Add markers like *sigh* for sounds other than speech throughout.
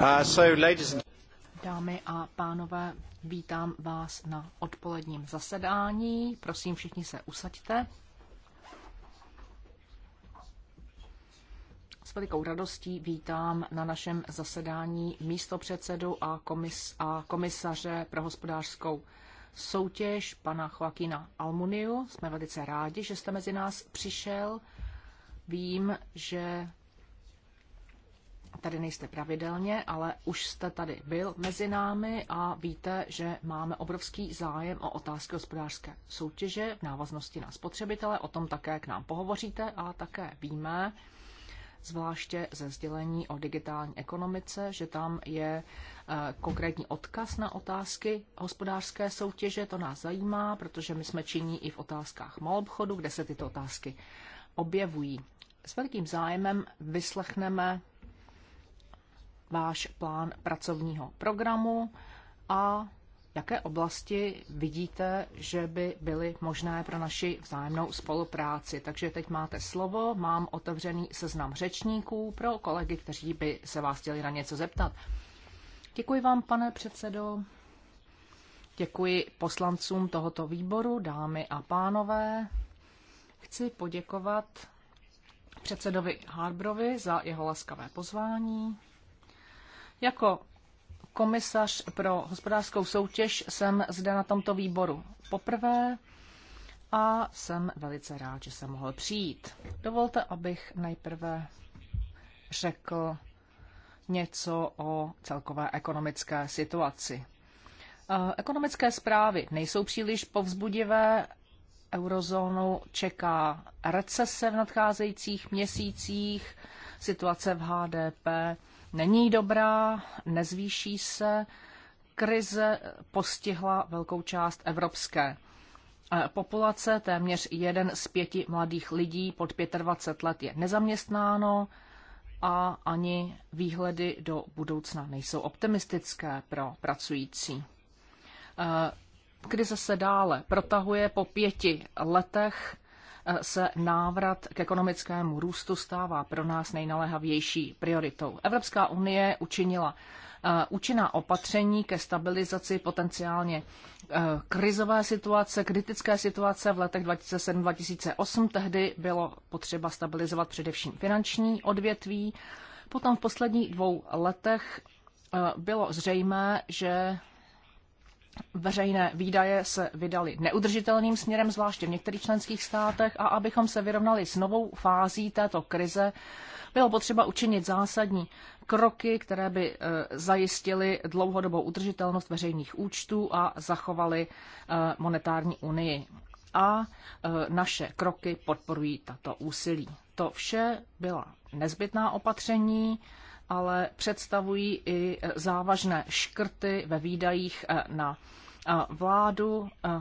Uh, Dámy a pánové, vítám vás na odpoledním zasedání. Prosím, všichni se usaďte. S velikou radostí vítám na našem zasedání místopředsedu a, komis- a komisaře pro hospodářskou soutěž pana Joaquina Almuniu. Jsme velice rádi, že jste mezi nás přišel. Vím, že tady nejste pravidelně, ale už jste tady byl mezi námi a víte, že máme obrovský zájem o otázky hospodářské soutěže v návaznosti na spotřebitele. O tom také k nám pohovoříte a také víme, zvláště ze sdělení o digitální ekonomice, že tam je eh, konkrétní odkaz na otázky hospodářské soutěže. To nás zajímá, protože my jsme činí i v otázkách malobchodu, kde se tyto otázky objevují. S velkým zájmem vyslechneme váš plán pracovního programu a jaké oblasti vidíte, že by byly možné pro naši vzájemnou spolupráci. Takže teď máte slovo, mám otevřený seznam řečníků pro kolegy, kteří by se vás chtěli na něco zeptat. Děkuji vám, pane předsedo. Děkuji poslancům tohoto výboru, dámy a pánové. Chci poděkovat předsedovi Harbrovi za jeho laskavé pozvání. Jako komisař pro hospodářskou soutěž jsem zde na tomto výboru poprvé a jsem velice rád, že jsem mohl přijít. Dovolte, abych nejprve řekl něco o celkové ekonomické situaci. Eh, ekonomické zprávy nejsou příliš povzbudivé. Eurozónu čeká recese v nadcházejících měsících, situace v HDP není dobrá, nezvýší se. Krize postihla velkou část evropské populace, téměř jeden z pěti mladých lidí pod 25 let je nezaměstnáno a ani výhledy do budoucna nejsou optimistické pro pracující. Eh, krize se dále protahuje po pěti letech se návrat k ekonomickému růstu stává pro nás nejnaléhavější prioritou. Evropská unie učinila eh, účinná opatření ke stabilizaci potenciálně eh, krizové situace, kritické situace v letech 2007-2008. Tehdy bylo potřeba stabilizovat především finanční odvětví. Potom v posledních dvou letech eh, bylo zřejmé, že veřejné výdaje se vydaly neudržitelným směrem, zvláště v některých členských státech, a abychom se vyrovnali s novou fází této krize, bylo potřeba učinit zásadní kroky, které by eh, zajistily dlouhodobou udržitelnost veřejných účtů a zachovaly eh, monetární unii. A eh, naše kroky podporují tato úsilí. To vše byla nezbytná opatření, ale představují i závažné škrty ve výdajích eh, na eh, vládu eh,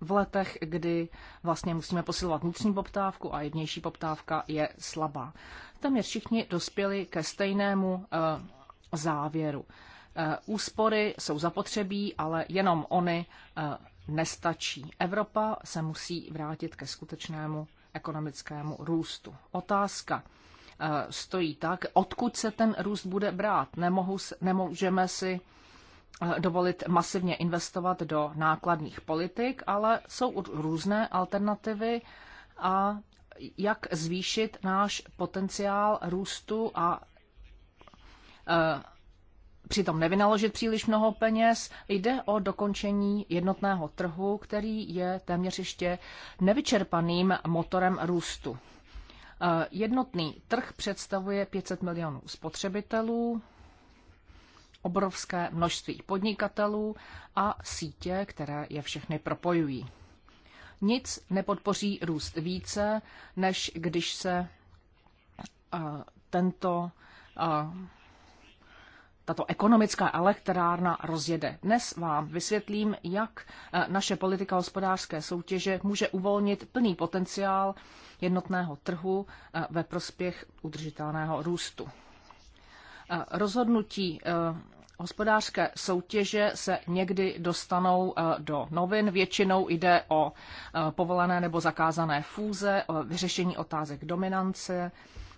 v letech, kdy vlastně musíme posilovat vnitřní poptávku a jednější poptávka je slabá. Téměř všichni dospěli ke stejnému závěru. Úspory jsou zapotřebí, ale jenom oni nestačí. Evropa se musí vrátit ke skutečnému ekonomickému růstu. Otázka Eh, stojí tak, odkud se ten růst bude brát. Nemohu, nemůžeme si eh, dovolit masivně investovat do nákladních politik, ale jsou různé alternativy a jak zvýšit náš potenciál růstu a eh, přitom nevynaložit příliš mnoho peněz. Jde o dokončení jednotného trhu, který je téměř ještě nevyčerpaným motorem růstu. Eh, jednotný trh představuje 500 milionů spotřebitelů, obrovské množství podnikatelů a sítě, které je všechny propojují. Nic nepodpoří růst více, než když se eh, tento eh, tato ekonomická elektrárna rozjede. Dnes vám vysvětlím, jak eh, naše politika hospodářské soutěže může uvolnit plný potenciál jednotného trhu eh, ve prospěch udržitelného růstu. Eh, rozhodnutí hospodářské soutěže se někdy dostanou do novin. Většinou jde o povolené nebo zakázané fúze, o vyřešení otázek dominance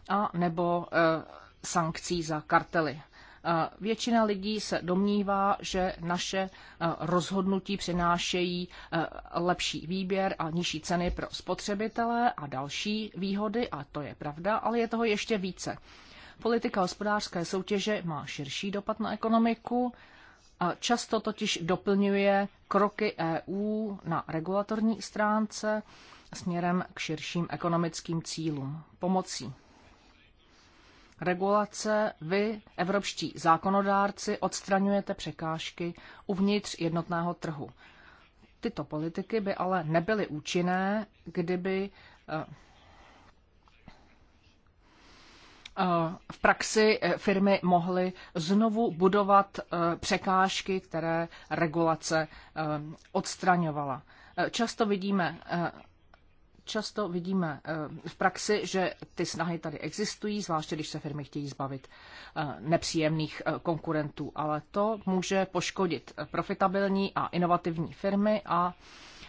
a nebo sankcí za kartely. Většina lidí se domnívá, že naše e, rozhodnutí přinášejí e, lepší výběr a nižší ceny pro spotřebitele a další výhody, a to je pravda, ale je toho ještě více. Politika hospodářské soutěže má širší dopad na ekonomiku, a často totiž doplňuje kroky EU na regulatorní stránce směrem k širším ekonomickým cílům. Pomocí regulace vy, evropští zákonodárci, odstraňujete překážky uvnitř jednotného trhu. Tyto politiky by ale nebyly účinné, kdyby eh, eh, v praxi eh, firmy mohly znovu budovat překážky, které regulace odstraňovala. Často vidíme Často vidíme eh, v praxi, že ty snahy tady existují, zvláště když se firmy chtějí zbavit eh, nepříjemných eh, konkurentů, ale to může poškodit profitabilní a inovativní firmy a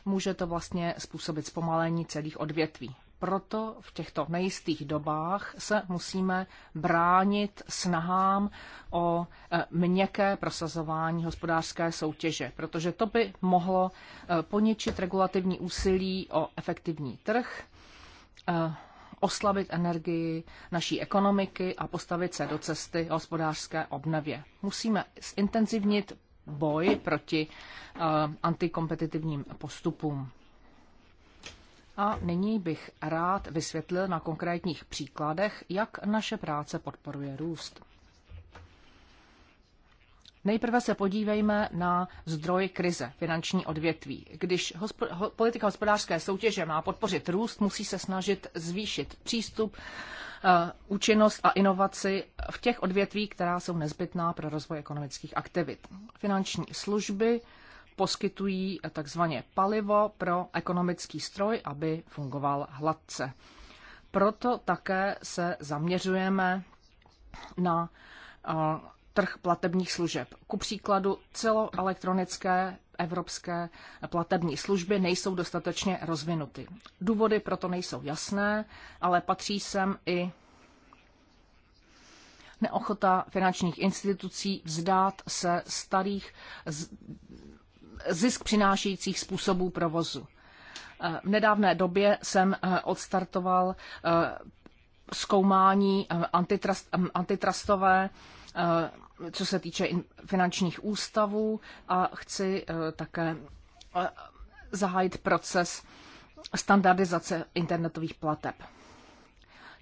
může to vlastně způsobit zpomalení celých odvětví proto v těchto nejistých dobách se musíme bránit snahám o e, měkké prosazování hospodářské soutěže, protože to by mohlo e, poničit regulativní úsilí o efektivní trh, e, oslabit energii naší ekonomiky a postavit se do cesty hospodářské obnově. Musíme zintenzivnit boj proti antikompetitivním postupům. A nyní bych rád vysvětlil na konkrétních příkladech, jak naše práce podporuje růst. Nejprve se podívejme na zdroj krize, finanční odvětví. Když hospo- ho- politika hospodářské soutěže má podpořit růst, musí se snažit zvýšit přístup, eh, účinnost a inovaci v těch odvětví, která jsou nezbytná pro rozvoj ekonomických aktivit. Finanční služby, poskytují takzvaně palivo pro ekonomický stroj, aby fungoval hladce. Proto také se zaměřujeme na trh platebních služeb. Ku příkladu celoelektronické evropské platební služby nejsou dostatečně rozvinuty. Důvody proto nejsou jasné, ale patří sem i neochota finančních institucí vzdát se starých zisk přinášejících způsobů provozu. V nedávné době jsem eh, odstartoval eh, zkoumání eh, antitrust, antitrustové, co se týče finančních ústavů a chci také zahájit proces standardizace internetových plateb.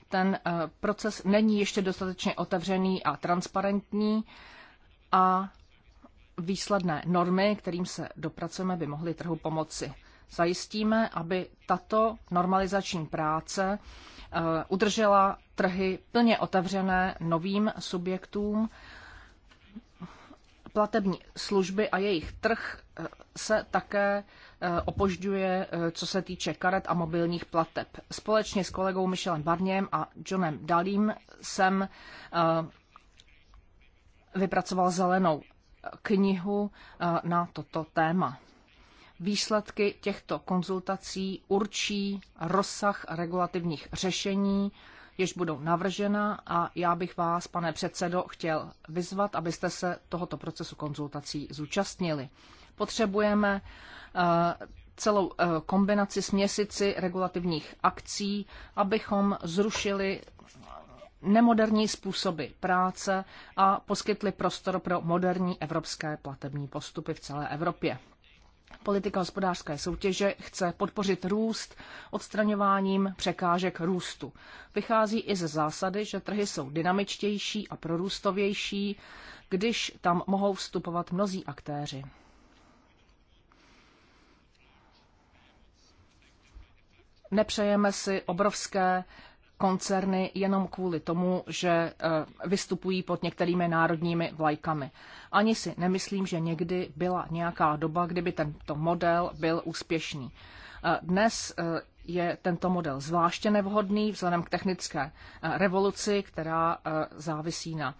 Ten proces není ještě dostatečně otevřený a transparentní a výsledné normy, kterým se dopracujeme, by mohly trhu pomoci. Zajistíme, aby tato normalizační práce eh, udržela trhy plně otevřené novým subjektům. Platební služby a jejich trh eh, se také eh, opožďuje, co se týče karet a mobilních plateb. Společně s kolegou Michelem Barněm a Johnem Dalím jsem vypracoval zelenou knihu eh, na toto téma. Výsledky těchto konzultací určí rozsah regulativních řešení, jež budou navržena a já bych vás, pane předsedo, chtěl vyzvat, abyste se tohoto procesu konzultací zúčastnili. Potřebujeme eh, celou eh, kombinaci směsici regulativních akcí, abychom zrušili nemoderní způsoby práce a poskytly prostor pro moderní evropské platební postupy v celé Evropě. Politika hospodářské soutěže chce podpořit růst odstraňováním překážek růstu. Vychází i ze zásady, že trhy jsou dynamičtější a prorůstovější, když tam mohou vstupovat mnozí aktéři. Nepřejeme si obrovské koncerny jenom kvůli tomu, že eh, vystupují pod některými národními vlajkami. Ani si nemyslím, že někdy byla nějaká doba, kdyby tento model byl úspěšný. Eh, dnes eh, je tento model zvláště nevhodný vzhledem k technické revoluci, která závisí na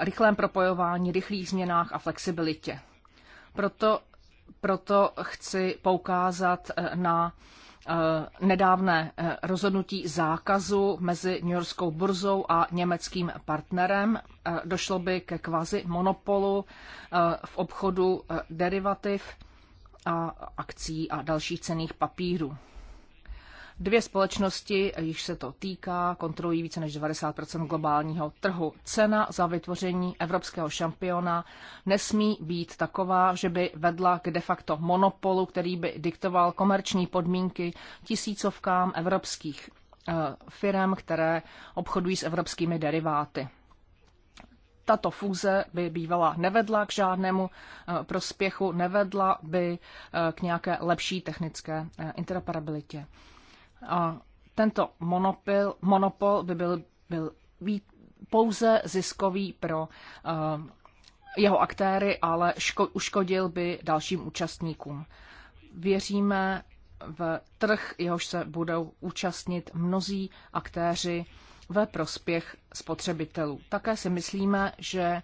rychlém propojování, rychlých změnách a flexibilitě. Proto, proto chci poukázat na Eh, nedávné eh, rozhodnutí zákazu mezi New Yorkskou burzou a německým partnerem. Eh, došlo by ke kvazi monopolu v obchodu derivativ a akcí a dalších cených papírů. Dvě společnosti, již se to týká, kontrolují více než 90 globálního trhu. Cena za vytvoření evropského šampiona nesmí být taková, že by vedla k de facto monopolu, který by diktoval komerční podmínky tisícovkám evropských eh, firm, které obchodují s evropskými deriváty. Tato fúze by bývala nevedla k žádnému eh, prospěchu, nevedla by eh, k nějaké lepší technické interoperabilitě tento monopil, monopol by byl, byl být pouze ziskový pro uh, jeho aktéry, ale ško- uškodil by dalším účastníkům. Věříme v trh, jehož se budou účastnit mnozí aktéři ve prospěch spotřebitelů. Také si myslíme, že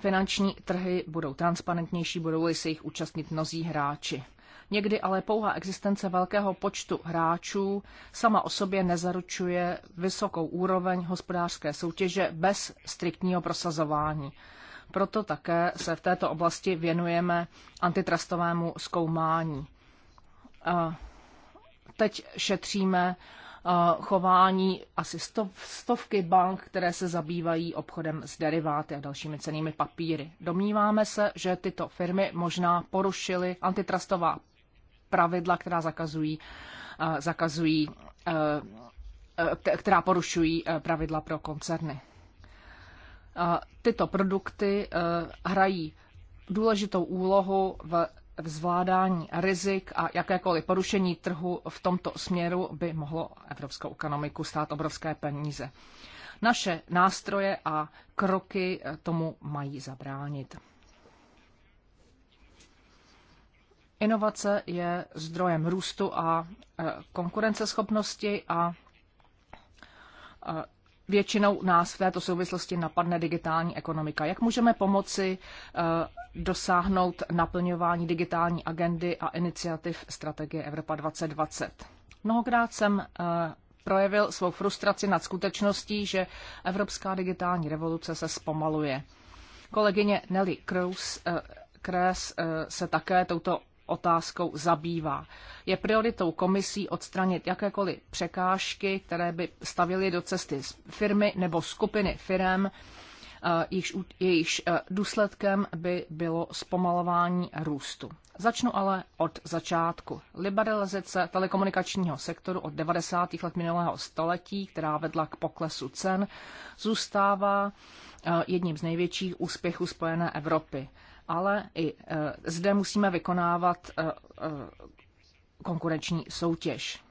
finanční trhy budou transparentnější, budou-li se jich účastnit mnozí hráči. Někdy ale pouhá existence velkého počtu hráčů sama o sobě nezaručuje vysokou úroveň hospodářské soutěže bez striktního prosazování. Proto také se v této oblasti věnujeme antitrustovému zkoumání. Teď šetříme chování asi stov, stovky bank, které se zabývají obchodem s deriváty a dalšími cenými papíry. Domníváme se, že tyto firmy možná porušily antitrustová pravidla, která zakazují, eh, zakazují eh, eh, která porušují pravidla pro koncerny. Tyto produkty hrají důležitou úlohu v v zvládání rizik a jakékoliv porušení trhu v tomto směru by mohlo evropskou ekonomiku stát obrovské peníze. Naše nástroje a kroky tomu mají zabránit. Inovace je zdrojem růstu a e, konkurenceschopnosti a e, většinou nás v této souvislosti napadne digitální ekonomika. Jak můžeme pomoci e, dosáhnout naplňování digitální agendy a iniciativ strategie Evropa 2020? Mnohokrát jsem projevil svou frustraci nad skutečností, že evropská digitální revoluce se zpomaluje. Kolegyně Nelly Cruz, se také touto otázkou zabývá. Je prioritou komisí odstranit jakékoliv překážky, které by stavily do cesty firmy nebo skupiny firm, eh, jejichž, jejichž eh, důsledkem by bylo zpomalování růstu. Začnu ale od začátku. Liberalizace telekomunikačního sektoru od 90. let minulého století, která vedla k poklesu cen, zůstává eh, jedním z největších úspěchů Spojené Evropy ale i e, zde musíme vykonávat e, e, konkurenční soutěž.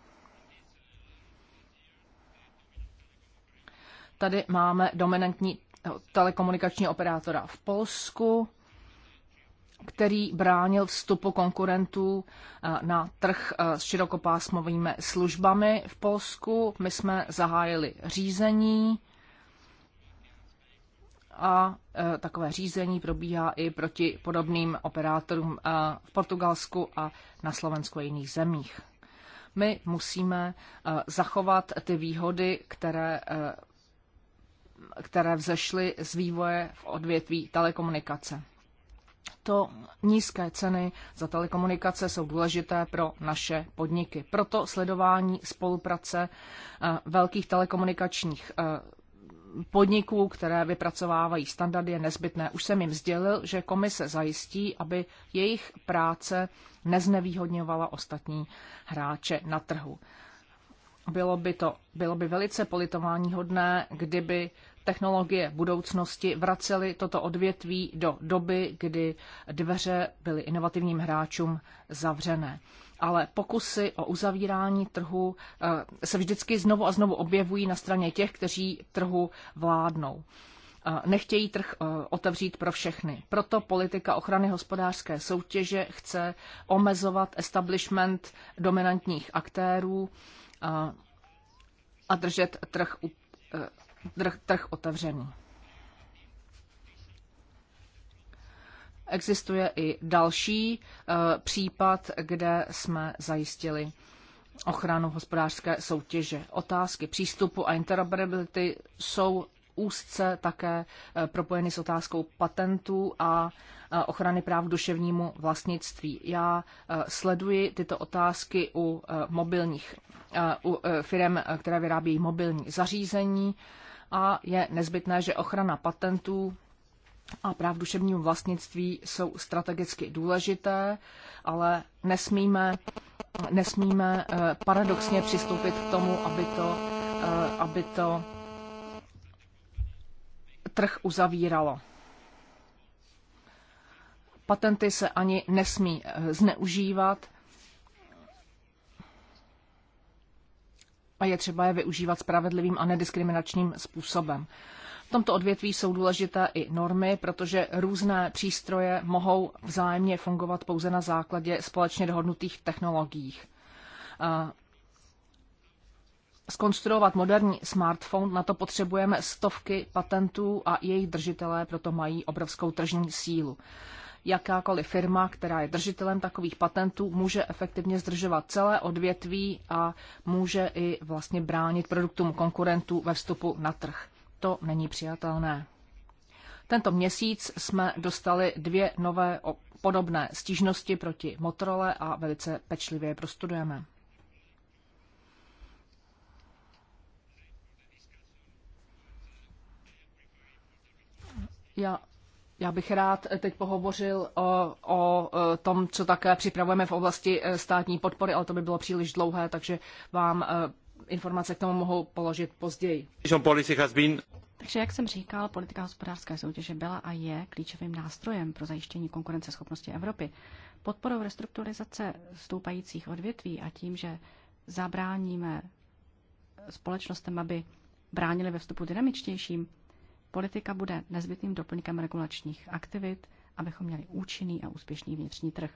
Tady máme dominantní telekomunikační operátora v Polsku, který bránil vstupu konkurentů na trh s širokopásmovými službami v Polsku. My jsme zahájili řízení a e, takové řízení probíhá i proti podobným operátorům e, v Portugalsku a na Slovensku a jiných zemích. My musíme e, zachovat ty výhody, které které vzešly z vývoje v odvětví telekomunikace. To nízké ceny za telekomunikace jsou důležité pro naše podniky. Proto sledování spolupráce velkých telekomunikačních podniků, které vypracovávají standardy, je nezbytné. Už jsem jim sdělil, že komise zajistí, aby jejich práce neznevýhodňovala ostatní hráče na trhu. Bylo by to bylo by velice politováníhodné, kdyby technologie budoucnosti vracely toto odvětví do doby, kdy dveře byly inovativním hráčům zavřené ale pokusy o uzavírání trhu eh, se vždycky znovu a znovu objevují na straně těch, kteří trhu vládnou. Eh, nechtějí trh eh, otevřít pro všechny. Proto politika ochrany hospodářské soutěže chce omezovat establishment dominantních aktérů a držet trh, trh, trh otevřený. Existuje i další eh, případ, kde jsme zajistili ochranu hospodářské soutěže. Otázky přístupu a interoperability jsou úzce také eh, propojeny s otázkou patentů a eh, ochrany práv duševnímu vlastnictví. Já sleduji tyto otázky u mobilních u firm, které vyrábějí mobilní zařízení a je nezbytné, že ochrana patentů a práv duševního vlastnictví jsou strategicky důležité, ale nesmíme, nesmíme eh, paradoxně přistoupit k tomu, aby to, eh, aby to trh uzavíralo. Patenty se ani nesmí eh, zneužívat a je třeba je využívat spravedlivým a nediskriminačním způsobem tomto odvětví jsou důležité i normy, protože různé přístroje mohou vzájemně fungovat pouze na základě společně dohodnutých technologiích. Skonstruovat moderní smartphone, na to potřebujeme stovky patentů a jejich držitelé proto mají obrovskou tržní sílu. Jakákoliv firma, která je držitelem takových patentů, může efektivně zdržovat celé odvětví a může i vlastně bránit produktům konkurentů ve vstupu na trh to není přijatelné. Tento měsíc jsme dostali dvě nové podobné stížnosti proti Motorola a velice pečlivě je prostudujeme. Já, já bych rád teď pohovořil o, o e, tom, co také připravujeme v oblasti e, státní podpory, ale to by bylo příliš dlouhé, takže vám e, informace k tomu mohou položit později. Takže, jak jsem říkal, politika hospodářské soutěže byla a je klíčovým nástrojem pro zajištění konkurenceschopnosti Evropy. Podporou restrukturalizace stoupajících odvětví a tím, že zabráníme společnostem, aby bránili ve vstupu dynamičtějším, politika bude nezbytným doplňkem regulačních aktivit, abychom měli účinný a úspěšný vnitřní trh.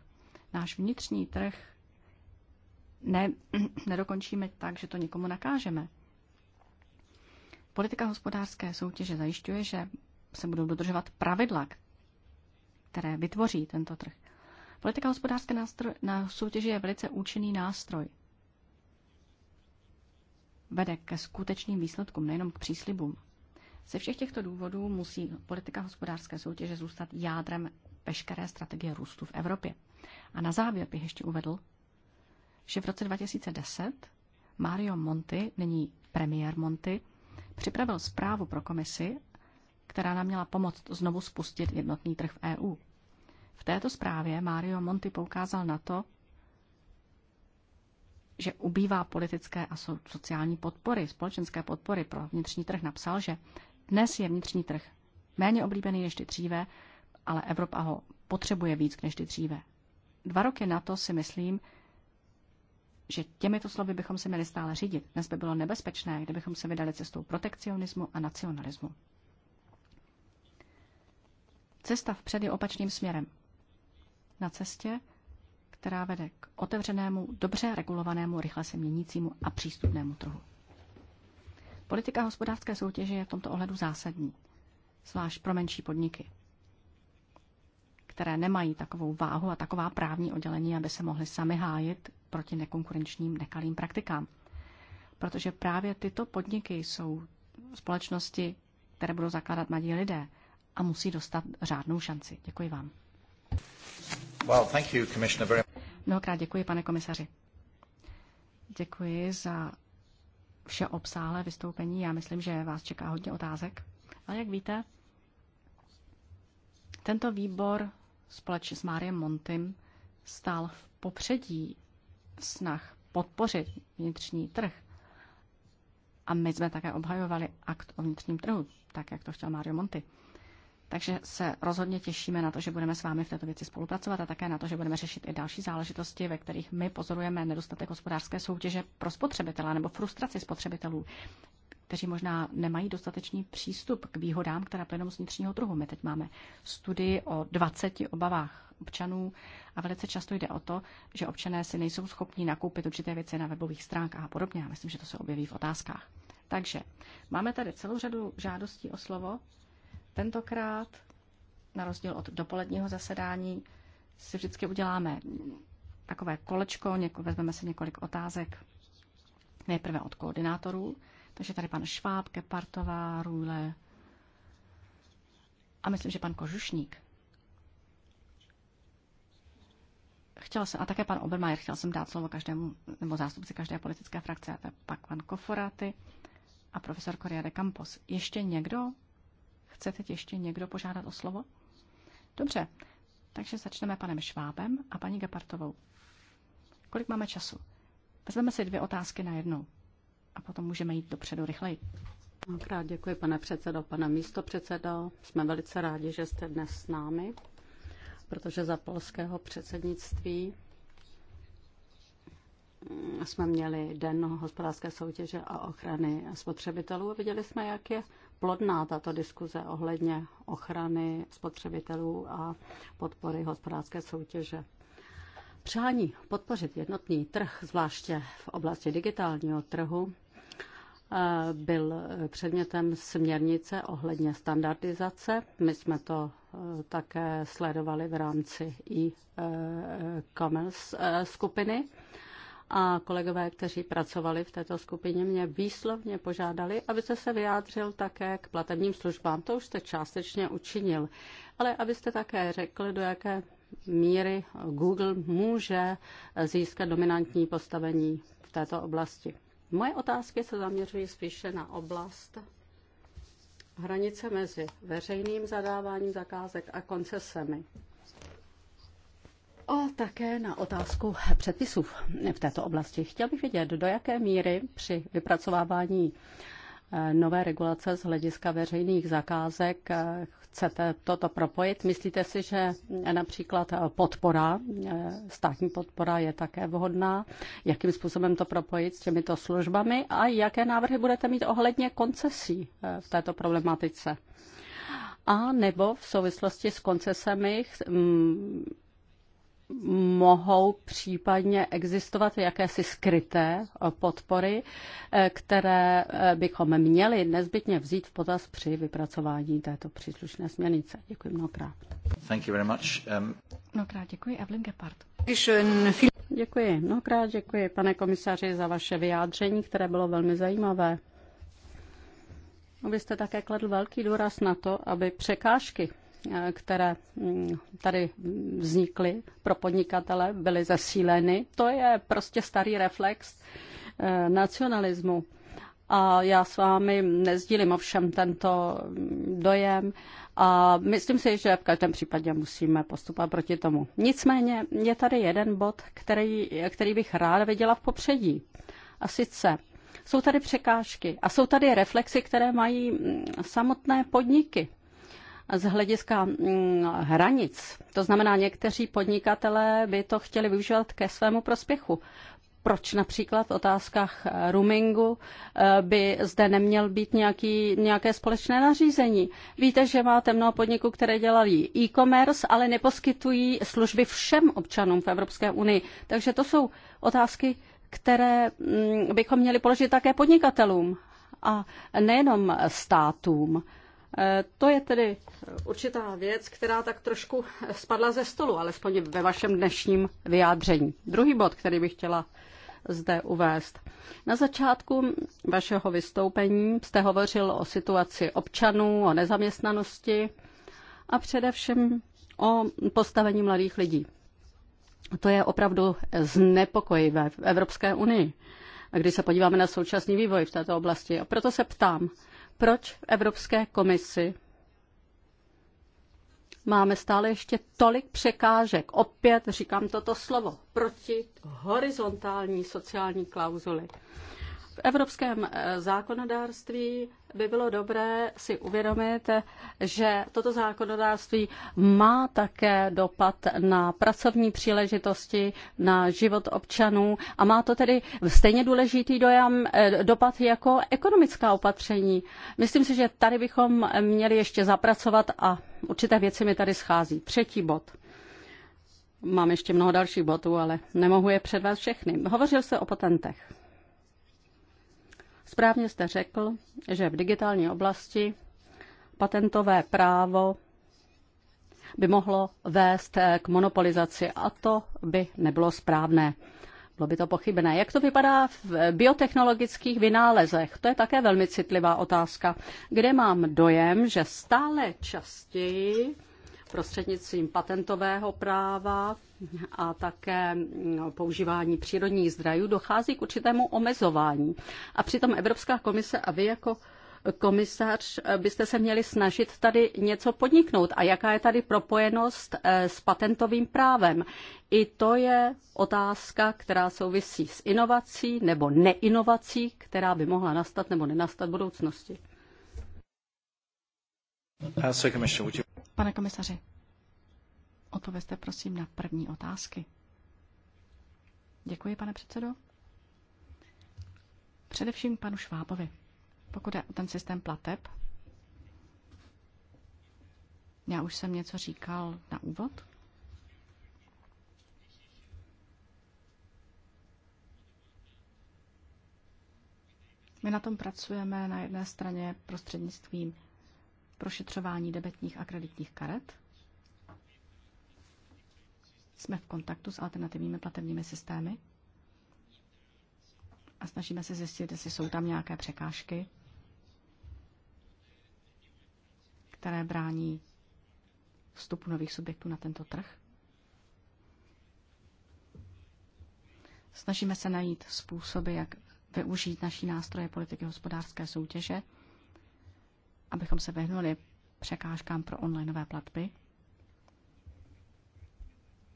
Náš vnitřní trh ne, *clears throat* nedokončíme tak, že to nikomu nakážeme. Politika hospodářské soutěže zajišťuje, že se budou dodržovat pravidla, které vytvoří tento trh. Politika hospodářské nástroj, na soutěži je velice účinný nástroj. Vede ke skutečným výsledkům, nejenom k příslibům. Ze všech těchto důvodů musí politika hospodářské soutěže zůstat jádrem veškeré strategie růstu v Evropě. A na závěr bych ještě uvedl, že v roce 2010 Mario Monti, nyní premiér Monti, připravil zprávu pro komisi, která nám měla pomoct znovu spustit jednotný trh v EU. V této zprávě Mario Monti poukázal na to, že ubývá politické a sociální podpory, společenské podpory pro vnitřní trh. Napsal, že dnes je vnitřní trh méně oblíbený než dříve, ale Evropa ho potřebuje víc než dříve. Dva roky na to si myslím, že těmito slovy bychom se měli stále řídit. Dnes by bylo nebezpečné, kdybychom se vydali cestou protekcionismu a nacionalismu. Cesta vpřed je opačným směrem. Na cestě, která vede k otevřenému, dobře regulovanému, rychle se měnícímu a přístupnému trhu. Politika hospodářské soutěže je v tomto ohledu zásadní, zvlášť pro menší podniky, které nemají takovou váhu a taková právní oddělení, aby se mohly sami hájit proti nekonkurenčním nekalým praktikám. Protože právě tyto podniky jsou společnosti, které budou zakládat mladí lidé a musí dostat řádnou šanci. Děkuji vám. Well, thank you, Commissioner. Mnohokrát děkuji, pane komisaři. Děkuji za vše obsáhlé vystoupení. Já myslím, že vás čeká hodně otázek. Ale jak víte, tento výbor společně s Máriem Montym stál v popředí snah podpořit vnitřní trh. A my jsme také obhajovali akt o vnitřním trhu, tak jak to chtěl Mario Monti. Takže se rozhodně těšíme na to, že budeme s vámi v této věci spolupracovat a také na to, že budeme řešit i další záležitosti, ve kterých my pozorujeme nedostatek hospodářské soutěže pro spotřebitele nebo frustraci spotřebitelů kteří možná nemají dostatečný přístup k výhodám, která plynou z vnitřního trhu. My teď máme studii o 20 obavách občanů a velice často jde o to, že občané si nejsou schopni nakoupit určité věci na webových stránkách a podobně. Já myslím, že to se objeví v otázkách. Takže máme tady celou řadu žádostí o slovo. Tentokrát, na rozdíl od dopoledního zasedání, si vždycky uděláme takové kolečko, vezmeme si několik otázek nejprve od koordinátorů, takže tady pan Šváb, Kepartová, Růle a myslím, že pan Kožušník. Chtěl jsem, a také pan Obermajer, chtěl jsem dát slovo každému, nebo zástupci každé politické frakce, a pak pan Koforaty a profesor Correa de Campos. Ještě někdo? Chce teď ještě někdo požádat o slovo? Dobře, takže začneme panem Švábem a paní Gepartovou. Kolik máme času? Vezmeme si dvě otázky na jednou a potom můžeme jít dopředu rychleji. Mnohokrát děkuji, pane předsedo, pane místo předsedo. Jsme velice rádi, že jste dnes s námi, protože za polského předsednictví jsme měli Den hospodářské soutěže a ochrany spotřebitelů viděli jsme, jak je plodná tato diskuze ohledně ochrany spotřebitelů a podpory hospodářské soutěže. Přání podpořit jednotný trh, zvláště v oblasti digitálního trhu, byl předmětem směrnice ohledně standardizace. My jsme to e, také sledovali v rámci i e, commerce e, skupiny. A kolegové, kteří pracovali v této skupině, mě výslovně požádali, abyste se vyjádřil také k platebním službám. To už jste částečně učinil, ale abyste také řekl, do jaké míry Google může získat dominantní postavení v této oblasti. Moje otázky se zaměřují spíše na oblast hranice mezi veřejným zadáváním zakázek a koncesemi. A také na otázku předpisů v této oblasti. Chtěl bych vědět, do jaké míry při vypracovávání eh, nové regulace z hlediska veřejných zakázek eh, chcete toto propojit? Myslíte si, že například podpora, eh, státní podpora je také vhodná? Jakým způsobem to propojit s těmito službami a jaké návrhy budete mít ohledně koncesí eh, v této problematice? A nebo v souvislosti s koncesemi mm, mohou případně existovat jakési skryté podpory, eh, které eh, bychom měli nezbytně vzít v potaz při vypracování této příslušné směrnice. Děkuji mnohokrát. Thank you very much. Um... Mnohokrát děkuji, Evelyn Gepard. Děkuji, mnohokrát děkuji, pane komisaři, za vaše vyjádření, které bylo velmi zajímavé. Vy jste také kladl velký důraz na to, aby překážky Eh, které mm, tady vznikly pro podnikatele, byly zesíleny. To je prostě starý reflex eh, nacionalismu. A já s vámi nezdílím ovšem tento mm, dojem a myslím si, že v každém případě musíme postupovat proti tomu. Nicméně je tady jeden bod, který, který bych ráda viděla v popředí. A sice jsou tady překážky a jsou tady reflexy, které mají mm, samotné podniky z hlediska mm, hranic. To znamená, někteří podnikatelé by to chtěli využívat ke svému prospěchu. Proč například v otázkách roamingu eh, by zde neměl být nějaký, nějaké společné nařízení? Víte, že máte mnoho podniků, které dělají e-commerce, ale neposkytují služby všem občanům v Evropské unii. Takže to jsou otázky, které mm, bychom měli položit také podnikatelům a nejenom státům. Eh, to je tedy eh, určitá věc, která tak trošku eh, spadla ze stolu, alespoň ve vašem dnešním vyjádření. Druhý bod, který bych chtěla zde uvést. Na začátku vašeho vystoupení jste hovořil o situaci občanů, o nezaměstnanosti a především o postavení mladých lidí. To je opravdu znepokojivé v Evropské unii, když se podíváme na současný vývoj v této oblasti. A proto se ptám, proč v Evropské komisi máme stále ještě tolik překážek, opět říkám toto slovo, proti horizontální sociální klauzuli. V evropském eh, zákonodárství by bylo dobré si uvědomit, že toto zákonodárství má také dopad na pracovní příležitosti, na život občanů a má to tedy stejně důležitý dojam, eh, dopad jako ekonomická opatření. Myslím si, že tady bychom měli ještě zapracovat a určité věci mi tady schází. Třetí bod. Mám ještě mnoho dalších botů, ale nemohu je předvést všechny. Hovořil se o patentech. Správně jste řekl, že v digitální oblasti patentové právo by mohlo vést eh, k monopolizaci a to by nebylo správné. Bylo by to pochybné. Jak to vypadá v biotechnologických vynálezech? To je také velmi citlivá otázka, kde mám dojem, že stále častěji prostřednictvím patentového práva a také no, používání přírodních zdrojů dochází k určitému omezování. A přitom Evropská komise a vy jako komisař eh, byste se měli snažit tady něco podniknout. A jaká je tady propojenost eh, s patentovým právem? I to je otázka, která souvisí s inovací nebo neinovací, která by mohla nastat nebo nenastat v budoucnosti. Pane komisaři, odpovězte prosím na první otázky. Děkuji, pane předsedo. Především panu Švábovi. Pokud je ten systém plateb, já už jsem něco říkal na úvod. My na tom pracujeme na jedné straně prostřednictvím prošetřování debetních a kreditních karet. Jsme v kontaktu s alternativními platebními systémy a snažíme se zjistit, jestli jsou tam nějaké překážky, které brání vstupu nových subjektů na tento trh. Snažíme se najít způsoby, jak využít naší nástroje politiky hospodářské soutěže – abychom se vyhnuli překážkám pro onlineové platby.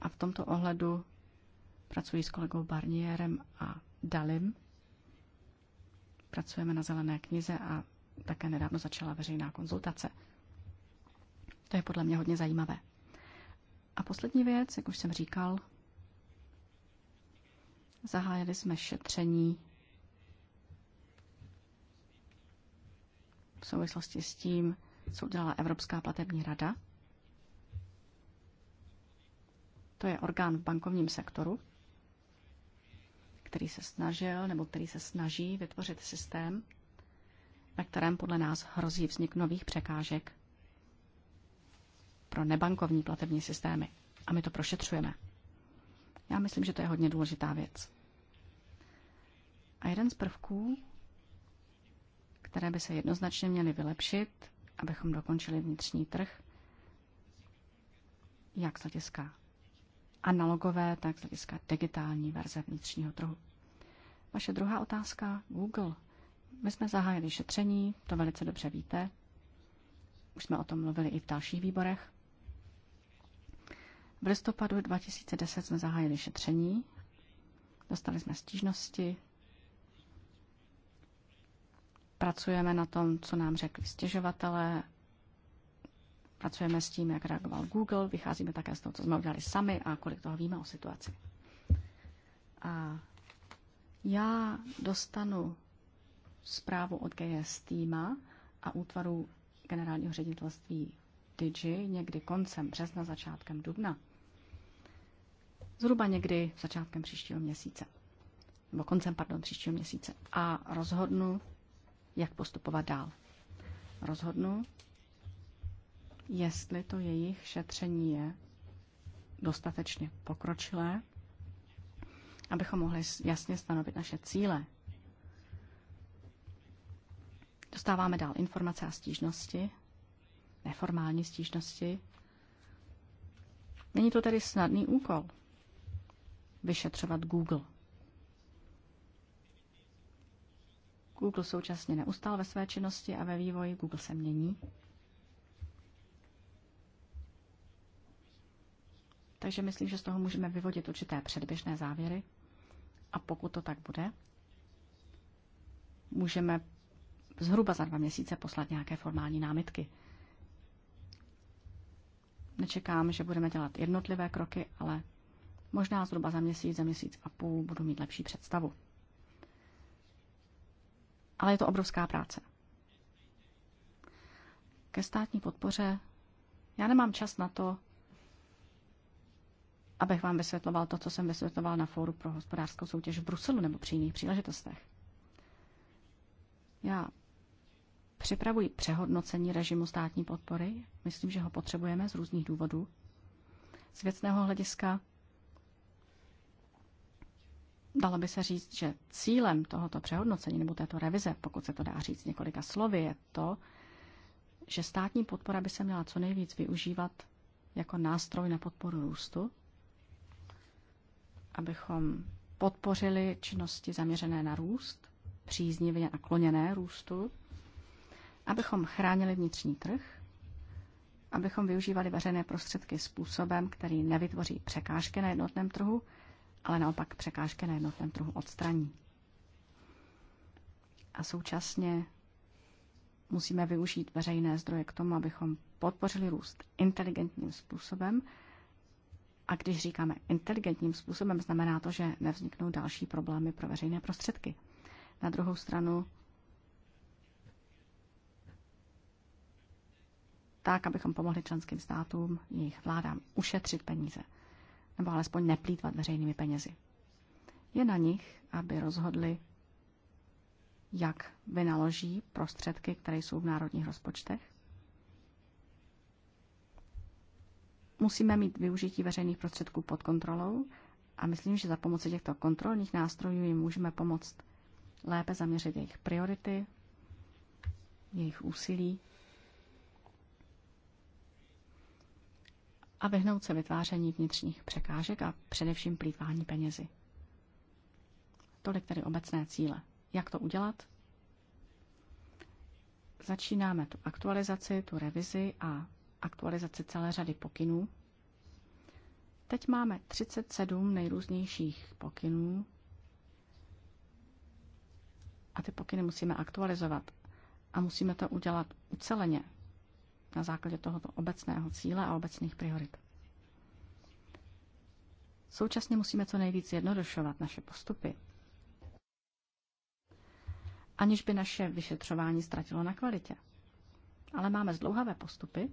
A v tomto ohledu pracuji s kolegou Barnierem a Dalim. Pracujeme na zelené knize a také nedávno začala veřejná konzultace. To je podle mě hodně zajímavé. A poslední věc, jak už jsem říkal, zahájili jsme šetření v souvislosti s tím, co udělala Evropská platební rada. To je orgán v bankovním sektoru, který se snažil nebo který se snaží vytvořit systém, ve kterém podle nás hrozí vznik nových překážek pro nebankovní platební systémy. A my to prošetřujeme. Já myslím, že to je hodně důležitá věc. A jeden z prvků, které by se jednoznačně měly vylepšit, abychom dokončili vnitřní trh, jak z hlediska analogové, tak z hlediska digitální verze vnitřního trhu. Vaše druhá otázka, Google. My jsme zahájili šetření, to velice dobře víte. Už jsme o tom mluvili i v dalších výborech. V listopadu 2010 jsme zahájili šetření, dostali jsme stížnosti Pracujeme na tom, co nám řekli stěžovatelé, pracujeme s tím, jak reagoval Google, vycházíme také z toho, co jsme udělali sami a kolik toho víme o situaci. A já dostanu zprávu od GS týma a útvaru generálního ředitelství Digi někdy koncem března, začátkem dubna. Zhruba někdy začátkem příštího měsíce. Nebo koncem, pardon, příštího měsíce. A rozhodnu, jak postupovat dál. Rozhodnu, jestli to jejich šetření je dostatečně pokročilé, abychom mohli jasně stanovit naše cíle. Dostáváme dál informace a stížnosti, neformální stížnosti. Není to tedy snadný úkol vyšetřovat Google. Google současně neustál ve své činnosti a ve vývoji. Google se mění. Takže myslím, že z toho můžeme vyvodit určité předběžné závěry. A pokud to tak bude, můžeme zhruba za dva měsíce poslat nějaké formální námitky. Nečekám, že budeme dělat jednotlivé kroky, ale možná zhruba za měsíc, za měsíc a půl budu mít lepší představu ale je to obrovská práce. Ke státní podpoře já nemám čas na to, abych vám vysvětloval to, co jsem vysvětloval na fóru pro hospodářskou soutěž v Bruselu nebo při jiných příležitostech. Já připravuji přehodnocení režimu státní podpory. Myslím, že ho potřebujeme z různých důvodů. Z věcného hlediska Dalo by se říct, že cílem tohoto přehodnocení nebo této revize, pokud se to dá říct několika slovy, je to, že státní podpora by se měla co nejvíc využívat jako nástroj na podporu růstu, abychom podpořili činnosti zaměřené na růst, příznivě nakloněné růstu, abychom chránili vnitřní trh, abychom využívali veřejné prostředky způsobem, který nevytvoří překážky na jednotném trhu ale naopak překážky na jednotném trhu odstraní. A současně musíme využít veřejné zdroje k tomu, abychom podpořili růst inteligentním způsobem. A když říkáme inteligentním způsobem, znamená to, že nevzniknou další problémy pro veřejné prostředky. Na druhou stranu, tak, abychom pomohli členským státům, jejich vládám ušetřit peníze nebo alespoň neplýtvat veřejnými penězi. Je na nich, aby rozhodli, jak vynaloží prostředky, které jsou v národních rozpočtech. Musíme mít využití veřejných prostředků pod kontrolou a myslím, že za pomoci těchto kontrolních nástrojů jim můžeme pomoct lépe zaměřit jejich priority, jejich úsilí a vyhnout se vytváření vnitřních překážek a především plítvání penězi. Tolik tedy obecné cíle. Jak to udělat? Začínáme tu aktualizaci, tu revizi a aktualizaci celé řady pokynů. Teď máme 37 nejrůznějších pokynů a ty pokyny musíme aktualizovat a musíme to udělat uceleně, na základě tohoto obecného cíle a obecných priorit. Současně musíme co nejvíc jednodušovat naše postupy, aniž by naše vyšetřování ztratilo na kvalitě. Ale máme zdlouhavé postupy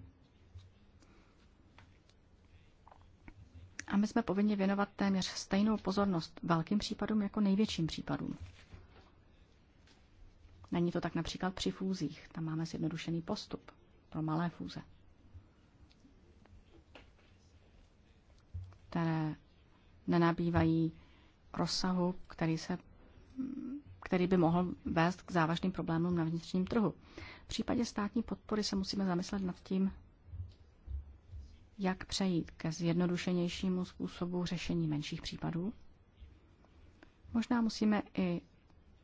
a my jsme povinni věnovat téměř stejnou pozornost velkým případům jako největším případům. Není to tak například při fúzích, tam máme zjednodušený postup pro malé fůze, které nenabývají rozsahu, který, se, který by mohl vést k závažným problémům na vnitřním trhu. V případě státní podpory se musíme zamyslet nad tím, jak přejít ke zjednodušenějšímu způsobu řešení menších případů. Možná musíme i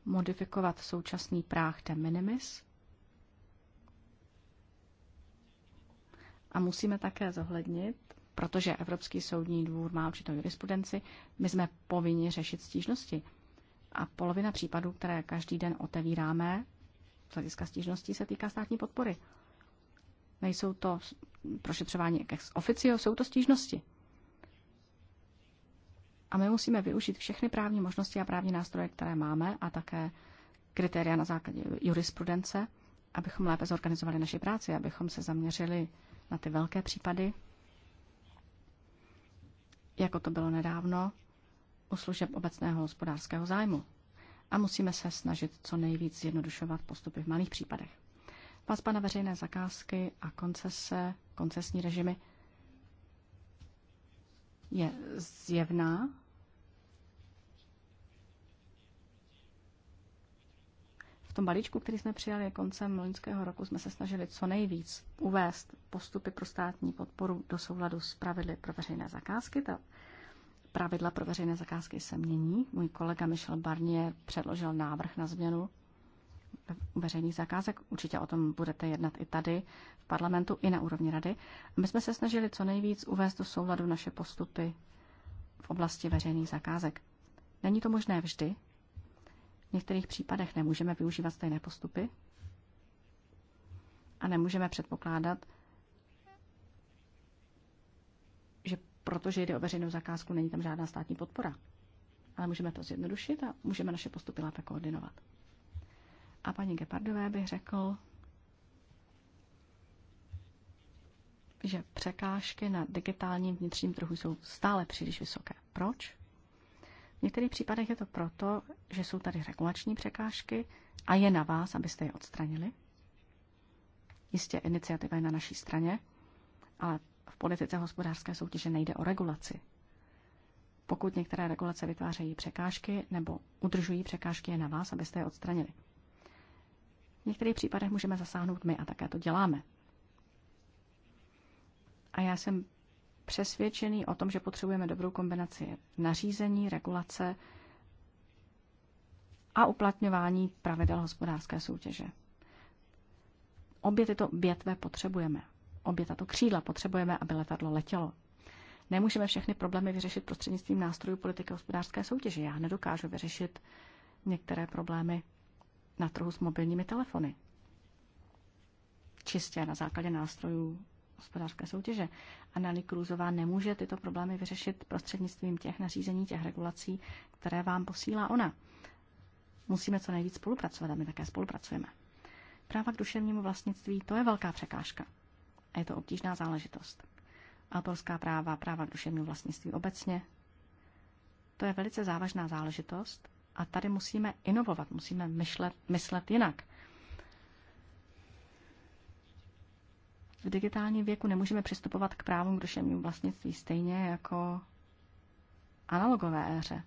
modifikovat současný práh de minimis, A musíme také zohlednit, protože Evropský soudní dvůr má určitou jurisprudenci, my jsme povinni řešit stížnosti. A polovina případů, které každý den otevíráme, z hlediska stížností, se týká státní podpory. Nejsou to prošetřování ex oficio, jsou to stížnosti. A my musíme využít všechny právní možnosti a právní nástroje, které máme, a také kritéria na základě jurisprudence, abychom lépe zorganizovali naši práci, abychom se zaměřili na ty velké případy, jako to bylo nedávno, u služeb obecného hospodářského zájmu. A musíme se snažit co nejvíc zjednodušovat postupy v malých případech. Vazba na veřejné zakázky a koncese, koncesní režimy je zjevná tom balíčku, který jsme přijali koncem loňského roku, jsme se snažili co nejvíc uvést postupy pro státní podporu do souladu s pravidly pro veřejné zakázky. Ta pravidla pro veřejné zakázky se mění. Můj kolega Michel Barnier předložil návrh na změnu veřejných zakázek. Určitě o tom budete jednat i tady v parlamentu, i na úrovni rady. My jsme se snažili co nejvíc uvést do souladu naše postupy v oblasti veřejných zakázek. Není to možné vždy, některých případech nemůžeme využívat stejné postupy a nemůžeme předpokládat, že protože jde o veřejnou zakázku, není tam žádná státní podpora. Ale můžeme to zjednodušit a můžeme naše postupy lépe koordinovat. A paní Gepardové bych řekl, že překážky na digitálním vnitřním trhu jsou stále příliš vysoké. Proč? některých případech je to proto, že jsou tady regulační překážky a je na vás, abyste je odstranili. Jistě iniciativa je na naší straně, ale v politice hospodářské soutěže nejde o regulaci. Pokud některé regulace vytvářejí překážky nebo udržují překážky, je na vás, abyste je odstranili. V některých případech můžeme zasáhnout my a také to děláme. A já jsem přesvědčený o tom, že potřebujeme dobrou kombinaci nařízení, regulace a uplatňování pravidel hospodářské soutěže. Obě tyto větve potřebujeme. Obě tato křídla potřebujeme, aby letadlo letělo. Nemůžeme všechny problémy vyřešit prostřednictvím nástrojů politiky hospodářské soutěže. Já nedokážu vyřešit některé problémy na trhu s mobilními telefony. Čistě na základě nástrojů hospodářské soutěže. A Nelly Krůzová nemůže tyto problémy vyřešit prostřednictvím těch nařízení, těch regulací, které vám posílá ona. Musíme co nejvíc spolupracovat a my také spolupracujeme. Práva k duševnímu vlastnictví, to je velká překážka. A je to obtížná záležitost. Autorská práva, práva k duševnímu vlastnictví obecně, to je velice závažná záležitost a tady musíme inovovat, musíme myšlet, myslet jinak. v digitálním věku nemůžeme přistupovat k právům k duševnímu vlastnictví stejně jako analogové éře.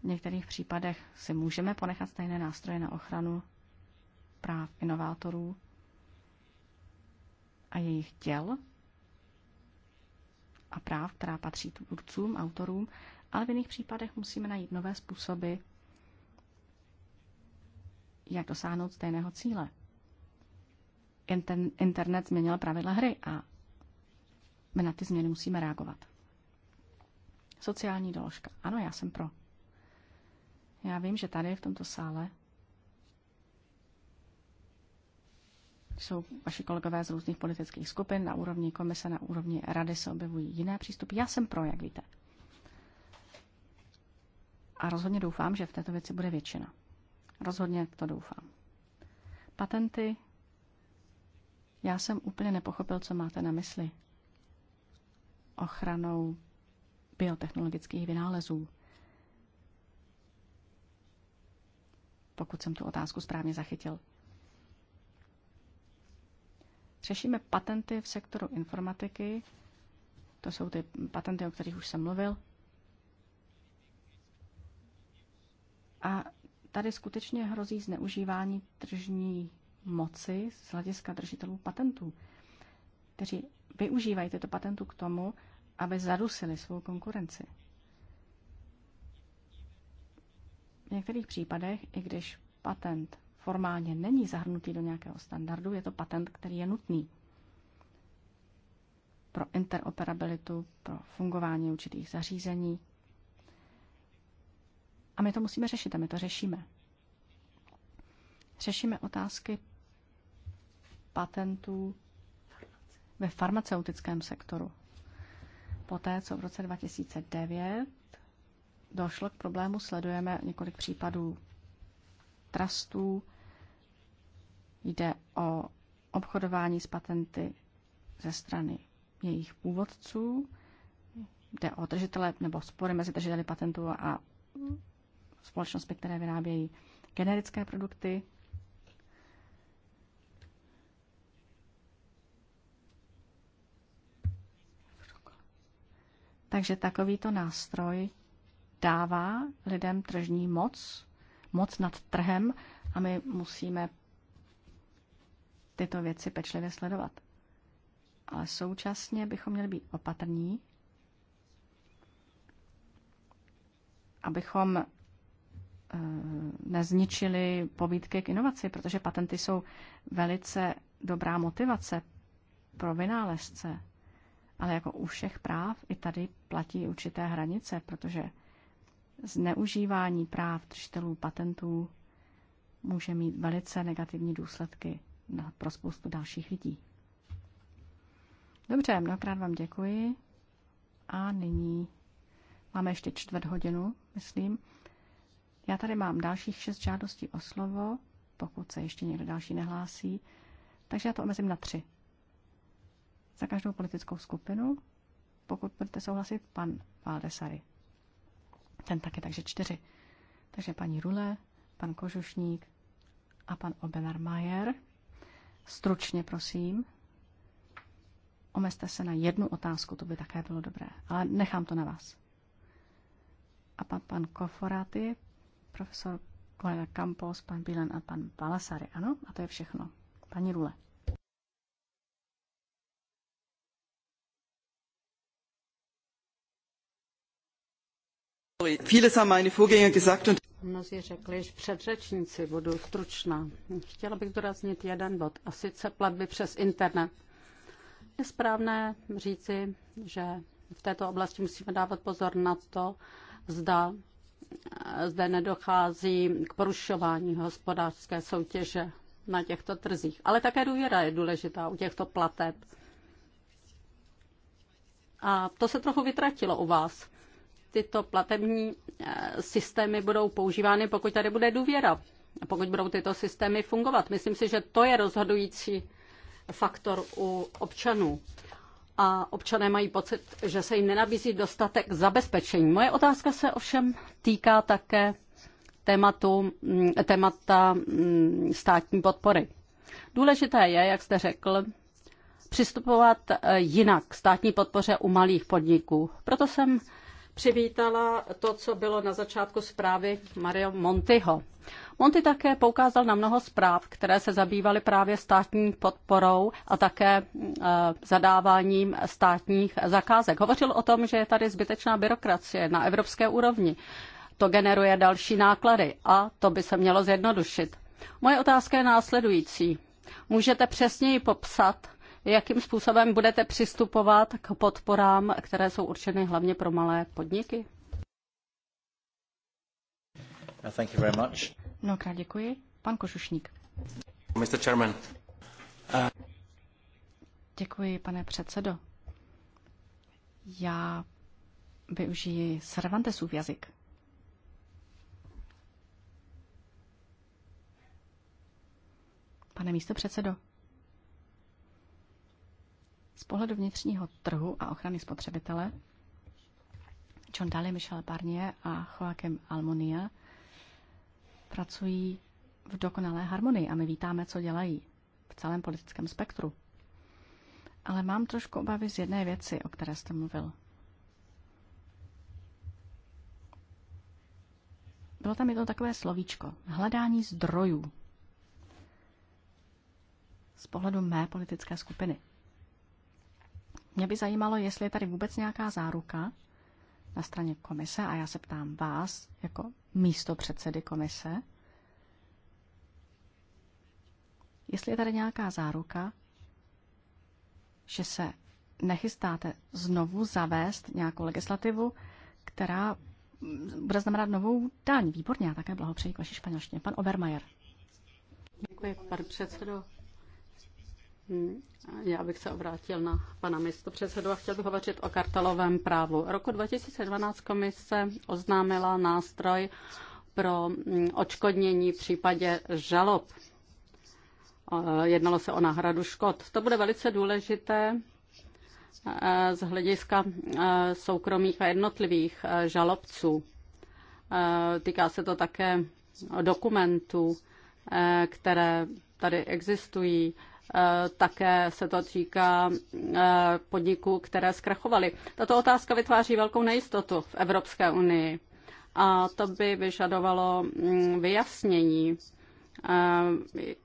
V některých případech si můžeme ponechat stejné nástroje na ochranu práv inovátorů a jejich děl a práv, která patří tvůrcům, autorům, ale v jiných případech musíme najít nové způsoby, jak dosáhnout stejného cíle internet změnil pravidla hry a my na ty změny musíme reagovat. Sociální doložka. Ano, já jsem pro. Já vím, že tady v tomto sále jsou vaši kolegové z různých politických skupin, na úrovni komise, na úrovni rady se objevují jiné přístupy. Já jsem pro, jak víte. A rozhodně doufám, že v této věci bude většina. Rozhodně to doufám. Patenty, já jsem úplně nepochopil, co máte na mysli ochranou biotechnologických vynálezů. Pokud jsem tu otázku správně zachytil. Řešíme patenty v sektoru informatiky. To jsou ty patenty, o kterých už jsem mluvil. A tady skutečně hrozí zneužívání tržní moci z hlediska držitelů patentů, kteří využívají tyto patentu k tomu, aby zadusili svou konkurenci. V některých případech, i když patent formálně není zahrnutý do nějakého standardu, je to patent, který je nutný pro interoperabilitu, pro fungování určitých zařízení. A my to musíme řešit a my to řešíme. Řešíme otázky patentů ve farmaceutickém sektoru. Poté, co v roce 2009 došlo k problému, sledujeme několik případů trustů. Jde o obchodování s patenty ze strany jejich původců. Jde o držitele nebo spory mezi držiteli patentů a společnostmi, které vyrábějí generické produkty. Takže takovýto nástroj dává lidem tržní moc, moc nad trhem a my musíme tyto věci pečlivě sledovat. Ale současně bychom měli být opatrní, abychom eh, nezničili pobídky k inovaci, protože patenty jsou velice dobrá motivace pro vynálezce, ale jako u všech práv i tady platí určité hranice, protože zneužívání práv držitelů patentů může mít velice negativní důsledky na, pro spoustu dalších lidí. Dobře, mnohokrát vám děkuji. A nyní máme ještě čtvrt hodinu, myslím. Já tady mám dalších šest žádostí o slovo, pokud se ještě někdo další nehlásí. Takže já to omezím na tři za každou politickou skupinu, pokud budete souhlasit, pan Valdesary. Ten taky, takže čtyři. Takže paní Rule, pan Kožušník a pan Obenar Majer. Stručně, prosím. Omezte se na jednu otázku, to by také bylo dobré, ale nechám to na vás. A pan, pan Koforaty, profesor kolega Campos, pan Bílen a pan Balasary, Ano, a to je všechno. Paní Rule. Mnozí řekli, že předřečníci budu stručná. Chtěla bych doraznit jeden bod, a sice platby přes internet. Je správné říci, že v této oblasti musíme dávat pozor na to, zda eh, zde nedochází k porušování hospodářské soutěže na těchto trzích. Ale také důvěra je důležitá u těchto plateb. A to se trochu vytratilo u vás tyto platební eh, systémy budou používány, pokud tady bude důvěra, pokud budou tyto systémy fungovat. Myslím si, že to je rozhodující faktor u občanů. A občané mají pocit, že se jim nenabízí dostatek zabezpečení. Moje otázka se ovšem týká také tématu, mm, témata mm, státní podpory. Důležité je, jak jste řekl, přistupovat eh, jinak k státní podpoře u malých podniků. Proto jsem přivítala to, co bylo na začátku zprávy Mario Montiho. Monty také poukázal na mnoho zpráv, které se zabývaly právě státní podporou a také eh, zadáváním státních zakázek. Hovořil o tom, že je tady zbytečná byrokracie na evropské úrovni. To generuje další náklady a to by se mělo zjednodušit. Moje otázka je následující. Můžete přesněji popsat, jakým způsobem budete přistupovat k podporám, které jsou určeny hlavně pro malé podniky? Uh, thank you very much. No, děkuji. Pan Košušník. Mr. Chairman. Uh... Děkuji, pane předsedo. Já využiji Cervantesův jazyk. Pane místo předsedo, z pohledu vnitřního trhu a ochrany spotřebitele, John Daly, Michel Barnier a Joachim Almonia pracují v dokonalé harmonii a my vítáme, co dělají v celém politickém spektru. Ale mám trošku obavy z jedné věci, o které jste mluvil. Bylo tam jedno takové slovíčko. Hledání zdrojů. Z pohledu mé politické skupiny. Mě by zajímalo, jestli je tady vůbec nějaká záruka na straně komise a já se ptám vás jako místo předsedy komise, jestli je tady nějaká záruka, že se nechystáte znovu zavést nějakou legislativu, která bude znamenat novou daň. Výborně, já také blahopřeji k vaší španělštině. Pan Obermajer. Děkuji, pan předsedo. Hmm. Já bych se obrátil na pana předsedu a chtěl bych hovořit o kartelovém právu. Roku 2012 komise oznámila nástroj pro mm, odškodnění v případě žalob. Jednalo se o náhradu škod. To bude velice důležité e, z hlediska e, soukromých a jednotlivých e, žalobců. Týká se to také dokumentů, které tady existují Eh, také se to týká eh, podniků, které zkrachovaly. Tato otázka vytváří velkou nejistotu v Evropské unii a to by vyžadovalo mm, vyjasnění. Eh,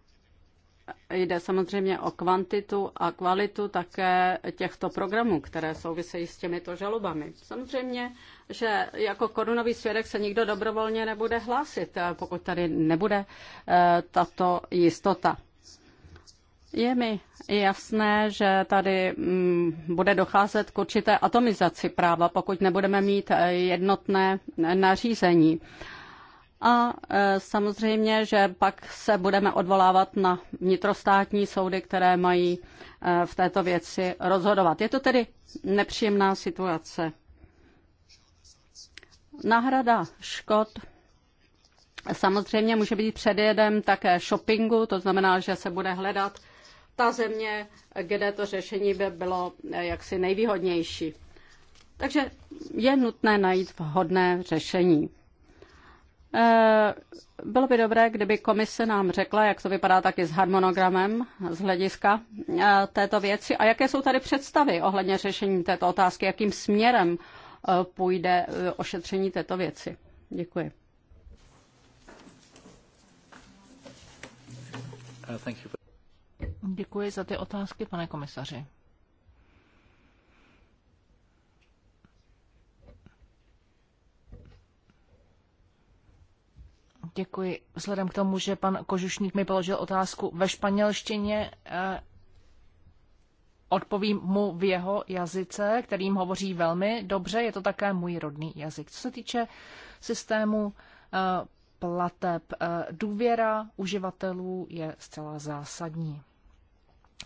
jde samozřejmě o kvantitu a kvalitu také těchto programů, které souvisejí s těmito žalobami. Samozřejmě, že jako korunový svědek se nikdo dobrovolně nebude hlásit, pokud tady nebude tato jistota. Je mi jasné, že tady mm, bude docházet k určité atomizaci práva, pokud nebudeme mít eh, jednotné nařízení. A eh, samozřejmě, že pak se budeme odvolávat na vnitrostátní soudy, které mají eh, v této věci rozhodovat. Je to tedy nepříjemná situace. Náhrada škod samozřejmě může být předjedem také shoppingu, to znamená, že se bude hledat ta země, kde to řešení by bylo eh, jaksi nejvýhodnější. Takže je nutné najít vhodné řešení. Eh, bylo by dobré, kdyby komise nám řekla, jak to vypadá taky s harmonogramem z hlediska eh, této věci a jaké jsou tady představy ohledně řešení této otázky, jakým směrem půjde ošetření této věci. Děkuji. Uh, Děkuji za ty otázky, pane komisaři. Děkuji. Vzhledem k tomu, že pan Kožušník mi položil otázku ve španělštině, eh, odpovím mu v jeho jazyce, kterým hovoří velmi dobře. Je to také můj rodný jazyk. Co se týče systému eh, plateb, eh, důvěra uživatelů je zcela zásadní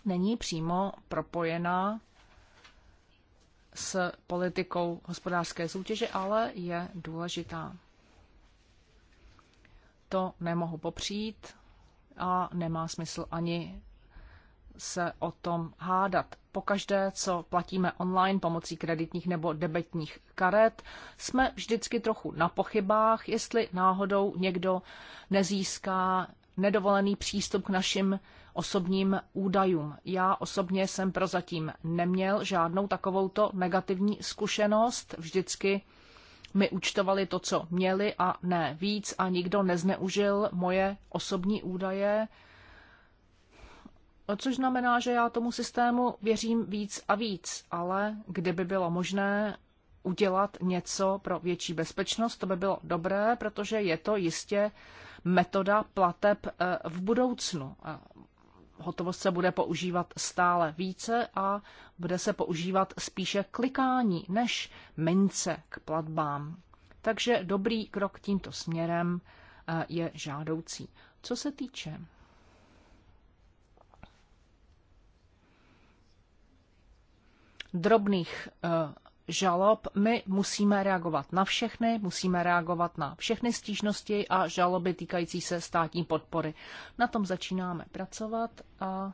není přímo propojená s politikou hospodářské soutěže, ale je důležitá. To nemohu popřít a nemá smysl ani se o tom hádat. Pokaždé, co platíme online pomocí kreditních nebo debetních karet, jsme vždycky trochu na pochybách, jestli náhodou někdo nezíská nedovolený přístup k našim osobním údajům. Já osobně jsem prozatím neměl žádnou takovouto negativní zkušenost. Vždycky mi účtovali to, co měli a ne víc a nikdo nezneužil moje osobní údaje, což znamená, že já tomu systému věřím víc a víc, ale kdyby bylo možné udělat něco pro větší bezpečnost, to by bylo dobré, protože je to jistě metoda plateb eh, v budoucnu hotovost se bude používat stále více a bude se používat spíše klikání než mince k platbám. Takže dobrý krok tímto směrem eh, je žádoucí. Co se týče drobných eh, žalob. My musíme reagovat na všechny, musíme reagovat na všechny stížnosti a žaloby týkající se státní podpory. Na tom začínáme pracovat a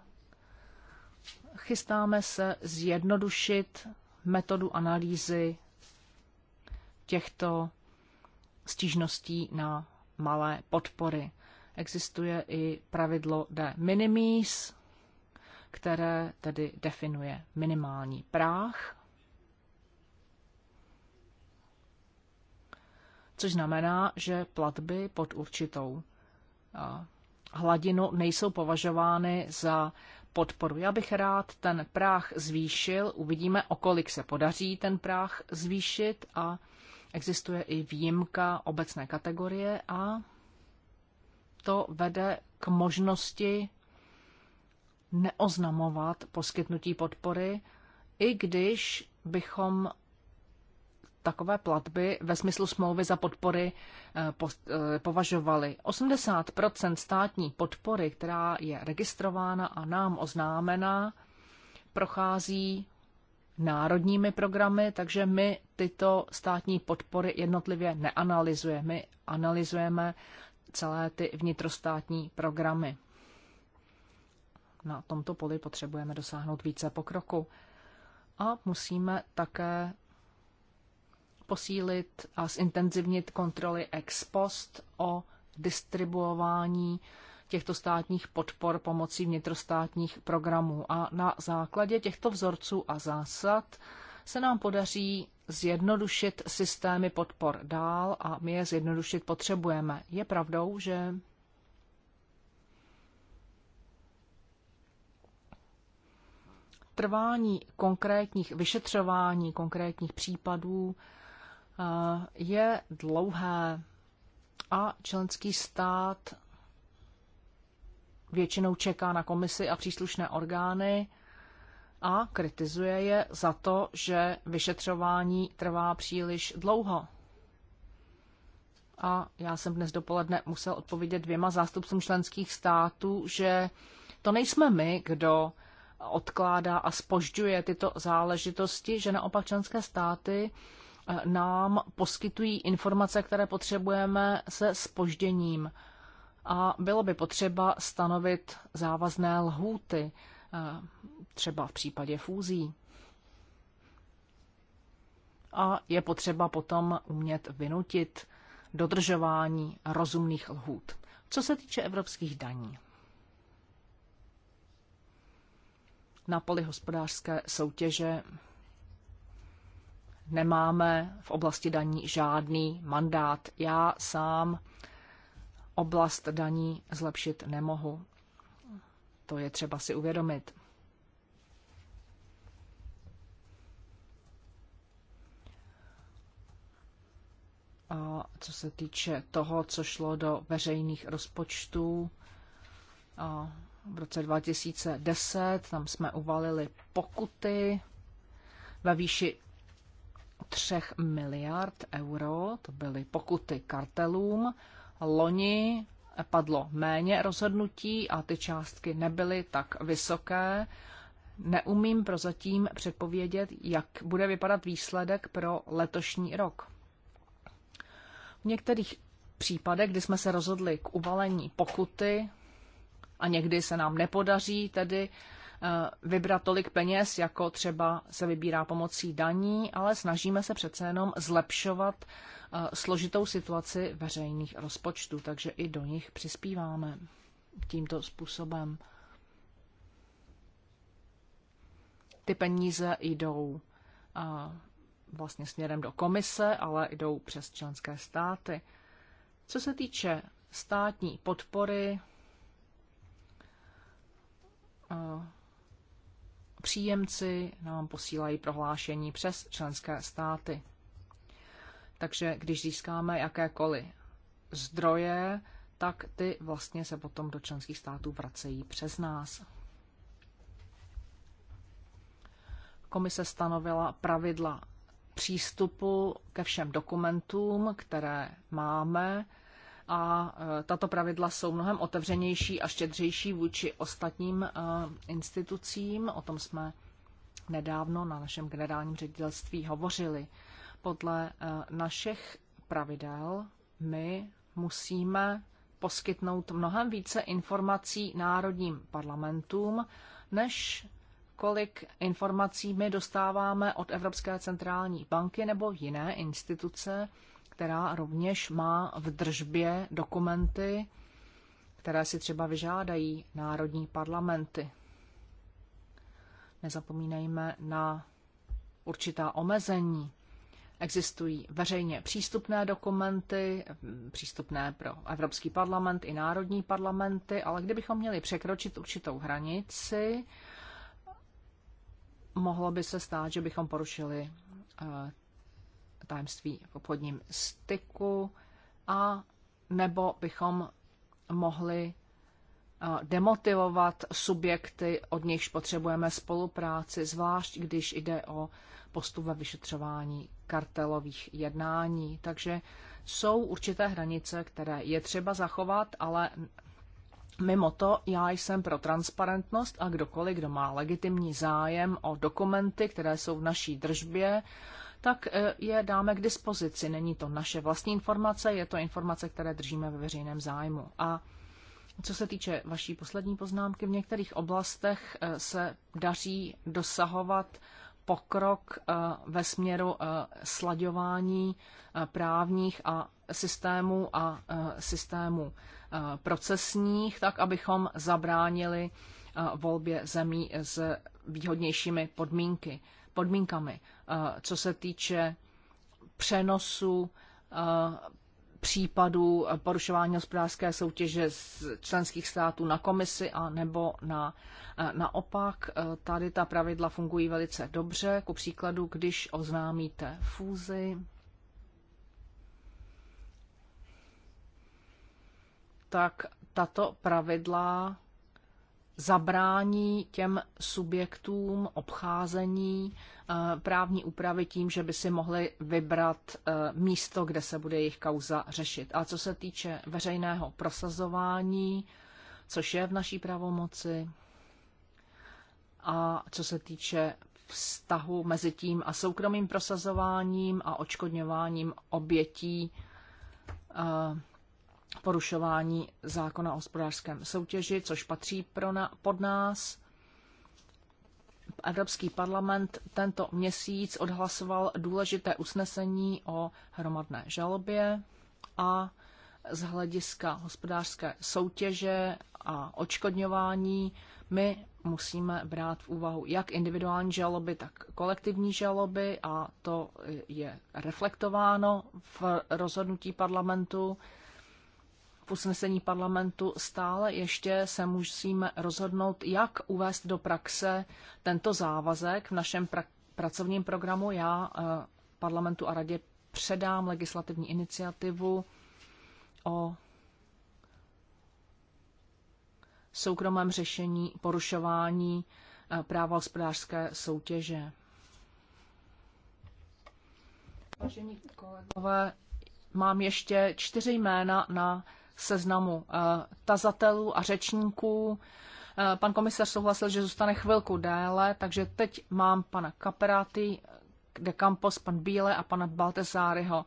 chystáme se zjednodušit metodu analýzy těchto stížností na malé podpory. Existuje i pravidlo de minimis, které tedy definuje minimální práh což znamená, že platby pod určitou hladinu nejsou považovány za podporu. Já bych rád ten práh zvýšil, uvidíme, o kolik se podaří ten práh zvýšit a existuje i výjimka obecné kategorie a to vede k možnosti neoznamovat poskytnutí podpory, i když bychom takové platby ve smyslu smlouvy za podpory eh, eh, považovali. 80 státní podpory, která je registrována a nám oznámena, prochází národními programy, takže my tyto státní podpory jednotlivě neanalyzujeme. My analyzujeme celé ty vnitrostátní programy. Na tomto poli potřebujeme dosáhnout více pokroku a musíme také posílit a zintenzivnit kontroly ex post o distribuování těchto státních podpor pomocí vnitrostátních programů. A na základě těchto vzorců a zásad se nám podaří zjednodušit systémy podpor dál a my je zjednodušit potřebujeme. Je pravdou, že trvání konkrétních vyšetřování konkrétních případů je dlouhé a členský stát většinou čeká na komisi a příslušné orgány a kritizuje je za to, že vyšetřování trvá příliš dlouho. A já jsem dnes dopoledne musel odpovědět dvěma zástupcům členských států, že to nejsme my, kdo odkládá a spožďuje tyto záležitosti, že naopak členské státy Eh, nám poskytují informace, které potřebujeme se spožděním. A bylo by potřeba stanovit závazné lhůty, eh, třeba v případě fúzí. A je potřeba potom umět vynutit dodržování rozumných lhůt. Co se týče evropských daní, na poli hospodářské soutěže nemáme v oblasti daní žádný mandát. Já sám oblast daní zlepšit nemohu. To je třeba si uvědomit. A co se týče toho, co šlo do veřejných rozpočtů, a v roce 2010 tam jsme uvalili pokuty ve výši 3 miliard euro, to byly pokuty kartelům. Loni padlo méně rozhodnutí a ty částky nebyly tak vysoké. Neumím prozatím předpovědět, jak bude vypadat výsledek pro letošní rok. V některých případech, kdy jsme se rozhodli k uvalení pokuty, a někdy se nám nepodaří tedy uh, Eh, vybrat tolik peněz, jako třeba se vybírá pomocí daní, ale snažíme se přece jenom zlepšovat eh, složitou situaci veřejných rozpočtů, takže i do nich přispíváme tímto způsobem. Ty peníze jdou eh, vlastně směrem do komise, ale jdou přes členské státy. Co se týče státní podpory, příjemci nám posílají prohlášení přes členské státy. Takže když získáme jakékoliv zdroje, tak ty vlastně se potom do členských států vracejí přes nás. Komise stanovila pravidla přístupu ke všem dokumentům, které máme, a e, tato pravidla jsou mnohem otevřenější a štědřejší vůči ostatním e, institucím. O tom jsme nedávno na našem generálním ředitelství hovořili. Podle e, našich pravidel my musíme poskytnout mnohem více informací národním parlamentům, než kolik informací my dostáváme od Evropské centrální banky nebo jiné instituce, která rovněž má v držbě dokumenty, které si třeba vyžádají národní parlamenty. Nezapomínejme na určitá omezení. Existují veřejně přístupné dokumenty, přístupné pro Evropský parlament i národní parlamenty, ale kdybychom měli překročit určitou hranici, mohlo by se stát, že bychom porušili eh, tajemství v obchodním styku a nebo bychom mohli eh, demotivovat subjekty, od nichž potřebujeme spolupráci, zvlášť když jde o postup ve vyšetřování kartelových jednání. Takže jsou určité hranice, které je třeba zachovat, ale mimo to já jsem pro transparentnost a kdokoliv, kdo má legitimní zájem o dokumenty, které jsou v naší držbě tak eh, je dáme k dispozici. Není to naše vlastní informace, je to informace, které držíme ve veřejném zájmu. A co se týče vaší poslední poznámky, v některých oblastech eh, se daří dosahovat pokrok eh, ve směru slaďování právních a systémů a systémů procesních, tak abychom zabránili volbě zemí s výhodnějšími podmínky podmínkami, eh, co se týče přenosu eh, případů eh, porušování hospodářské soutěže z členských států na komisi a nebo na, naopak. Tady ta pravidla fungují velice dobře. Ku příkladu, když oznámíte fúzi, tak tato pravidla zabrání těm subjektům obcházení eh, právní úpravy tím, že by si mohli vybrat eh, místo, kde se bude jejich kauza řešit. A co se týče veřejného prosazování, což je v naší pravomoci, a co se týče vztahu mezi tím a soukromým prosazováním a očkodňováním obětí, eh, porušování zákona o hospodářském soutěži, což patří pro na, pod nás. Evropský parlament tento měsíc odhlasoval důležité usnesení o hromadné žalobě a z hlediska hospodářské soutěže a očkodňování my musíme brát v úvahu jak individuální žaloby, tak kolektivní žaloby a to je reflektováno v rozhodnutí parlamentu usnesení parlamentu stále ještě se musíme rozhodnout, jak uvést do praxe tento závazek v našem pra- pracovním programu. Já eh, parlamentu a radě předám legislativní iniciativu o soukromém řešení porušování eh, práva hospodářské soutěže. Vážení kolegové, mám ještě čtyři jména na seznamu eh, tazatelů a řečníků. Eh, pan komisař souhlasil, že zůstane chvilku déle, takže teď mám pana Kaperáty, de Campos, pan Bíle a pana Baltesáryho.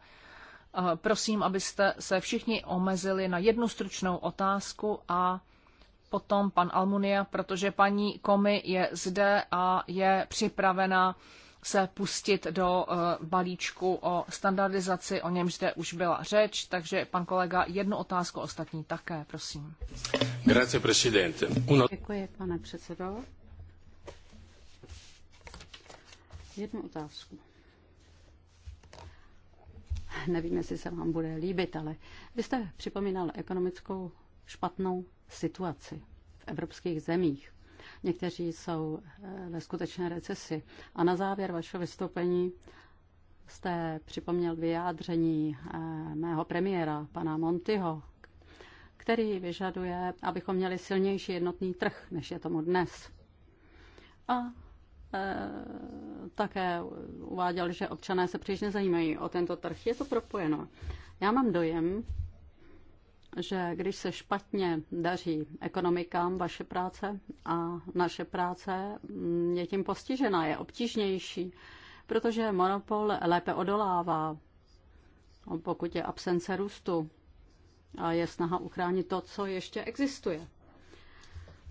Eh, prosím, abyste se všichni omezili na jednu stručnou otázku a potom pan Almunia, protože paní Komi je zde a je připravena se pustit do eh, balíčku o standardizaci, o němž zde už byla řeč, takže pan kolega, jednu otázku ostatní také, prosím. Grazie, presidente. Uno... Děkuji, pane předsedo. Jednu otázku. Nevím, jestli se vám bude líbit, ale vy jste připomínal ekonomickou špatnou situaci v evropských zemích někteří jsou eh, ve skutečné recesi. A na závěr vašeho vystoupení jste připomněl vyjádření eh, mého premiéra, pana Montyho, který vyžaduje, abychom měli silnější jednotný trh, než je tomu dnes. A eh, také uváděl, že občané se příliš nezajímají o tento trh. Je to propojeno. Já mám dojem, že když se špatně daří ekonomikám vaše práce a naše práce mm, je tím postižená, je obtížnější, protože monopol lépe odolává, pokud je absence růstu a je snaha uchránit to, co ještě existuje.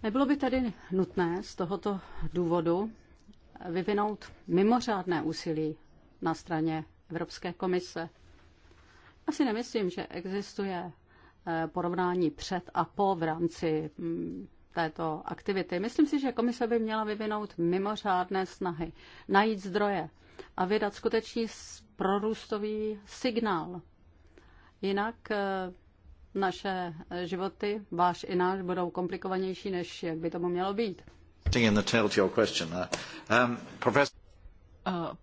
Nebylo by tedy nutné z tohoto důvodu vyvinout mimořádné úsilí na straně Evropské komise. Asi nemyslím, že existuje Eh, porovnání před a po v rámci mm, této aktivity. Myslím si, že komise by měla vyvinout mimořádné snahy, najít zdroje a vydat skutečný prorůstový signál. Jinak eh, naše životy, váš i náš, budou komplikovanější, než jak by tomu mělo být. Uh, um, eh,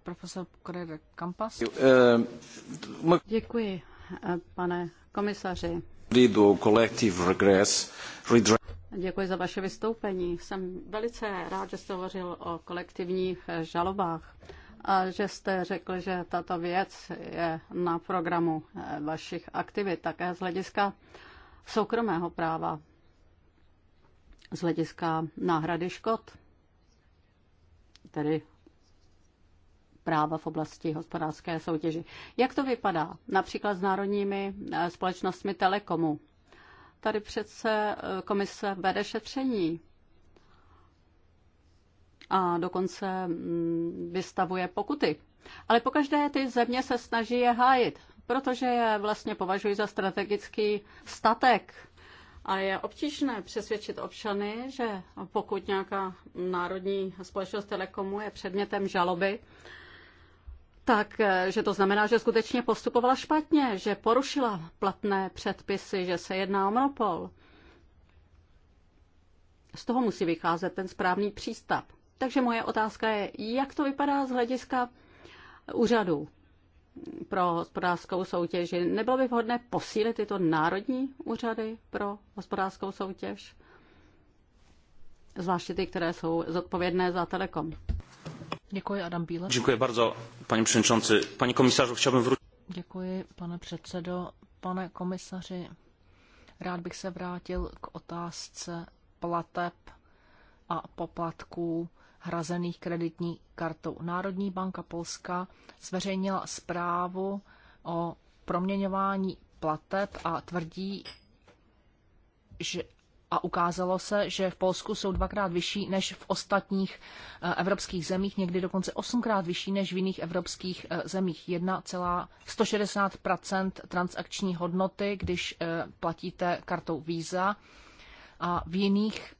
profesor Correa Děkuji, pane komisaři. Děkuji za vaše vystoupení. Jsem velice rád, že jste hovořil o kolektivních eh, žalobách a že jste řekl, že tato věc je na programu eh, vašich aktivit, také z hlediska soukromého práva, z hlediska náhrady škod, tedy práva v oblasti hospodářské soutěže. Jak to vypadá například s národními eh, společnostmi Telekomu? Tady přece eh, komise vede šetření a dokonce mm, vystavuje pokuty. Ale každé ty země se snaží je hájit, protože je vlastně považují za strategický statek. A je obtížné přesvědčit občany, že pokud nějaká národní společnost telekomu je předmětem žaloby, tak eh, že to znamená, že skutečně postupovala špatně, že porušila platné předpisy, že se jedná o monopol. Z toho musí vycházet ten správný přístav. Takže moje otázka je, jak to vypadá z hlediska úřadů pro hospodářskou soutěž. Nebylo by vhodné posílit tyto národní úřady pro hospodářskou soutěž? Zvláště ty, které jsou zodpovědné za telekom. Děkuji, Adam Bíle. Děkuji bardzo, paní předsedající. Paní komisařu, chtěl vru... Děkuji, pane předsedo. Pane komisaři, rád bych se vrátil k otázce plateb a poplatků hrazených kreditní kartou. Národní banka Polska zveřejnila zprávu o proměňování plateb a tvrdí, že, a ukázalo se, že v Polsku jsou dvakrát vyšší než v ostatních eh, evropských zemích, někdy dokonce osmkrát vyšší než v jiných evropských eh, zemích. 1,160 transakční hodnoty, když eh, platíte kartou Visa a v jiných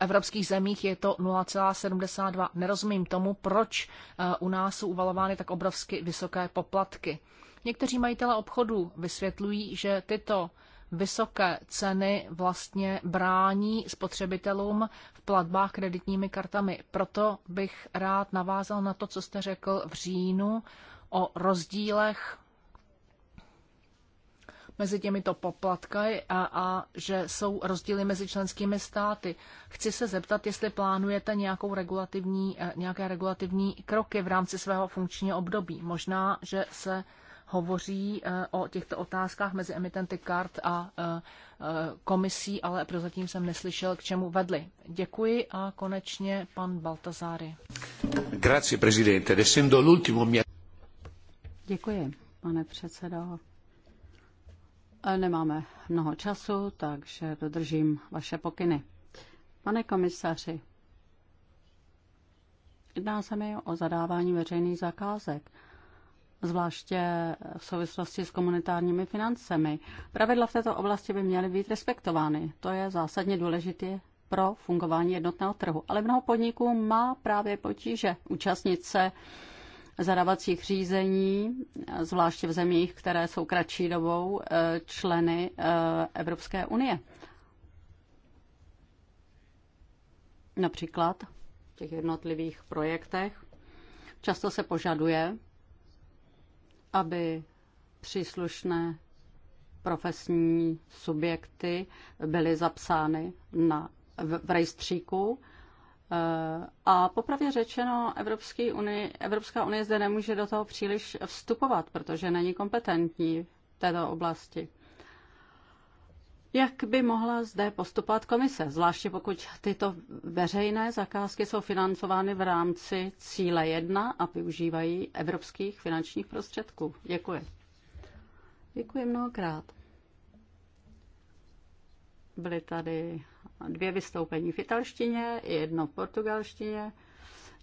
evropských zemích je to 0,72. Nerozumím tomu, proč u nás jsou uvalovány tak obrovsky vysoké poplatky. Někteří majitelé obchodu vysvětlují, že tyto vysoké ceny vlastně brání spotřebitelům v platbách kreditními kartami. Proto bych rád navázal na to, co jste řekl v říjnu o rozdílech mezi těmito poplatky a, a že jsou rozdíly mezi členskými státy. Chci se zeptat, jestli plánujete nějakou regulativní, eh, nějaké regulativní kroky v rámci svého funkčního období. Možná, že se hovoří eh, o těchto otázkách mezi emitenty kart a eh, eh, komisí, ale prozatím jsem neslyšel, k čemu vedli. Děkuji a konečně pan Baltazáry. Grazie, prezidente. Desendo l'ultimo mia... Děkuji, pane předsedo. Nemáme mnoho času, takže dodržím vaše pokyny. Pane komisaři, jedná se mi o zadávání veřejných zakázek zvláště v souvislosti s komunitárními financemi. Pravidla v této oblasti by měly být respektovány. To je zásadně důležité pro fungování jednotného trhu. Ale mnoho podniků má právě potíže účastnit se zadavacích řízení, zvláště v zemích, které jsou kratší dobou eh, členy eh, Evropské unie. Například v těch jednotlivých projektech často se požaduje aby příslušné profesní subjekty byly zapsány na, v, v rejstříku. Eh, a popravě řečeno, Evropský unii, Evropská unie zde nemůže do toho příliš vstupovat, protože není kompetentní v této oblasti. Jak by mohla zde postupovat komise, zvláště pokud tyto veřejné zakázky jsou financovány v rámci cíle 1 a využívají evropských finančních prostředků? Děkuji. Děkuji mnohokrát. Byly tady dvě vystoupení v italštině, jedno v portugalštině,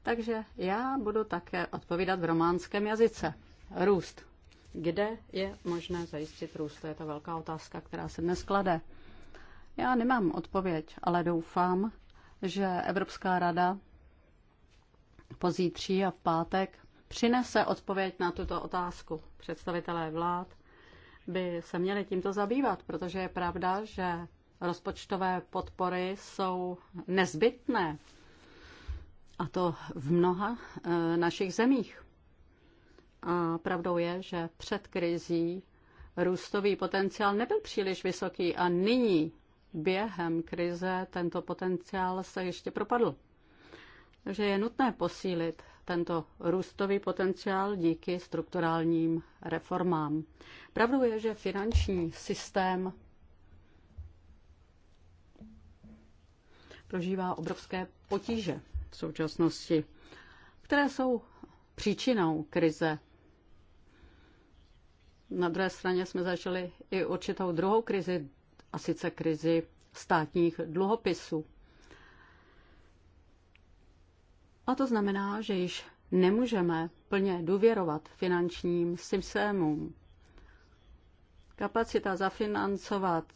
takže já budu také odpovídat v románském jazyce. Růst kde je možné zajistit růst. To je ta velká otázka, která se dnes klade. Já nemám odpověď, ale doufám, že Evropská rada pozítří a v pátek přinese odpověď na tuto otázku. Představitelé vlád by se měli tímto zabývat, protože je pravda, že rozpočtové podpory jsou nezbytné. A to v mnoha eh, našich zemích. A pravdou je, že před krizí růstový potenciál nebyl příliš vysoký a nyní během krize tento potenciál se ještě propadl. Takže je nutné posílit tento růstový potenciál díky strukturálním reformám. Pravdou je, že finanční systém prožívá obrovské potíže v současnosti, které jsou příčinou krize. Na druhé straně jsme zažili i určitou druhou krizi, a sice krizi státních dluhopisů. A to znamená, že již nemůžeme plně důvěrovat finančním systémům. Kapacita zafinancovat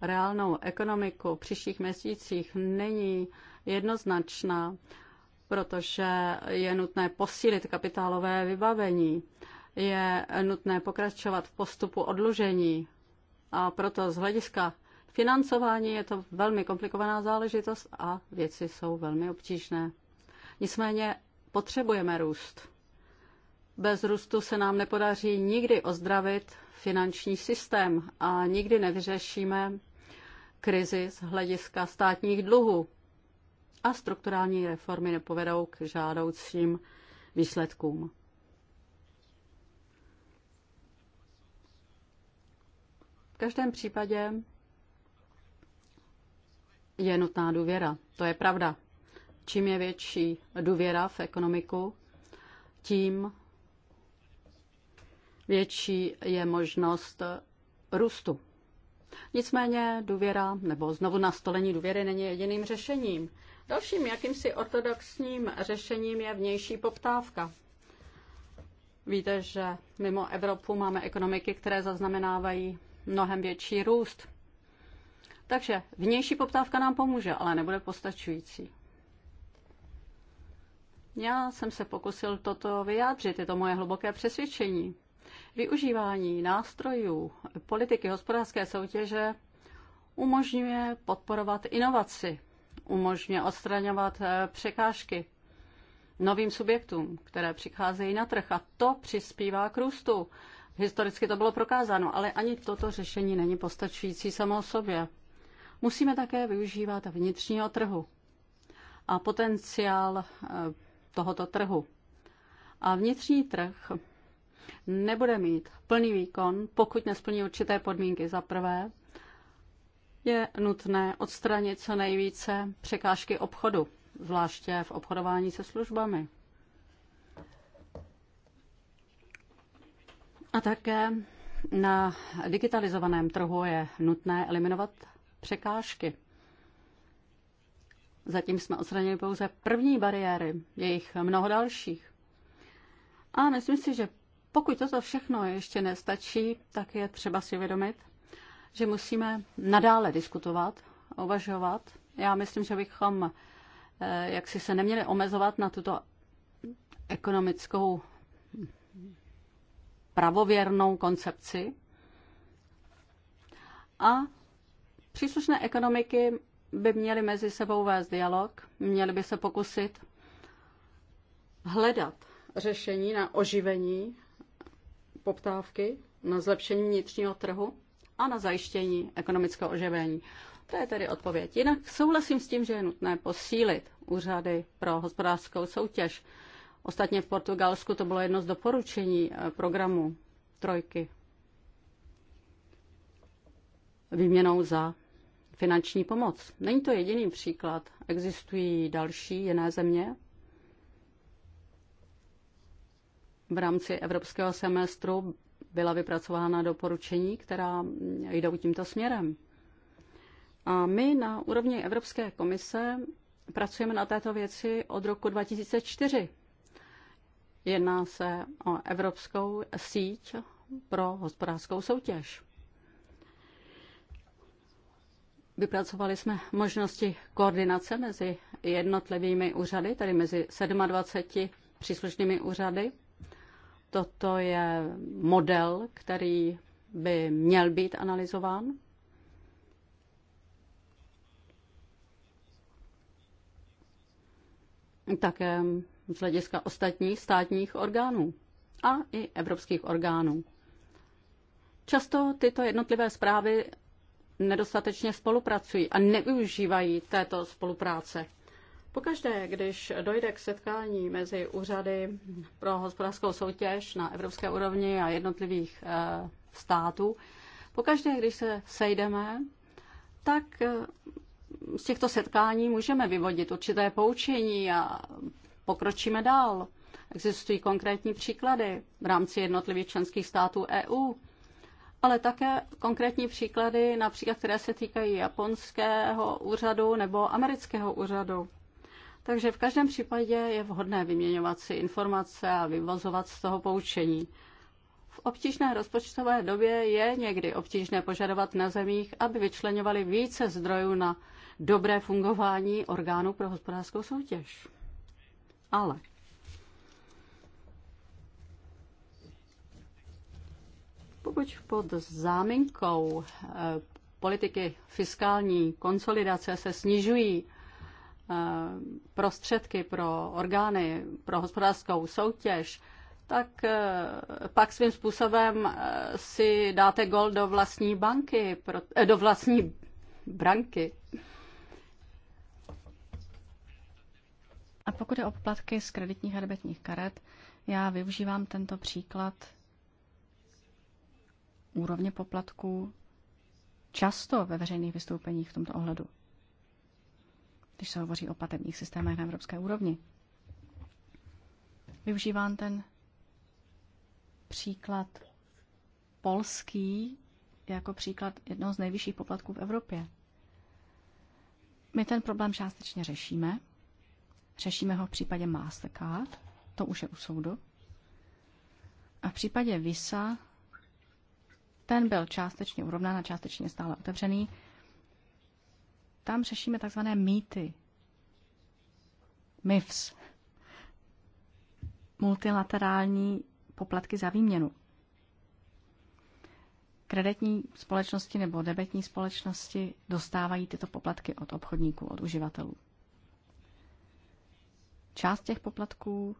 reálnou ekonomiku v příštích měsících není jednoznačná, protože je nutné posílit kapitálové vybavení je nutné pokračovat v postupu odlužení. A proto z hlediska financování je to velmi komplikovaná záležitost a věci jsou velmi obtížné. Nicméně potřebujeme růst. Bez růstu se nám nepodaří nikdy ozdravit finanční systém a nikdy nevyřešíme krizi z hlediska státních dluhů. A strukturální reformy nepovedou k žádoucím výsledkům. V každém případě je nutná důvěra. To je pravda. Čím je větší důvěra v ekonomiku, tím větší je možnost růstu. Nicméně důvěra nebo znovu nastolení důvěry není jediným řešením. Dalším jakýmsi ortodoxním řešením je vnější poptávka. Víte, že mimo Evropu máme ekonomiky, které zaznamenávají mnohem větší růst. Takže vnější poptávka nám pomůže, ale nebude postačující. Já jsem se pokusil toto vyjádřit, je to moje hluboké přesvědčení. Využívání nástrojů politiky hospodářské soutěže umožňuje podporovat inovaci, umožňuje odstraňovat eh, překážky novým subjektům, které přicházejí na trh a to přispívá k růstu. Historicky to bylo prokázáno, ale ani toto řešení není postačující samo o sobě. Musíme také využívat vnitřního trhu a potenciál eh, tohoto trhu. A vnitřní trh nebude mít plný výkon, pokud nesplní určité podmínky. Za prvé, je nutné odstranit co nejvíce překážky obchodu, zvláště v obchodování se službami. A také na digitalizovaném trhu je nutné eliminovat překážky. Zatím jsme odstranili pouze první bariéry, je jich mnoho dalších. A myslím si, že pokud toto všechno ještě nestačí, tak je třeba si vědomit, že musíme nadále diskutovat, uvažovat. Já myslím, že bychom eh, jak si se neměli omezovat na tuto ekonomickou pravověrnou koncepci a příslušné ekonomiky by měly mezi sebou vést dialog, měly by se pokusit hledat řešení na oživení poptávky, na zlepšení vnitřního trhu a na zajištění ekonomického oživení. To je tedy odpověď. Jinak souhlasím s tím, že je nutné posílit úřady pro hospodářskou soutěž. Ostatně v Portugalsku to bylo jedno z doporučení eh, programu Trojky. Výměnou za finanční pomoc. Není to jediný příklad. Existují další jiné země v rámci evropského semestru byla vypracována doporučení, která jdou tímto směrem. A my na úrovni Evropské komise pracujeme na této věci od roku 2004. Jedná se o Evropskou síť pro hospodářskou soutěž. Vypracovali jsme možnosti koordinace mezi jednotlivými úřady, tedy mezi 27 příslušnými úřady. Toto je model, který by měl být analyzován. Také z hlediska ostatních státních orgánů a i evropských orgánů. Často tyto jednotlivé zprávy nedostatečně spolupracují a nevyužívají této spolupráce. Pokaždé, když dojde k setkání mezi úřady pro hospodářskou soutěž na evropské úrovni a jednotlivých eh, států, pokaždé, když se sejdeme, tak eh, z těchto setkání můžeme vyvodit určité poučení a pokročíme dál. Existují konkrétní příklady v rámci jednotlivých členských států EU, ale také konkrétní příklady, například které se týkají japonského úřadu nebo amerického úřadu. Takže v každém případě je vhodné vyměňovat si informace a vyvozovat z toho poučení. V obtížné rozpočtové době je někdy obtížné požadovat na zemích, aby vyčlenovali více zdrojů na dobré fungování orgánů pro hospodářskou soutěž ale pokud pod záminkou eh, politiky fiskální konsolidace se snižují eh, prostředky pro orgány pro hospodářskou soutěž, tak eh, pak svým způsobem si dáte gol do vlastní banky, do vlastní branky. A pokud je o poplatky z kreditních a debetních karet, já využívám tento příklad úrovně poplatků často ve veřejných vystoupeních v tomto ohledu, když se hovoří o platebních systémech na evropské úrovni. Využívám ten příklad polský jako příklad jednoho z nejvyšších poplatků v Evropě. My ten problém částečně řešíme, Řešíme ho v případě Mastercard, to už je u soudu. A v případě Visa, ten byl částečně urovnán a částečně stále otevřený. Tam řešíme takzvané mýty, MIFS, multilaterální poplatky za výměnu. Kreditní společnosti nebo debetní společnosti dostávají tyto poplatky od obchodníků, od uživatelů. Část těch poplatků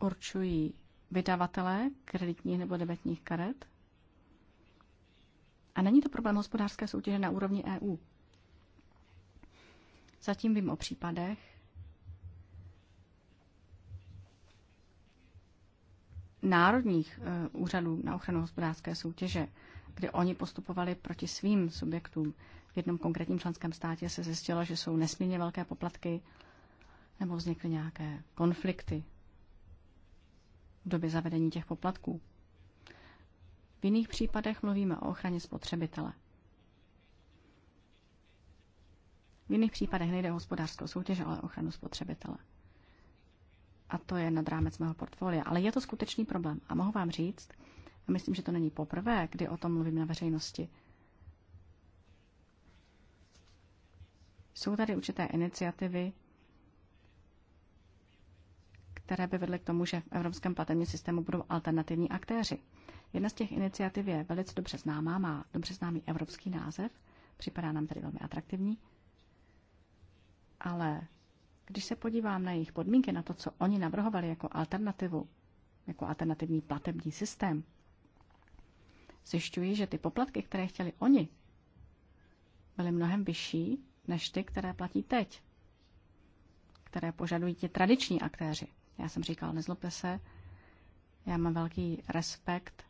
určují vydavatelé kreditních nebo debetních karet. A není to problém hospodářské soutěže na úrovni EU. Zatím vím o případech, národních eh, úřadů na ochranu hospodářské soutěže, kdy oni postupovali proti svým subjektům. V jednom konkrétním členském státě se zjistilo, že jsou nesmírně velké poplatky nebo vznikly nějaké konflikty v době zavedení těch poplatků. V jiných případech mluvíme o ochraně spotřebitele. V jiných případech nejde o hospodářskou soutěž, ale o ochranu spotřebitele. A to je nad rámec mého portfolia. Ale je to skutečný problém. A mohu vám říct, a myslím, že to není poprvé, kdy o tom mluvím na veřejnosti, Jsou tady určité iniciativy, které by vedly k tomu, že v evropském platebním systému budou alternativní aktéři. Jedna z těch iniciativ je velice dobře známá, má dobře známý evropský název, připadá nám tedy velmi atraktivní, ale když se podívám na jejich podmínky, na to, co oni navrhovali jako alternativu, jako alternativní platební systém, zjišťuji, že ty poplatky, které chtěli oni, byly mnohem vyšší než ty, které platí teď, které požadují ti tradiční aktéři. Já jsem říkal, nezlobte se, já mám velký respekt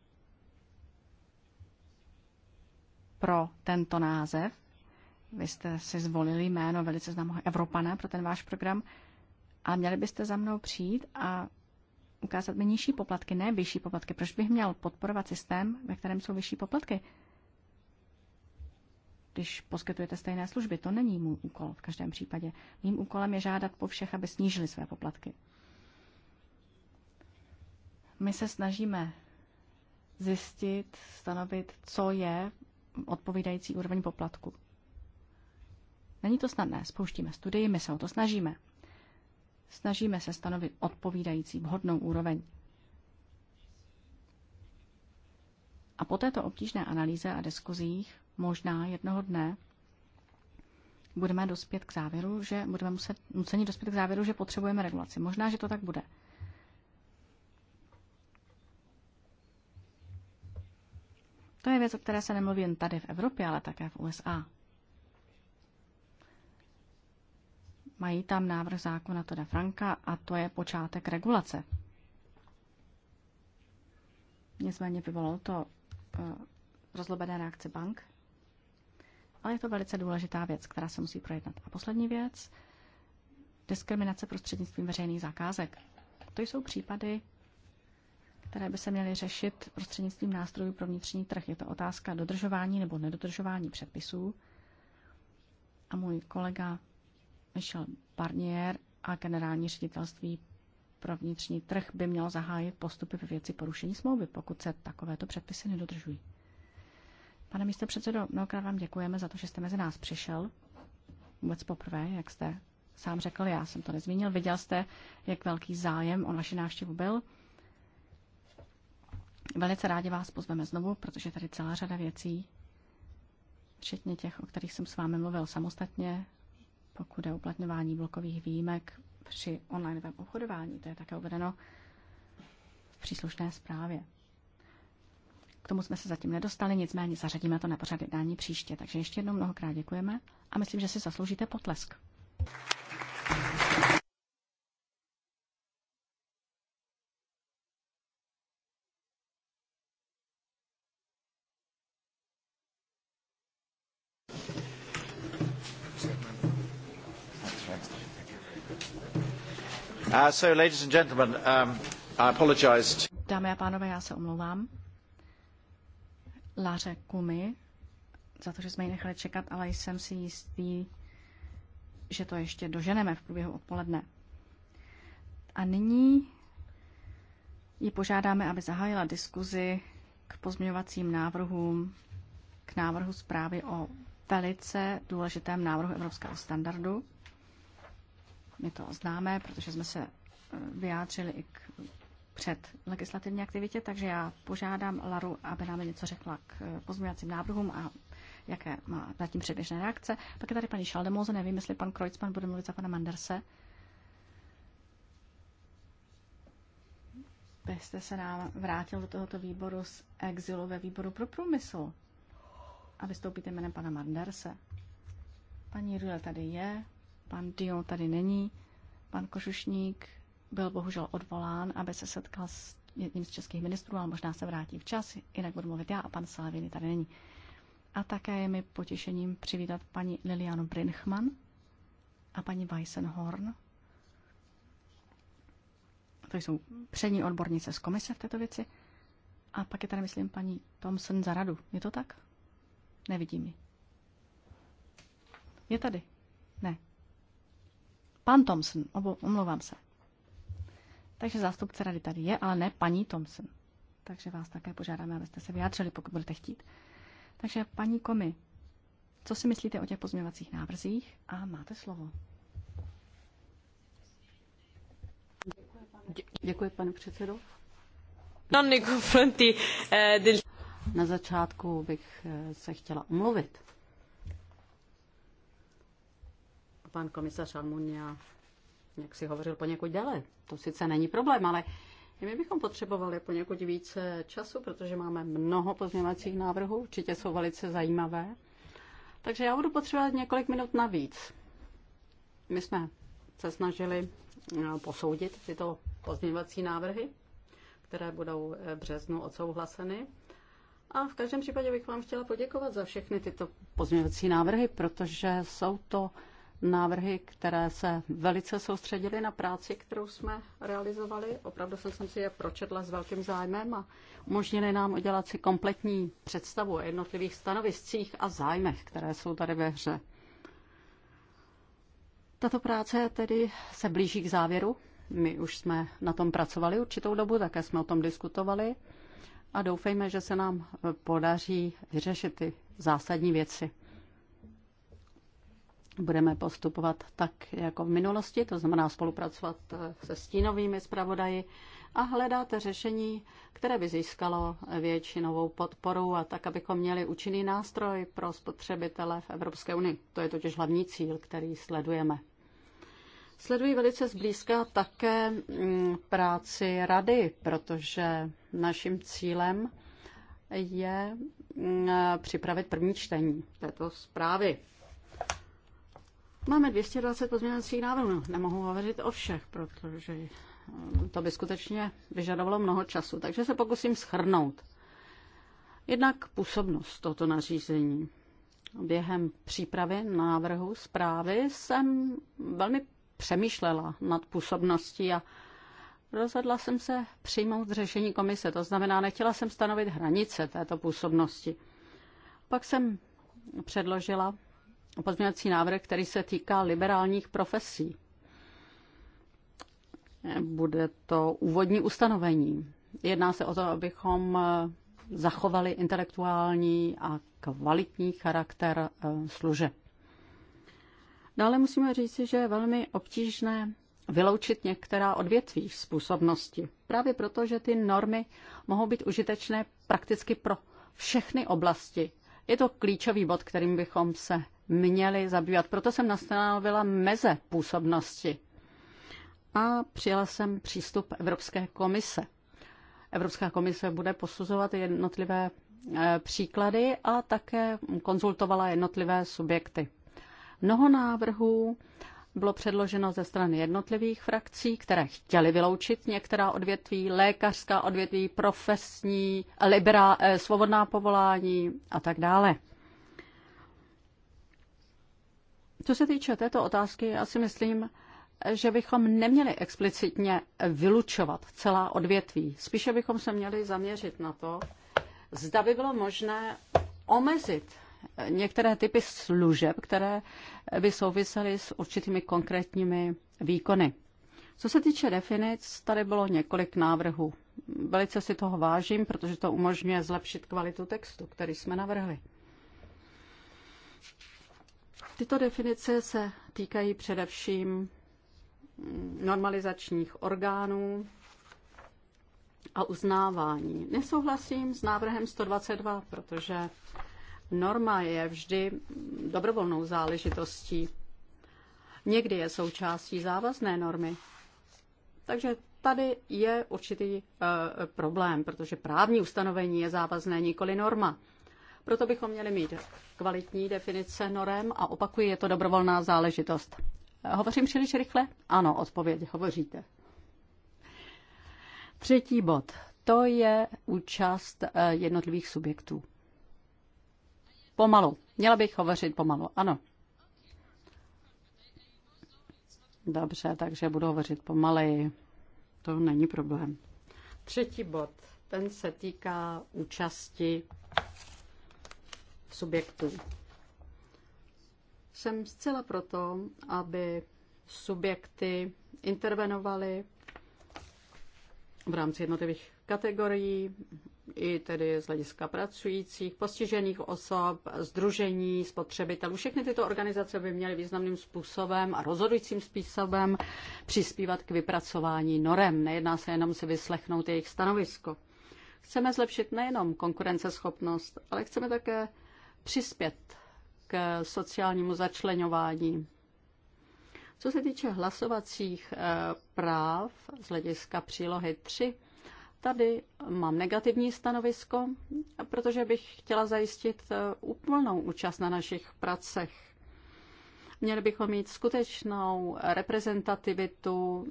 pro tento název. Vy jste si zvolili jméno velice známého Evropana pro ten váš program, ale měli byste za mnou přijít a ukázat mi nižší poplatky, ne vyšší poplatky. Proč bych měl podporovat systém, ve kterém jsou vyšší poplatky? když poskytujete stejné služby. To není můj úkol v každém případě. Mým úkolem je žádat po všech, aby snížili své poplatky. My se snažíme zjistit, stanovit, co je odpovídající úroveň poplatku. Není to snadné. Spouštíme studii, my se o to snažíme. Snažíme se stanovit odpovídající vhodnou úroveň. A po této obtížné analýze a diskuzích možná jednoho dne budeme dospět k závěru, že budeme muset, nuceni dospět k závěru, že potřebujeme regulaci. Možná, že to tak bude. To je věc, o které se nemluví jen tady v Evropě, ale také v USA. Mají tam návrh zákona Toda Franka a to je počátek regulace. Nicméně vyvolalo to eh, rozlobené reakce bank ale je to velice důležitá věc, která se musí projednat. A poslední věc, diskriminace prostřednictvím veřejných zakázek. To jsou případy, které by se měly řešit prostřednictvím nástrojů pro vnitřní trh. Je to otázka dodržování nebo nedodržování předpisů. A můj kolega Michel Barnier a generální ředitelství pro vnitřní trh by měl zahájit postupy ve věci porušení smlouvy, pokud se takovéto předpisy nedodržují. Pane místo předsedo, mnohokrát vám děkujeme za to, že jste mezi nás přišel. Vůbec poprvé, jak jste sám řekl, já jsem to nezmínil. Viděl jste, jak velký zájem o naši návštěvu byl. Velice rádi vás pozveme znovu, protože tady celá řada věcí, včetně těch, o kterých jsem s vámi mluvil samostatně, pokud je uplatňování blokových výjimek při online obchodování, to je také uvedeno v příslušné zprávě tomu jsme se zatím nedostali, nicméně zařadíme to na pořad jednání příště. Takže ještě jednou mnohokrát děkujeme a myslím, že si zasloužíte potlesk. Uh, so, ladies and gentlemen, um, I apologize. Dámy a pánové, já se omlouvám. Laře Kumy za to, že jsme ji nechali čekat, ale jsem si jistý, že to ještě doženeme v průběhu odpoledne. A nyní ji požádáme, aby zahájila diskuzi k pozměňovacím návrhům, k návrhu zprávy o velice důležitém návrhu evropského standardu. My to známe, protože jsme se eh, vyjádřili i k před legislativní aktivitě, takže já požádám Laru, aby nám něco řekla k eh, pozměňovacím návrhům a jaké má zatím předběžné reakce. Pak je tady paní Šaldemoze, nevím, jestli pan Kreutzmann bude mluvit za pana Manderse. byste se nám vrátil do tohoto výboru z exilu ve výboru pro průmysl a vystoupíte jménem pana Manderse. Paní Rudel tady je, pan Dion tady není, pan Košušník byl bohužel odvolán, aby se setkal s jedním z českých ministrů, ale možná se vrátí včas, jinak budu mluvit já a pan Salvini tady není. A také je mi potěšením přivítat paní Lilianu Brinchman a paní Weissenhorn. To jsou přední odbornice z komise v této věci. A pak je tady, myslím, paní Thomson za radu. Je to tak? Nevidím ji. Je tady? Ne. Pan Thomson, omlouvám se. Takže zástupce rady tady je, ale ne paní Thompson. Takže vás také požádáme, abyste se vyjádřili, pokud budete chtít. Takže paní Komi, co si myslíte o těch pozměňovacích návrzích? A máte slovo. Děkuji, pane, předsedo. Na začátku bych eh, se chtěla omluvit. Pan komisař Almunia jak si hovořil poněkud déle. To sice není problém, ale my bychom potřebovali poněkud více času, protože máme mnoho pozměňovacích návrhů, určitě jsou velice zajímavé. Takže já budu potřebovat několik minut navíc. My jsme se snažili eh, posoudit tyto pozměňovací návrhy, které budou v březnu odsouhlaseny. A v každém případě bych vám chtěla poděkovat za všechny tyto pozměňovací návrhy, protože jsou to návrhy, které se velice soustředily na práci, kterou jsme realizovali. Opravdu jsem si je pročetla s velkým zájmem a umožnili nám udělat si kompletní představu o jednotlivých stanoviscích a zájmech, které jsou tady ve hře. Tato práce tedy se blíží k závěru. My už jsme na tom pracovali určitou dobu, také jsme o tom diskutovali a doufejme, že se nám podaří vyřešit ty zásadní věci budeme postupovat tak jako v minulosti, to znamená spolupracovat eh, se stínovými zpravodaji a hledat řešení, které by získalo většinovou podporu a tak, abychom měli účinný nástroj pro spotřebitele v Evropské unii. To je totiž hlavní cíl, který sledujeme. Sleduji velice zblízka také mm, práci rady, protože naším cílem je mm, připravit první čtení této zprávy. Máme 220 pozměňovacích návrhů. No, nemohu hovořit o všech, protože eh, to by skutečně vyžadovalo mnoho času. Takže se pokusím schrnout. Jednak působnost tohoto nařízení. Během přípravy návrhu zprávy jsem velmi přemýšlela nad působností a rozhodla jsem se přijmout řešení komise. To znamená, nechtěla jsem stanovit hranice této působnosti. Pak jsem předložila pozměňovací návrh, který se týká liberálních profesí. Bude to úvodní ustanovení. Jedná se o to, abychom eh, zachovali intelektuální a kvalitní charakter eh, služeb. Dále musíme říci, že je velmi obtížné vyloučit některá odvětví působnosti. Právě proto, že ty normy mohou být užitečné prakticky pro všechny oblasti. Je to klíčový bod, kterým bychom se měli zabývat. Proto jsem nastanovila meze působnosti a přijala jsem přístup Evropské komise. Evropská komise bude posuzovat jednotlivé e, příklady a také konzultovala jednotlivé subjekty. Mnoho návrhů bylo předloženo ze strany jednotlivých frakcí, které chtěly vyloučit některá odvětví, lékařská odvětví, profesní, liberá, e, svobodná povolání a tak dále. Co se týče této otázky, já si myslím, že bychom neměli explicitně vylučovat celá odvětví. Spíše bychom se měli zaměřit na to, zda by bylo možné omezit některé typy služeb, které by souvisely s určitými konkrétními výkony. Co se týče definic, tady bylo několik návrhů. Velice si toho vážím, protože to umožňuje zlepšit kvalitu textu, který jsme navrhli. Tyto definice se týkají především normalizačních orgánů a uznávání. Nesouhlasím s návrhem 122, protože norma je vždy dobrovolnou záležitostí. Někdy je součástí závazné normy. Takže tady je určitý e, problém, protože právní ustanovení je závazné, nikoli norma. Proto bychom měli mít kvalitní definice norem a opakuji, je to dobrovolná záležitost. Hovořím příliš rychle? Ano, odpověď, hovoříte. Třetí bod, to je účast eh, jednotlivých subjektů. Pomalu. Měla bych hovořit pomalu, ano. Dobře, takže budu hovořit pomaleji. To není problém. Třetí bod, ten se týká účasti subjektů. Jsem zcela proto, aby subjekty intervenovaly v rámci jednotlivých kategorií, i tedy z hlediska pracujících, postižených osob, združení, spotřebitelů. Všechny tyto organizace by měly významným způsobem a rozhodujícím způsobem přispívat k vypracování norem. Nejedná se jenom si vyslechnout jejich stanovisko. Chceme zlepšit nejenom konkurenceschopnost, ale chceme také přispět k sociálnímu začlenování. Co se týče hlasovacích eh, práv z hlediska přílohy 3, tady mám negativní stanovisko, protože bych chtěla zajistit eh, úplnou účast na našich pracech. Měli bychom mít skutečnou reprezentativitu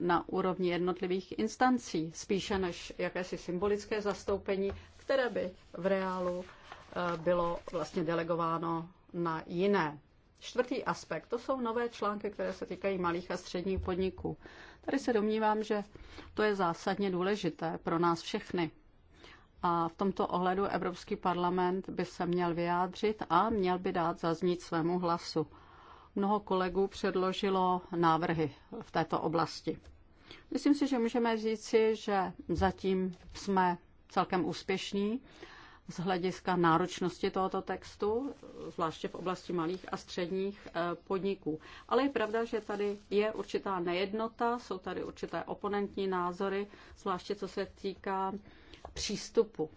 na úrovni jednotlivých instancí, spíše než jakési symbolické zastoupení, které by v reálu Eh, bylo vlastně delegováno na jiné. Čtvrtý aspekt, to jsou nové články, které se týkají malých a středních podniků. Tady se domnívám, že to je zásadně důležité pro nás všechny. A v tomto ohledu Evropský parlament by se měl vyjádřit a měl by dát zaznít svému hlasu. Mnoho kolegů předložilo návrhy v této oblasti. Myslím si, že můžeme říci, že zatím jsme celkem úspěšní z hlediska náročnosti tohoto textu, zvláště v oblasti malých a středních eh, podniků. Ale je pravda, že tady je určitá nejednota, jsou tady určité oponentní názory, zvláště co se týká přístupu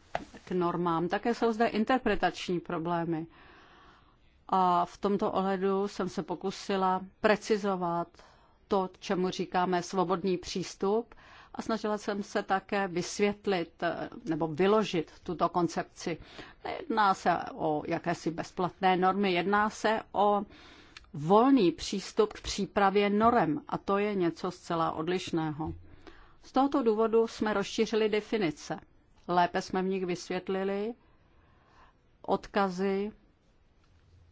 k normám. Také jsou zde interpretační problémy. A v tomto ohledu jsem se pokusila precizovat to, čemu říkáme svobodný přístup a snažila jsem se také vysvětlit eh, nebo vyložit tuto koncepci. Nejedná se o jakési bezplatné normy, jedná se o volný přístup k přípravě norem a to je něco zcela odlišného. Z tohoto důvodu jsme rozšířili definice. Lépe jsme v nich vysvětlili odkazy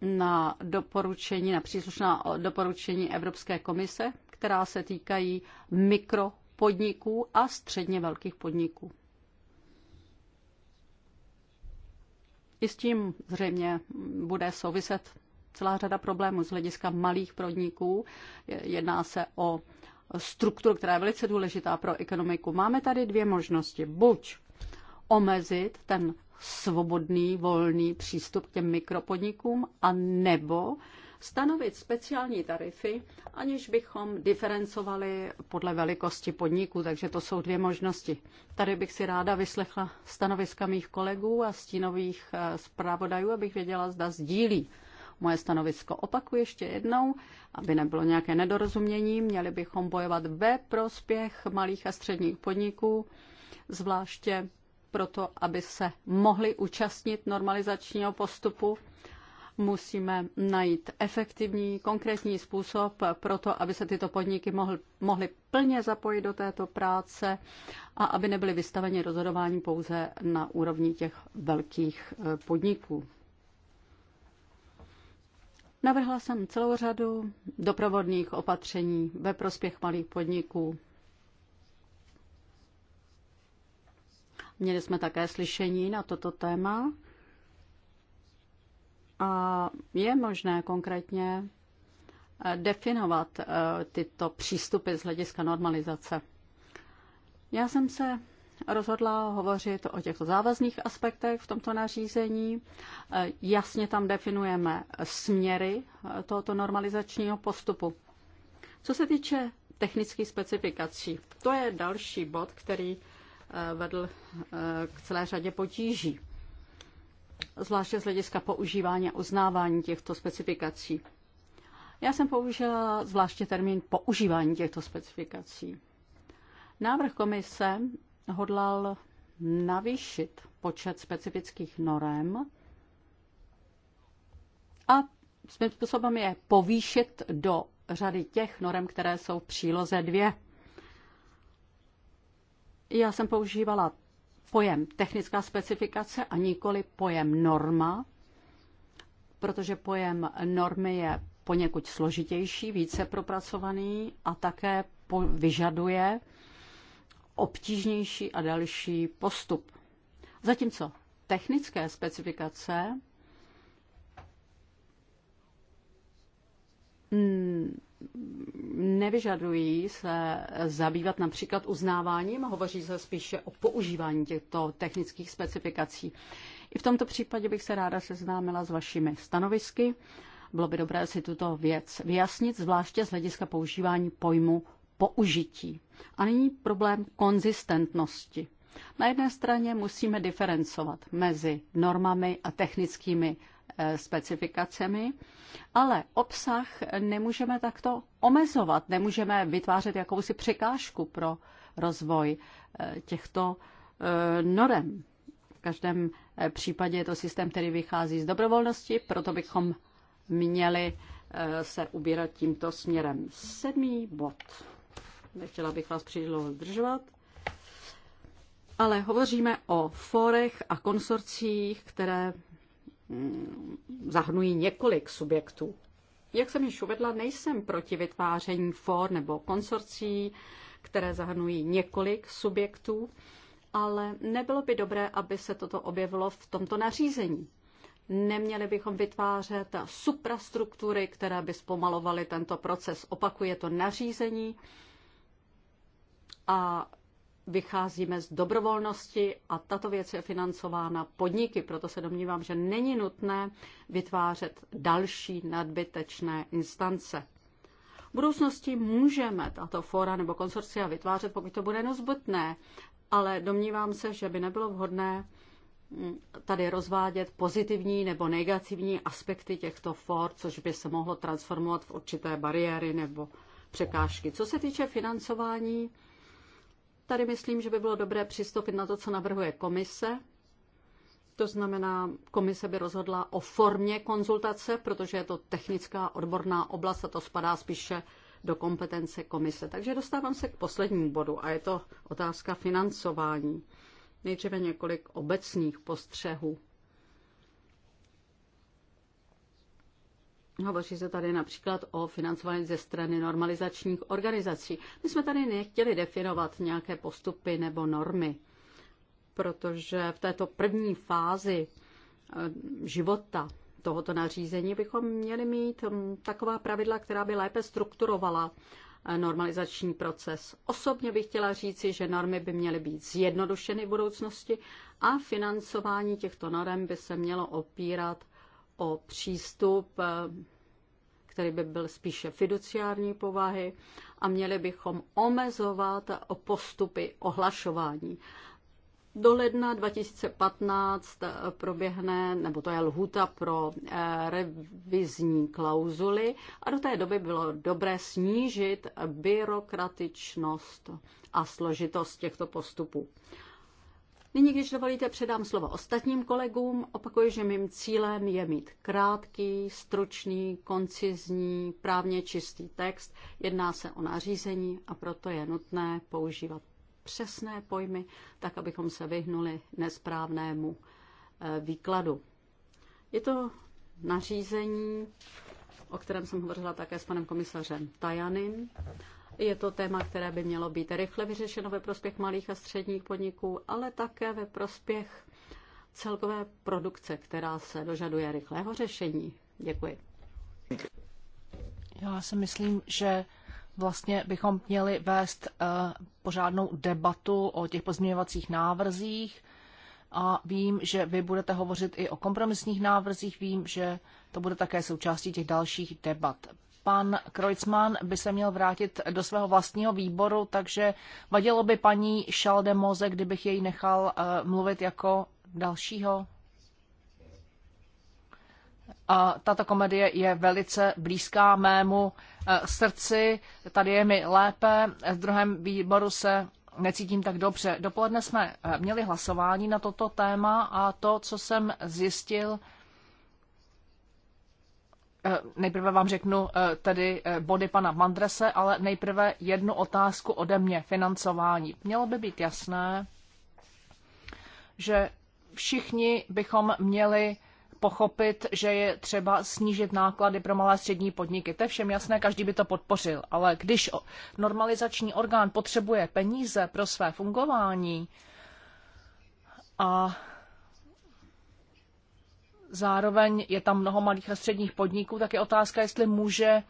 na doporučení, na příslušná doporučení Evropské komise, která se týkají mikro podniků a středně velkých podniků. I s tím zřejmě bude souviset celá řada problémů z hlediska malých podniků. Jedná se o strukturu, která je velice důležitá pro ekonomiku. Máme tady dvě možnosti. Buď omezit ten svobodný, volný přístup k těm mikropodnikům, a nebo stanovit speciální tarify, aniž bychom diferencovali podle velikosti podniku, takže to jsou dvě možnosti. Tady bych si ráda vyslechla stanoviska mých kolegů a stínových eh, zpravodajů, abych věděla, zda sdílí moje stanovisko. Opakuji ještě jednou, aby nebylo nějaké nedorozumění, měli bychom bojovat ve prospěch malých a středních podniků, zvláště proto, aby se mohli účastnit normalizačního postupu musíme najít efektivní, konkrétní způsob pro to, aby se tyto podniky mohly, mohly plně zapojit do této práce a aby nebyly vystaveni rozhodování pouze na úrovni těch velkých eh, podniků. Navrhla jsem celou řadu doprovodných opatření ve prospěch malých podniků. Měli jsme také slyšení na toto téma a je možné konkrétně eh, definovat eh, tyto přístupy z hlediska normalizace. Já jsem se rozhodla hovořit o těchto závazných aspektech v tomto nařízení. Eh, jasně tam definujeme směry tohoto normalizačního postupu. Co se týče technických specifikací, to je další bod, který vedl k celé řadě potíží zvláště z hlediska používání a uznávání těchto specifikací. Já jsem použila zvláště termín používání těchto specifikací. Návrh komise hodlal navýšit počet specifických norem a svým způsobem je povýšit do řady těch norem, které jsou v příloze dvě. Já jsem používala pojem technická specifikace a nikoli pojem norma, protože pojem normy je poněkud složitější, více propracovaný a také vyžaduje obtížnější a další postup. Zatímco technické specifikace hmm, nevyžadují se zabývat například uznáváním, hovoří se spíše o používání těchto technických specifikací. I v tomto případě bych se ráda seznámila s vašimi stanovisky. Bylo by dobré si tuto věc vyjasnit, zvláště z hlediska používání pojmu použití. A nyní problém konzistentnosti. Na jedné straně musíme diferencovat mezi normami a technickými Eh, specifikacemi, ale obsah nemůžeme takto omezovat, nemůžeme vytvářet jakousi překážku pro rozvoj eh, těchto eh, norem. V každém případě je to systém, který vychází z dobrovolnosti, proto bychom měli se ubírat tímto směrem. Sedmý bod. Nechtěla bych vás příliš dlouho zdržovat, ale hovoříme o forech a konsorcích, které Mm, zahrnují několik subjektů. Jak jsem již uvedla, nejsem proti vytváření for nebo konsorcí, které zahrnují několik subjektů, ale nebylo by dobré, aby se toto objevilo v tomto nařízení. Neměli bychom vytvářet suprastruktury, které by zpomalovaly tento proces. Opakuje to nařízení a vycházíme z dobrovolnosti a tato věc je financována podniky, proto se domnívám, že není nutné vytvářet další nadbytečné instance. V budoucnosti můžeme tato fora nebo konsorcia vytvářet, pokud to bude nezbytné, ale domnívám se, že by nebylo vhodné mm, tady rozvádět pozitivní nebo negativní aspekty těchto for, což by se mohlo transformovat v určité bariéry nebo překážky. Co se týče financování, Tady myslím, že by bylo dobré přistoupit na to, co navrhuje komise. To znamená, komise by rozhodla o formě konzultace, protože je to technická odborná oblast a to spadá spíše do kompetence komise. Takže dostávám se k poslednímu bodu a je to otázka financování. Nejdříve několik obecných postřehů. Hovoří se tady například o financování ze strany normalizačních organizací. My jsme tady nechtěli definovat nějaké postupy nebo normy, protože v této první fázi eh, života tohoto nařízení bychom měli mít hm, taková pravidla, která by lépe strukturovala eh, normalizační proces. Osobně bych chtěla říci, že normy by měly být zjednodušeny v budoucnosti a financování těchto norm by se mělo opírat o přístup, eh, který by byl spíše fiduciární povahy a měli bychom omezovat postupy ohlašování. Do ledna 2015 eh, proběhne, nebo to je lhuta pro eh, revizní klauzuly a do té doby bylo dobré snížit byrokratičnost a složitost těchto postupů. Nyní, když dovolíte, předám slovo ostatním kolegům. Opakuji, že mým cílem je mít krátký, stručný, koncizní, právně čistý text. Jedná se o nařízení a proto je nutné používat přesné pojmy, tak abychom se vyhnuli nesprávnému eh, výkladu. Je to nařízení, o kterém jsem hovořila také s panem komisařem Tajanin je to téma, které by mělo být rychle vyřešeno ve prospěch malých a středních podniků, ale také ve prospěch celkové produkce, která se dožaduje rychlého řešení. Děkuji. Já si myslím, že vlastně bychom měli vést eh, pořádnou debatu o těch pozměňovacích návrzích a vím, že vy budete hovořit i o kompromisních návrzích, vím, že to bude také součástí těch dalších debat pan Kreuzmann by se měl vrátit do svého vlastního výboru, takže vadilo by paní Šaldemoze, kdybych jej nechal uh, mluvit jako dalšího? A tato komedie je velice blízká mému uh, srdci, tady je mi lépe, v druhém výboru se necítím tak dobře. Dopoledne jsme eh, měli hlasování na toto téma a to, co jsem zjistil, Eh, nejprve vám řeknu eh, tedy eh, body pana Mandrese, ale nejprve jednu otázku ode mě, financování. Mělo by být jasné, že všichni bychom měli pochopit, že je třeba snížit náklady pro malé a střední podniky. To je všem jasné, každý by to podpořil. Ale když normalizační orgán potřebuje peníze pro své fungování a zároveň je tam mnoho malých a středních podniků, tak je otázka, jestli může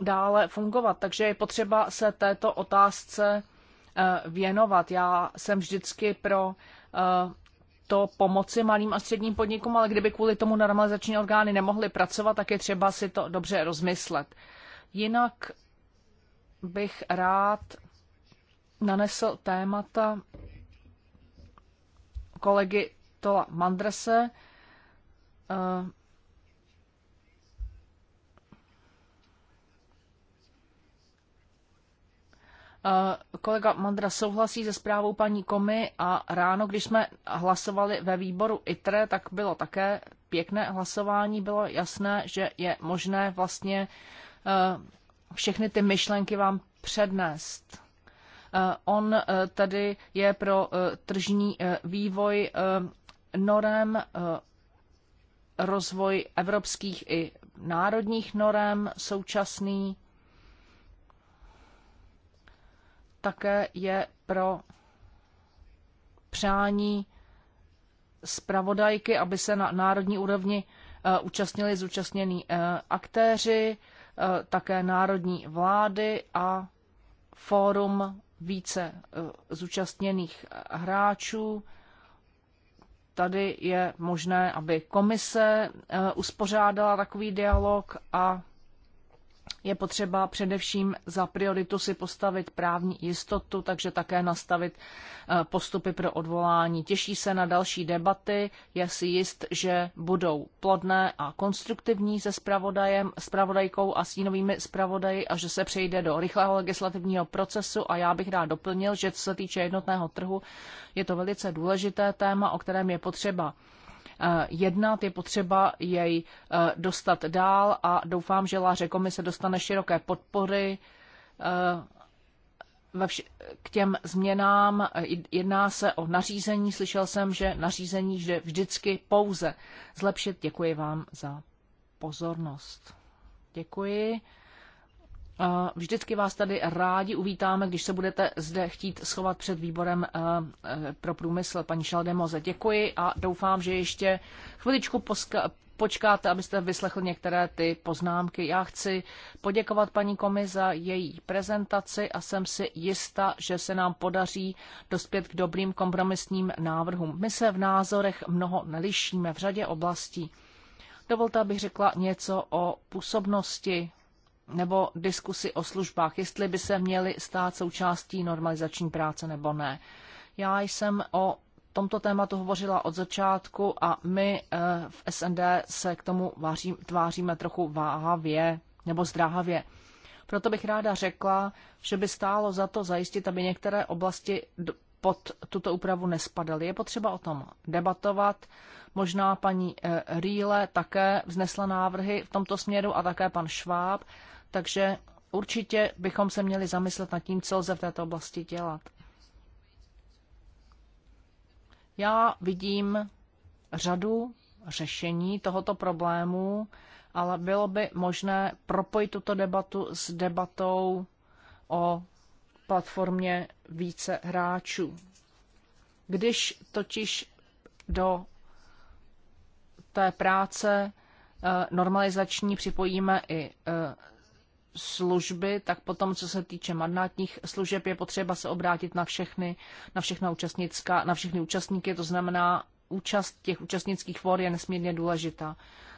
dále fungovat. Takže je potřeba se této otázce eh, věnovat. Já jsem vždycky pro eh, to pomoci malým a středním podnikům, ale kdyby kvůli tomu normalizační orgány nemohly pracovat, tak je třeba si to dobře rozmyslet. Jinak bych rád nanesl témata kolegy Tola Mandrese, Eh, eh, kolega Mandra souhlasí se zprávou paní Komy a ráno, když jsme hlasovali ve výboru ITRE, tak bylo také pěkné hlasování. Bylo jasné, že je možné vlastně eh, všechny ty myšlenky vám přednést. On tedy je pro tržní vývoj norem rozvoj evropských i národních norem současný také je pro přání zpravodajky, aby se na národní úrovni eh, účastnili zúčastnění eh, aktéři, eh, také národní vlády a fórum více zúčastněných hráčů, tady je možné, aby komise eh, uspořádala takový dialog a je potřeba především za prioritu si postavit právní jistotu, takže také nastavit eh, postupy pro odvolání. Těší se na další debaty, je si jist, že budou plodné a konstruktivní se spravodajem, spravodajkou a stínovými spravodaji a že se přejde do rychlého legislativního procesu a já bych rád doplnil, že co se týče jednotného trhu, je to velice důležité téma, o kterém je potřeba Eh, jednat, je potřeba jej eh, dostat dál a doufám, že Láře komise dostane široké podpory eh, k těm změnám. Jedná se o nařízení, slyšel jsem, že nařízení jde vždycky pouze zlepšit. Děkuji vám za pozornost. Děkuji. Vždycky vás tady rádi uvítáme, když se budete zde chtít schovat před výborem eh, eh, pro průmysl. Paní Šaldemoze, děkuji a doufám, že ještě chviličku počkáte, abyste vyslechl některé ty poznámky. Já chci poděkovat paní komi za její prezentaci a jsem si jista, že se nám podaří dospět k dobrým kompromisním návrhům. My se v názorech mnoho nelišíme v řadě oblastí. Dovolte, abych řekla něco o působnosti nebo diskusi o službách, jestli by se měly stát součástí normalizační práce nebo ne. Já jsem o tomto tématu hovořila od začátku a my eh, v SND se k tomu váří, tváříme trochu váhavě nebo zdráhavě. Proto bych ráda řekla, že by stálo za to zajistit, aby některé oblasti pod tuto úpravu nespadaly. Je potřeba o tom debatovat. Možná paní eh, Rýle také vznesla návrhy v tomto směru a také pan Šváb. Takže určitě bychom se měli zamyslet nad tím, co lze v této oblasti dělat. Já vidím řadu řešení tohoto problému, ale bylo by možné propojit tuto debatu s debatou o platformě více hráčů. Když totiž do té práce eh, normalizační připojíme i eh, služby, tak potom, co se týče mandátních služeb, je potřeba se obrátit na všechny, na všechna účastnická, na všechny účastníky, to znamená účast těch účastnických fór je nesmírně důležitá.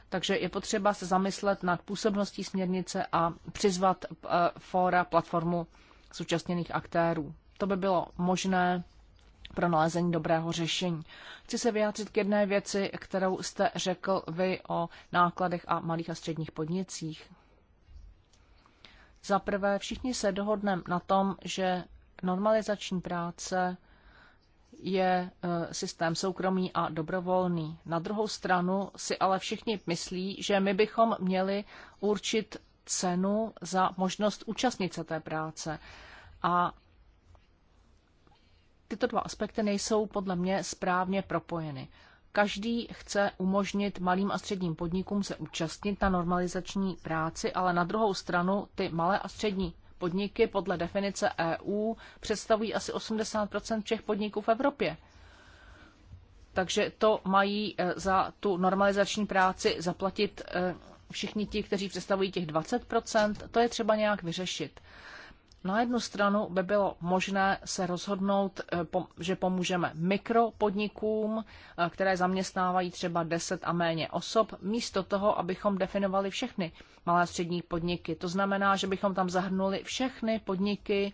Takže je potřeba se zamyslet nad působností směrnice a přizvat eh, fóra platformu zúčastněných aktérů. To by bylo možné pro nalezení dobrého řešení. Chci se vyjádřit k jedné věci, kterou jste řekl vy o nákladech a malých a středních podnicích. Za prvé, všichni se dohodneme na tom, že normalizační práce je e, systém soukromý a dobrovolný. Na druhou stranu si ale všichni myslí, že my bychom měli určit cenu za možnost účastnit se té práce. A tyto dva aspekty nejsou podle mě správně propojeny. Každý chce umožnit malým a středním podnikům se účastnit na normalizační práci, ale na druhou stranu ty malé a střední podniky podle definice EU představují asi 80 všech podniků v Evropě. Takže to mají eh, za tu normalizační práci zaplatit eh, všichni ti, kteří představují těch 20 To je třeba nějak vyřešit. Na jednu stranu by bylo možné se rozhodnout, eh, že pomůžeme mikropodnikům, eh, které zaměstnávají třeba 10 a méně osob, místo toho, abychom definovali všechny malé a střední podniky. To znamená, že bychom tam zahrnuli všechny podniky,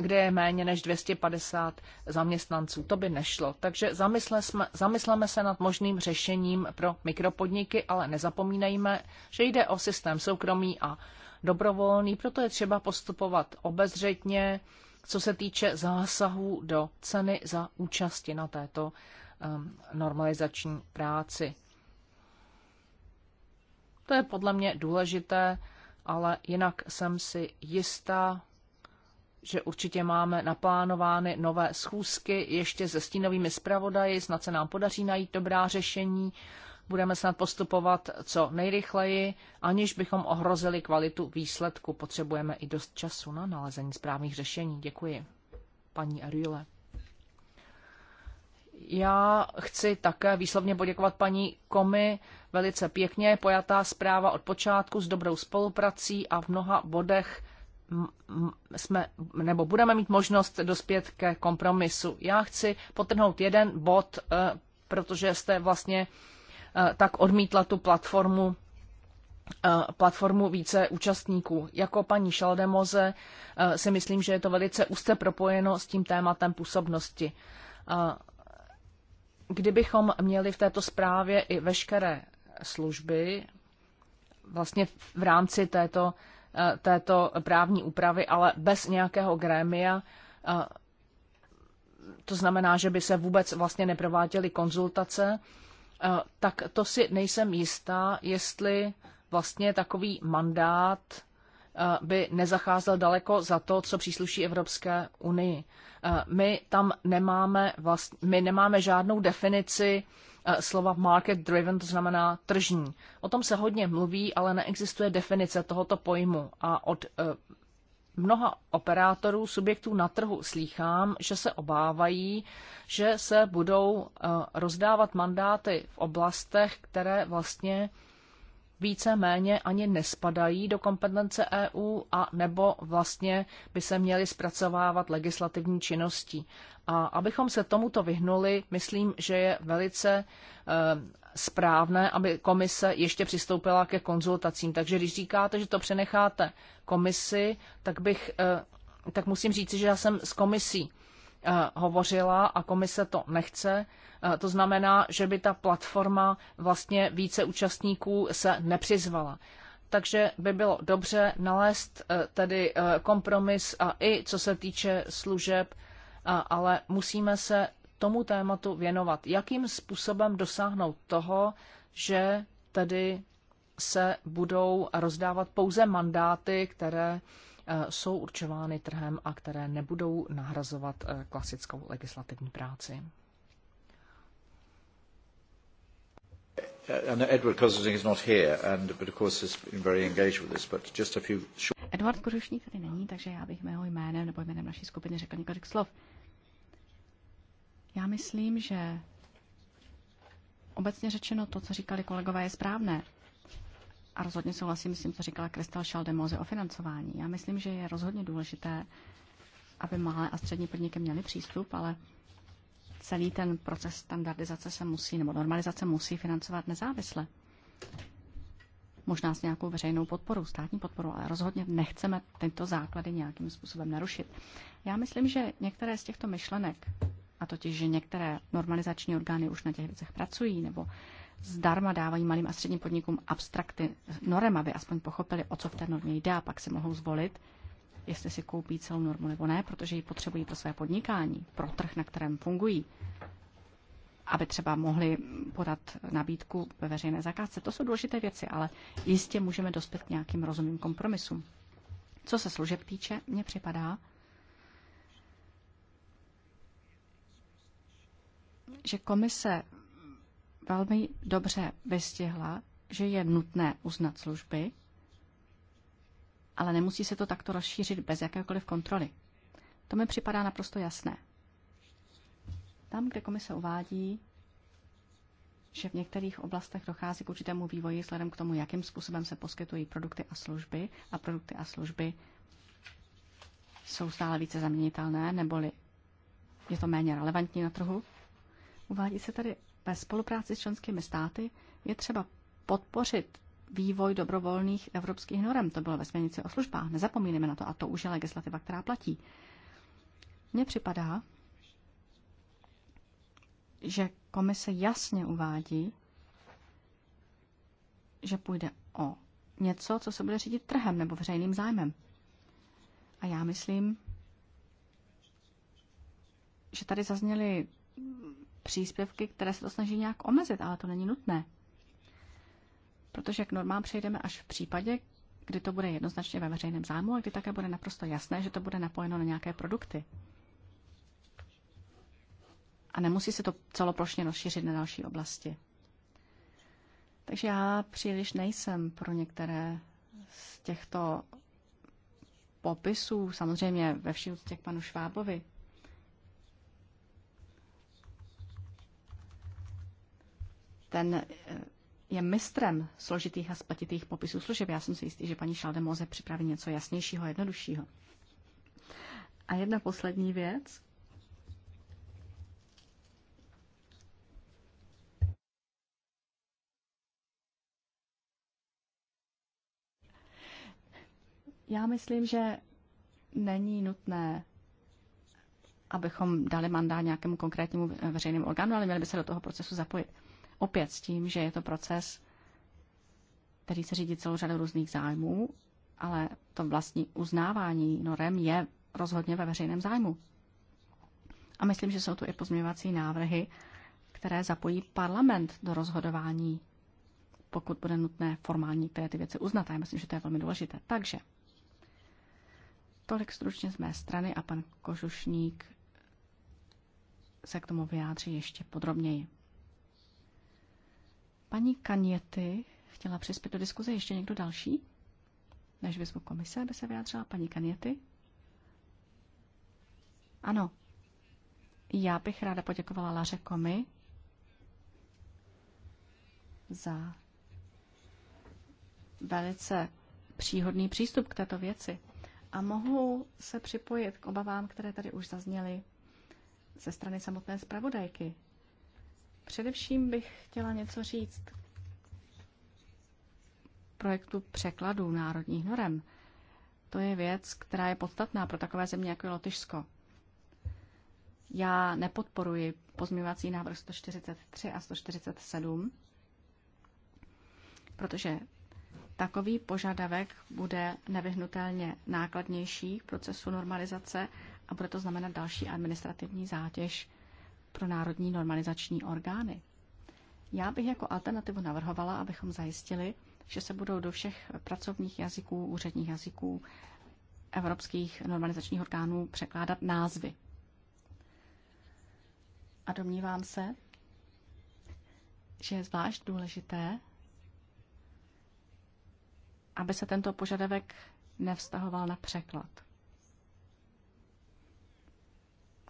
kde je méně než 250 zaměstnanců. To by nešlo. Takže zamysleme, zamysleme se nad možným řešením pro mikropodniky, ale nezapomínejme, že jde o systém soukromý a dobrovolný, proto je třeba postupovat obezřetně, co se týče zásahu do ceny za účasti na této um, normalizační práci. To je podle mě důležité, ale jinak jsem si jistá, že určitě máme naplánovány nové schůzky ještě se stínovými zpravodaji, snad se nám podaří najít dobrá řešení budeme snad postupovat co nejrychleji, aniž bychom ohrozili kvalitu výsledku. Potřebujeme i dost času na nalezení správných řešení. Děkuji. Paní Arjule. Já chci také výslovně poděkovat paní Komi. Velice pěkně pojatá zpráva od počátku s dobrou spoluprací a v mnoha bodech jsme, nebo budeme mít možnost dospět ke kompromisu. Já chci potrhnout jeden bod, eh, protože jste vlastně Eh, tak odmítla tu platformu eh, platformu více účastníků. Jako paní Šaldemoze eh, si myslím, že je to velice úzce propojeno s tím tématem působnosti. Kdybychom měli v této zprávě i veškeré služby, vlastně v rámci této, této právní úpravy, ale bez nějakého grémia, to znamená, že by se vůbec vlastně neprováděly konzultace, Eh, tak to si nejsem jistá, jestli vlastně takový mandát eh, by nezacházel daleko za to, co přísluší Evropské unii. Eh, my tam nemáme, vlast, my nemáme žádnou definici slova market driven, to znamená tržní. O tom se hodně mluví, ale neexistuje definice tohoto pojmu a od mnoha operátorů, subjektů na trhu slýchám, že se obávají, že se budou eh, rozdávat mandáty v oblastech, které vlastně více méně ani nespadají do kompetence EU a nebo vlastně by se měly zpracovávat legislativní činností. A abychom se tomuto vyhnuli, myslím, že je velice eh, správné, aby komise ještě přistoupila ke konzultacím. Takže když říkáte, že to přenecháte komisi, tak bych, eh, tak musím říci, že já jsem s komisí eh, hovořila a komise to nechce. Eh, to znamená, že by ta platforma vlastně více účastníků se nepřizvala. Takže by bylo dobře nalézt tedy kompromis a i co se týče služeb, ale musíme se tomu tématu věnovat. Jakým způsobem dosáhnout toho, že tedy se budou rozdávat pouze mandáty, které eh, jsou určovány trhem a které nebudou nahrazovat eh, klasickou legislativní práci. Uh, Edward Kořešník tady není, takže já bych mého jménem nebo jménem naší skupiny řekl několik slov. Já myslím, že obecně řečeno to, co říkali kolegové, je správné. A rozhodně souhlasím s tím, co říkala Kristal Šaldemoze o financování. Já myslím, že je rozhodně důležité, aby malé a střední podniky měly přístup, ale celý ten proces standardizace se musí, nebo normalizace musí financovat nezávisle. Možná s nějakou veřejnou podporou, státní podporou, ale rozhodně nechceme tento základy nějakým způsobem narušit. Já myslím, že některé z těchto myšlenek a totiž, že některé normalizační orgány už na těch věcech pracují, nebo zdarma dávají malým a středním podnikům abstrakty norem, aby aspoň pochopili, o co v té normě jde a pak si mohou zvolit, jestli si koupí celou normu nebo ne, protože ji potřebují pro své podnikání, pro trh, na kterém fungují, aby třeba mohli podat nabídku ve veřejné zakázce. To jsou důležité věci, ale jistě můžeme dospět k nějakým rozumným kompromisům. Co se služeb týče, mně připadá, že komise velmi dobře vystihla, že je nutné uznat služby, ale nemusí se to takto rozšířit bez jakékoliv kontroly. To mi připadá naprosto jasné. Tam, kde komise uvádí, že v některých oblastech dochází k určitému vývoji vzhledem k tomu, jakým způsobem se poskytují produkty a služby a produkty a služby jsou stále více zaměnitelné, neboli je to méně relevantní na trhu, Uvádí se tady ve spolupráci s členskými státy je třeba podpořit vývoj dobrovolných evropských norm. To bylo ve směrnici o službách. Nezapomínáme na to a to už je legislativa, která platí. Mně připadá, že komise jasně uvádí, že půjde o něco, co se bude řídit trhem nebo veřejným zájmem. A já myslím, že tady zazněly příspěvky, které se to snaží nějak omezit, ale to není nutné. Protože k normám přejdeme až v případě, kdy to bude jednoznačně ve veřejném zájmu a kdy také bude naprosto jasné, že to bude napojeno na nějaké produkty. A nemusí se to celoplošně rozšířit na další oblasti. Takže já příliš nejsem pro některé z těchto popisů, samozřejmě ve všichni úctě k panu Švábovi, ten eh, je mistrem složitých a spletitých popisů služeb. Já jsem si jistý, že paní Šaldemoze připraví něco jasnějšího, jednoduššího. A jedna poslední věc. Já myslím, že není nutné, abychom dali mandát nějakému konkrétnímu veřejnému orgánu, ale měli by se do toho procesu zapojit. Opět s tím, že je to proces, který se řídí celou řadou různých zájmů, ale to vlastní uznávání norem je rozhodně ve veřejném zájmu. A myslím, že jsou tu i pozměňovací návrhy, které zapojí parlament do rozhodování, pokud bude nutné formální které ty věci uznat. A já myslím, že to je velmi důležité. Takže tolik stručně z mé strany a pan Kožušník se k tomu vyjádří ještě podrobněji. Paní Kaněty chtěla přispět do diskuze ještě někdo další? Než vyzvu komise, aby se vyjádřila paní Kaněty? Ano. Já bych ráda poděkovala Laře Komi za velice příhodný přístup k této věci. A mohu se připojit k obavám, které tady už zazněly ze strany samotné zpravodajky. Především bych chtěla něco říct projektu překladu národních norem. To je věc, která je podstatná pro takové země, jako je Lotyšsko. Já nepodporuji pozměvací návrh 143 a 147, protože takový požadavek bude nevyhnutelně nákladnější v procesu normalizace a bude to znamenat další administrativní zátěž pro národní normalizační orgány. Já bych jako alternativu navrhovala, abychom zajistili, že se budou do všech pracovních jazyků, úředních jazyků evropských normalizačních orgánů překládat názvy. A domnívám se, že je zvlášť důležité, aby se tento požadavek nevztahoval na překlad.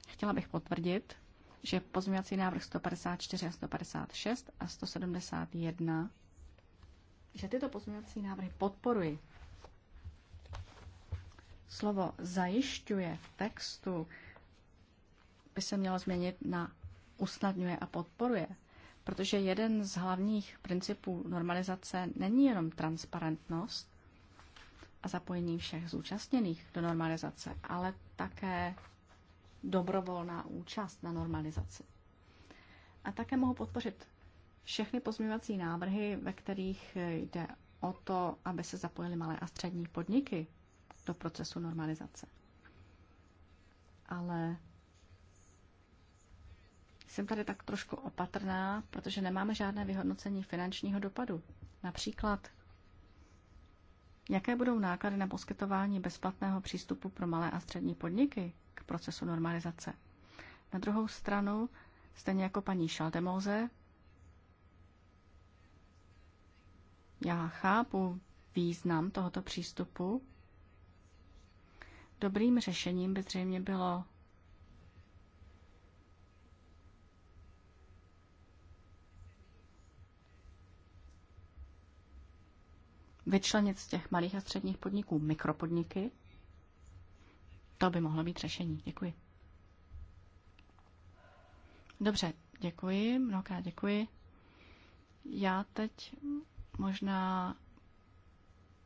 Chtěla bych potvrdit, že pozměňovací návrh 154 a 156 a 171, že tyto pozměňovací návrhy podporuji. Slovo zajišťuje v textu by se mělo změnit na usnadňuje a podporuje, protože jeden z hlavních principů normalizace není jenom transparentnost, a zapojení všech zúčastněných do normalizace, ale také dobrovolná účast na normalizaci. A také mohu podpořit všechny pozměňovací návrhy, ve kterých jde o to, aby se zapojily malé a střední podniky do procesu normalizace. Ale jsem tady tak trošku opatrná, protože nemáme žádné vyhodnocení finančního dopadu. Například, jaké budou náklady na poskytování bezplatného přístupu pro malé a střední podniky, k procesu normalizace. Na druhou stranu, stejně jako paní Šaldemoze, já chápu význam tohoto přístupu. Dobrým řešením by zřejmě bylo vyčlenit z těch malých a středních podniků mikropodniky, to by mohlo být řešení. Děkuji. Dobře, děkuji, mnohokrát děkuji. Já teď možná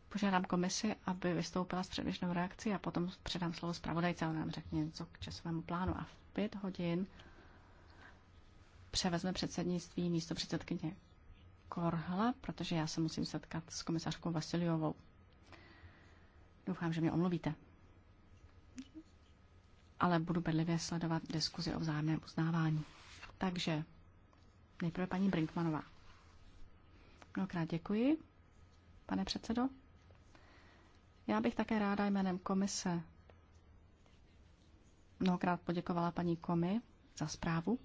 požádám komisi, aby vystoupila s předběžnou reakcí a potom předám slovo zpravodajce, ale nám řekne něco k časovému plánu. A v pět hodin převezme předsednictví místo předsedkyně Korhala, protože já se musím setkat s komisařkou Vasiliovou. Doufám, že mě omluvíte ale budu bedlivě sledovat diskuzi o vzájemném uznávání. Takže nejprve paní Brinkmanová. Mnohokrát děkuji, pane předsedo. Já bych také ráda jménem komise mnohokrát poděkovala paní Komi za zprávu.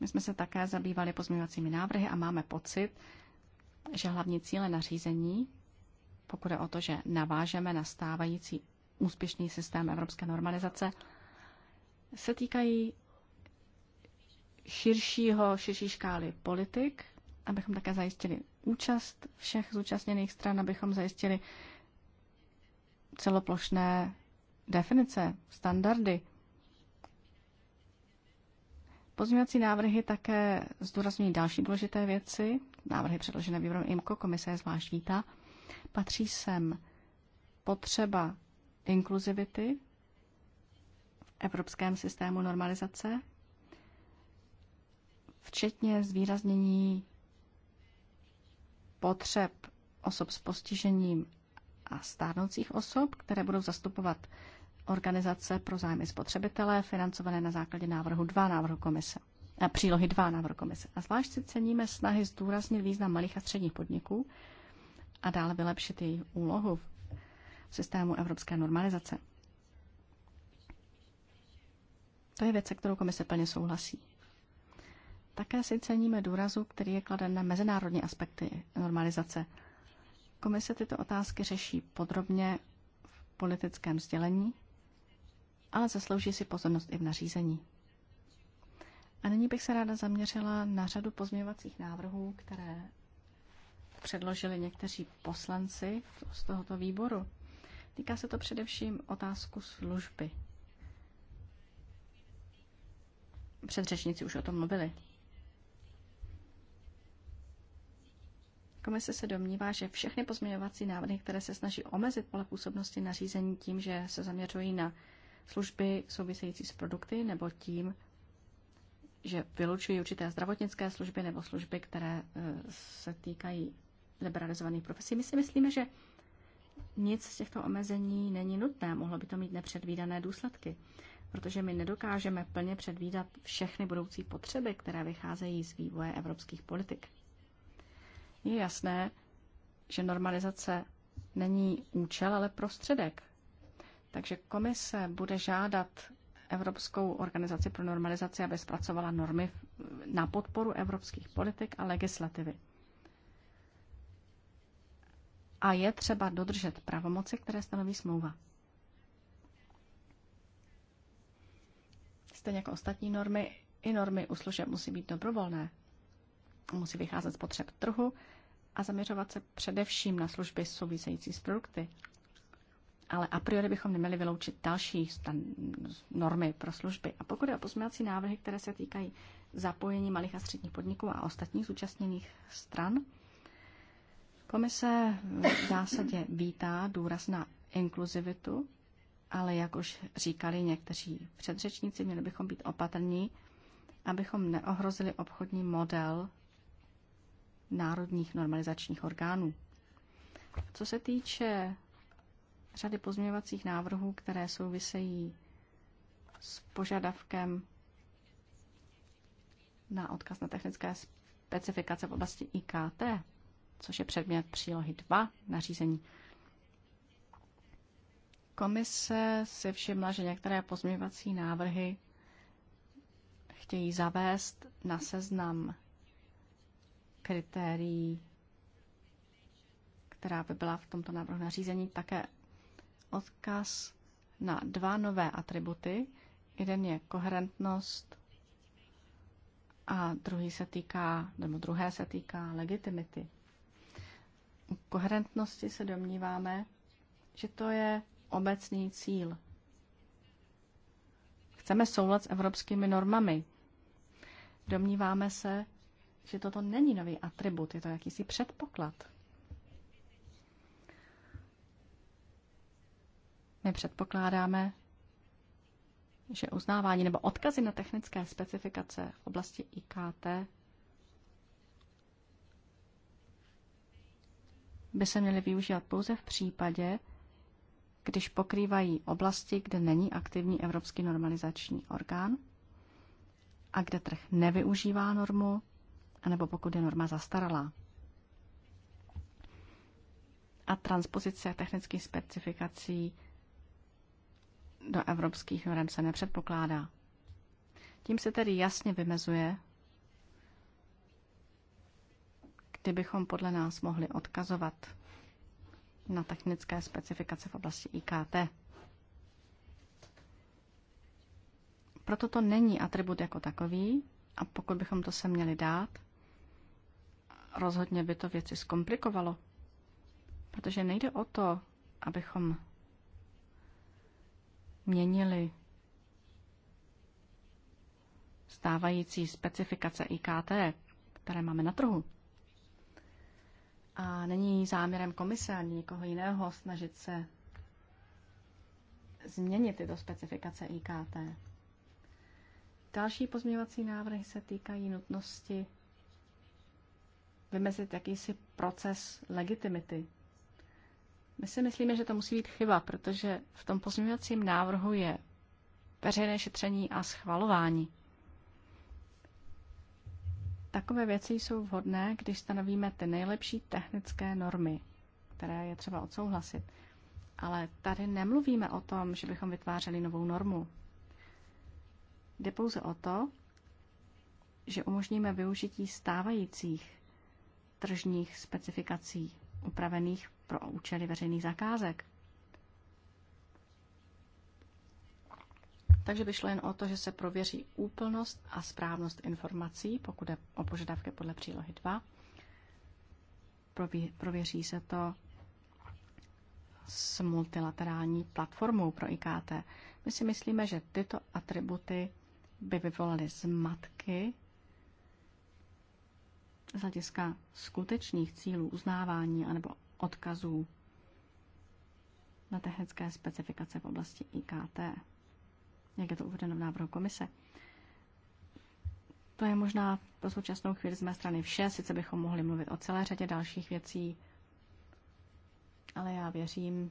My jsme se také zabývali pozměňovacími návrhy a máme pocit, že hlavní cíle nařízení pokud je o to, že navážeme na stávající úspěšný systém evropské normalizace, se týkají širšího, širší škály politik, abychom také zajistili účast všech zúčastněných stran, abychom zajistili celoplošné definice, standardy. Pozměňovací návrhy také zdůrazňují další důležité věci. Návrhy předložené výborem IMCO, komise je zvlášť vítá. Patří sem potřeba inkluzivity v evropském systému normalizace, včetně zvýraznění potřeb osob s postižením a stárnoucích osob, které budou zastupovat organizace pro zájmy spotřebitelé, financované na základě návrhu 2 návrhu komise. A eh, přílohy 2 návrhu komise. A zvlášť si ceníme snahy zdůraznit význam malých a středních podniků, a dále vylepšit její úlohu v systému evropské normalizace. To je věc, se kterou komise plně souhlasí. Také si ceníme důrazu, který je kladen na mezinárodní aspekty normalizace. Komise tyto otázky řeší podrobně v politickém sdělení, ale zaslouží si pozornost i v nařízení. A nyní bych se ráda zaměřila na řadu pozměňovacích návrhů, které předložili někteří poslanci z tohoto výboru. Týká se to především otázku služby. Předřečníci už o tom mluvili. Komise se domnívá, že všechny pozměňovací návrhy, které se snaží omezit pole působnosti nařízení tím, že se zaměřují na služby související s produkty nebo tím, že vylučují určité zdravotnické služby nebo služby, které eh, se týkají liberalizovaných profesí. My si myslíme, že nic z těchto omezení není nutné, mohlo by to mít nepředvídané důsledky, protože my nedokážeme plně předvídat všechny budoucí potřeby, které vycházejí z vývoje evropských politik. Je jasné, že normalizace není účel, ale prostředek. Takže komise bude žádat Evropskou organizaci pro normalizaci, aby zpracovala normy na podporu evropských politik a legislativy a je třeba dodržet pravomoci, které stanoví smlouva. Stejně jako ostatní normy, i normy u služeb musí být dobrovolné. Musí vycházet z potřeb trhu a zaměřovat se především na služby související s produkty. Ale a priori bychom neměli vyloučit další normy pro služby. A pokud je o pozměňovací návrhy, které se týkají zapojení malých a středních podniků a ostatních zúčastněných stran, Komise v zásadě vítá důraz na inkluzivitu, ale jak už říkali někteří předřečníci, měli bychom být opatrní, abychom neohrozili obchodní model národních normalizačních orgánů. Co se týče řady pozměňovacích návrhů, které souvisejí s požadavkem na odkaz na technické specifikace v oblasti IKT, což je předmět přílohy 2 nařízení. Komise si všimla, že některé pozměňovací návrhy chtějí zavést na seznam kritérií, která by byla v tomto návrhu nařízení, také odkaz na dva nové atributy. Jeden je koherentnost a druhý se týká, nebo druhé se týká legitimity koherentnosti se domníváme, že to je obecný cíl. Chceme soulad s evropskými normami. Domníváme se, že toto není nový atribut, je to jakýsi předpoklad. My předpokládáme, že uznávání nebo odkazy na technické specifikace v oblasti IKT by se měly využívat pouze v případě, když pokrývají oblasti, kde není aktivní Evropský normalizační orgán a kde trh nevyužívá normu, anebo pokud je norma zastaralá. A transpozice technických specifikací do evropských norm se nepředpokládá. Tím se tedy jasně vymezuje, kdy bychom podle nás mohli odkazovat na technické specifikace v oblasti IKT. Proto to není atribut jako takový a pokud bychom to se měli dát, rozhodně by to věci zkomplikovalo, protože nejde o to, abychom měnili stávající specifikace IKT, které máme na trhu. A není záměrem komise ani nikoho jiného snažit se změnit tyto specifikace IKT. Další pozměňovací návrhy se týkají nutnosti vymezit jakýsi proces legitimity. My si myslíme, že to musí být chyba, protože v tom pozměňovacím návrhu je veřejné šetření a schvalování. Takové věci jsou vhodné, když stanovíme ty nejlepší technické normy, které je třeba odsouhlasit. Ale tady nemluvíme o tom, že bychom vytvářeli novou normu. Jde pouze o to, že umožníme využití stávajících tržních specifikací upravených pro účely veřejných zakázek. Takže by šlo jen o to, že se prověří úplnost a správnost informací, pokud je o požadavky podle přílohy 2. Prověří se to s multilaterální platformou pro IKT. My si myslíme, že tyto atributy by vyvolaly zmatky z hlediska skutečných cílů uznávání anebo odkazů na technické specifikace v oblasti IKT jak je to uvedeno v návrhu komise. To je možná pro současnou chvíli z mé strany vše, sice bychom mohli mluvit o celé řadě dalších věcí, ale já věřím,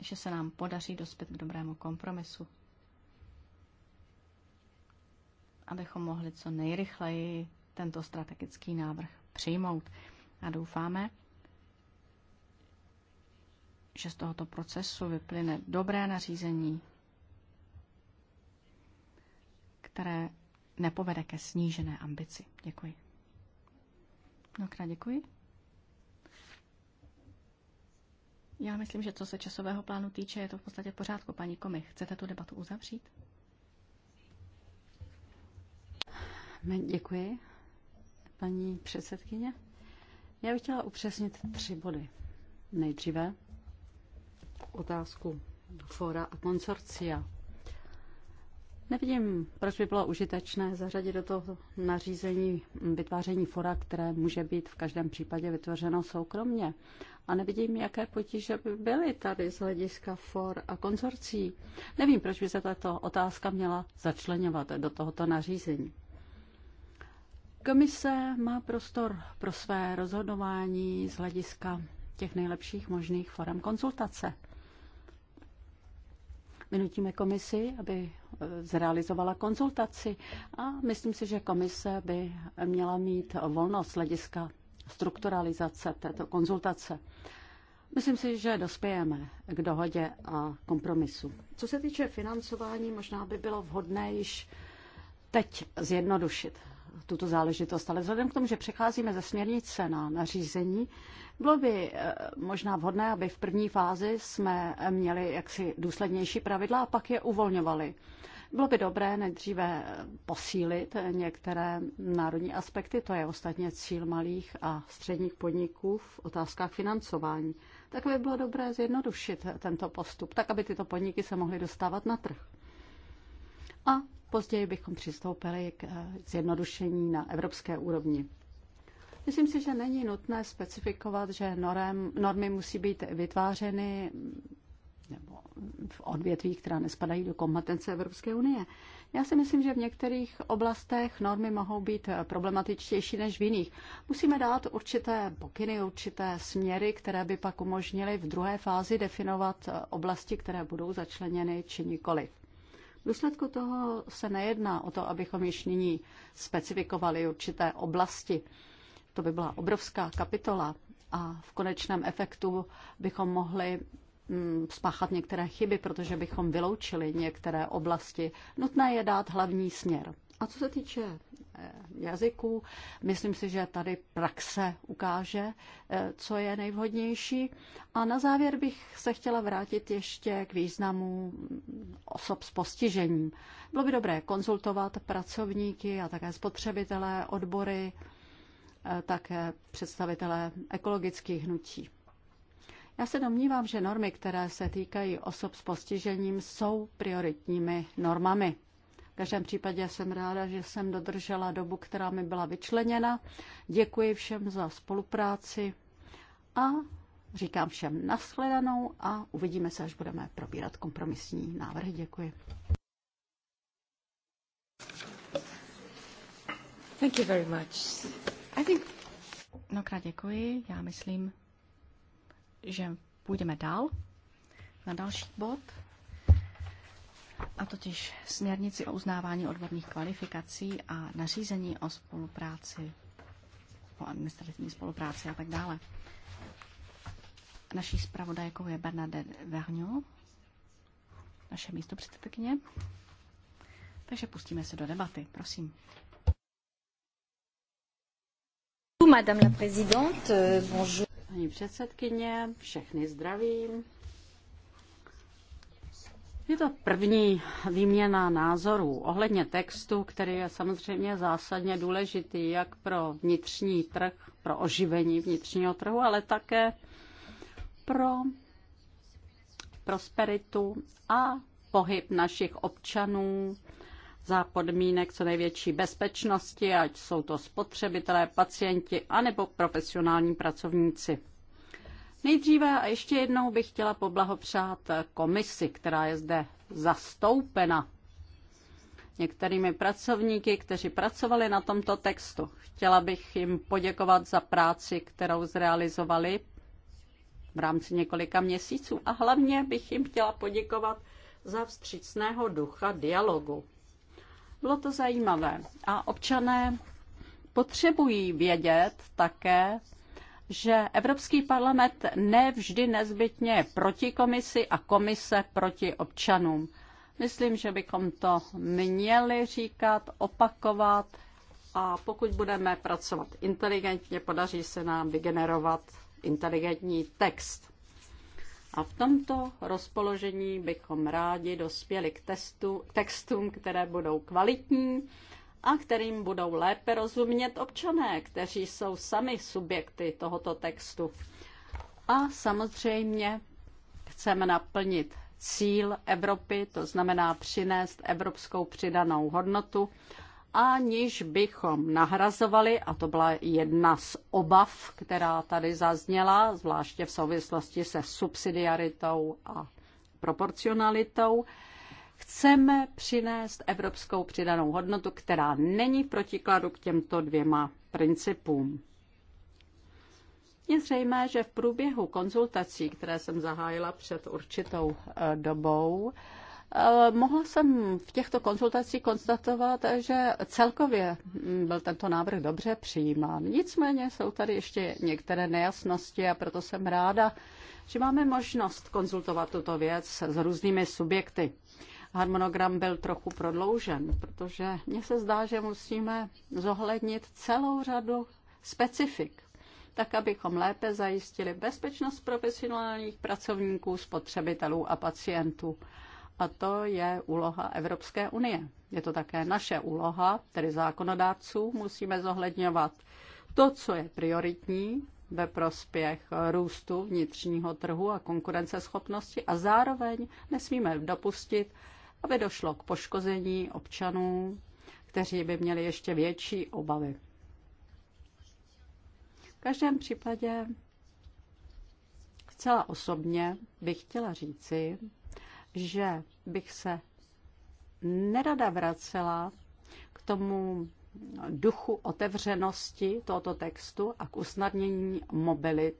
že se nám podaří dospět k dobrému kompromisu, abychom mohli co nejrychleji tento strategický návrh přijmout. A doufáme, že z tohoto procesu vyplyne dobré nařízení, které nepovede ke snížené ambici. Děkuji. Mnohokrát děkuji. Já myslím, že co se časového plánu týče, je to v podstatě v pořádku. Paní Komi, chcete tu debatu uzavřít? Děkuji, paní předsedkyně. Já bych chtěla upřesnit tři body. Nejdříve otázku fora a konsorcia. Nevidím, proč by bylo užitečné zařadit do toho nařízení vytváření fora, které může být v každém případě vytvořeno soukromně. A nevidím, jaké potíže by byly tady z hlediska for a konzorcí. Nevím, proč by se tato otázka měla začlenovat do tohoto nařízení. Komise má prostor pro své rozhodování z hlediska těch nejlepších možných forem konzultace. My nutíme komisi, aby eh, zrealizovala konzultaci a myslím si, že komise by měla mít volnost hlediska strukturalizace této konzultace. Myslím si, že dospějeme k dohodě a kompromisu. Co se týče financování, možná by bylo vhodné již teď zjednodušit tuto záležitost, ale vzhledem k tomu, že přecházíme ze směrnice na nařízení, bylo by eh, možná vhodné, aby v první fázi jsme eh, měli jaksi důslednější pravidla a pak je uvolňovali. Bylo by dobré nejdříve eh, posílit některé národní aspekty, to je ostatně cíl malých a středních podniků v otázkách financování. Tak by bylo dobré zjednodušit tento postup, tak aby tyto podniky se mohly dostávat na trh. A později bychom přistoupili k zjednodušení na evropské úrovni. Myslím si, že není nutné specifikovat, že norem, normy musí být vytvářeny nebo v odvětví, která nespadají do kompetence Evropské unie. Já si myslím, že v některých oblastech normy mohou být problematičtější než v jiných. Musíme dát určité pokyny, určité směry, které by pak umožnily v druhé fázi definovat oblasti, které budou začleněny či nikoliv. V důsledku toho se nejedná o to, abychom již nyní specifikovali určité oblasti. To by byla obrovská kapitola a v konečném efektu bychom mohli mm, spáchat některé chyby, protože bychom vyloučili některé oblasti. Nutné je dát hlavní směr. A co se týče eh, jazyků, myslím si, že tady praxe ukáže, eh, co je nejvhodnější. A na závěr bych se chtěla vrátit ještě k významu mm, osob s postižením. Bylo by dobré konzultovat pracovníky a také spotřebitelé, odbory, Eh, také představitelé ekologických hnutí. Já se domnívám, že normy, které se týkají osob s postižením, jsou prioritními normami. V každém případě jsem ráda, že jsem dodržela dobu, která mi byla vyčleněna. Děkuji všem za spolupráci a říkám všem nashledanou a uvidíme se, až budeme probírat kompromisní návrhy. Děkuji. Thank you very much. I think... krát děkuji. Já myslím, že půjdeme dál na další bod, a totiž směrnici o uznávání odborných kvalifikací a nařízení o spolupráci, o administrativní spolupráci a tak dále. Naší zpravodajkou je Bernadette Vernou, naše místo předsedkyně. Takže pustíme se do debaty, prosím. Madame la Présidente. Euh, bonjour. Paní předsedkyně, všechny zdravím. Je to první výměna názorů ohledně textu, který je samozřejmě zásadně důležitý jak pro vnitřní trh, pro oživení vnitřního trhu, ale také pro prosperitu a pohyb našich občanů za podmínek co největší bezpečnosti, ať jsou to spotřebitelé, pacienti anebo profesionální pracovníci. Nejdříve a ještě jednou bych chtěla poblahopřát komisi, která je zde zastoupena některými pracovníky, kteří pracovali na tomto textu. Chtěla bych jim poděkovat za práci, kterou zrealizovali v rámci několika měsíců. A hlavně bych jim chtěla poděkovat za vstřícného ducha dialogu. Bylo to zajímavé. A občané potřebují vědět také, že Evropský parlament nevždy nezbytně je proti komisi a komise proti občanům. Myslím, že bychom to měli říkat, opakovat a pokud budeme pracovat inteligentně, podaří se nám vygenerovat inteligentní text. A v tomto rozpoložení bychom rádi dospěli k testu, k textům, které budou kvalitní a kterým budou lépe rozumět občané, kteří jsou sami subjekty tohoto textu. A samozřejmě chceme naplnit cíl Evropy, to znamená přinést evropskou přidanou hodnotu aniž bychom nahrazovali, a to byla jedna z obav, která tady zazněla, zvláště v souvislosti se subsidiaritou a proporcionalitou, chceme přinést evropskou přidanou hodnotu, která není v protikladu k těmto dvěma principům. Je zřejmé, že v průběhu konzultací, které jsem zahájila před určitou eh, dobou, Eh, mohla jsem v těchto konzultacích konstatovat, že celkově hm, byl tento návrh dobře přijímán. Nicméně jsou tady ještě některé nejasnosti a proto jsem ráda, že máme možnost konzultovat tuto věc s různými subjekty. Harmonogram byl trochu prodloužen, protože mně se zdá, že musíme zohlednit celou řadu specifik tak abychom lépe zajistili bezpečnost profesionálních pracovníků, spotřebitelů a pacientů a to je úloha Evropské unie. Je to také naše úloha, tedy zákonodárců, musíme zohledňovat to, co je prioritní ve prospěch růstu vnitřního trhu a konkurenceschopnosti a zároveň nesmíme dopustit, aby došlo k poškození občanů, kteří by měli ještě větší obavy. V každém případě zcela osobně bych chtěla říci, že bych se nerada vracela k tomu duchu otevřenosti tohoto textu a k usnadnění mobilit,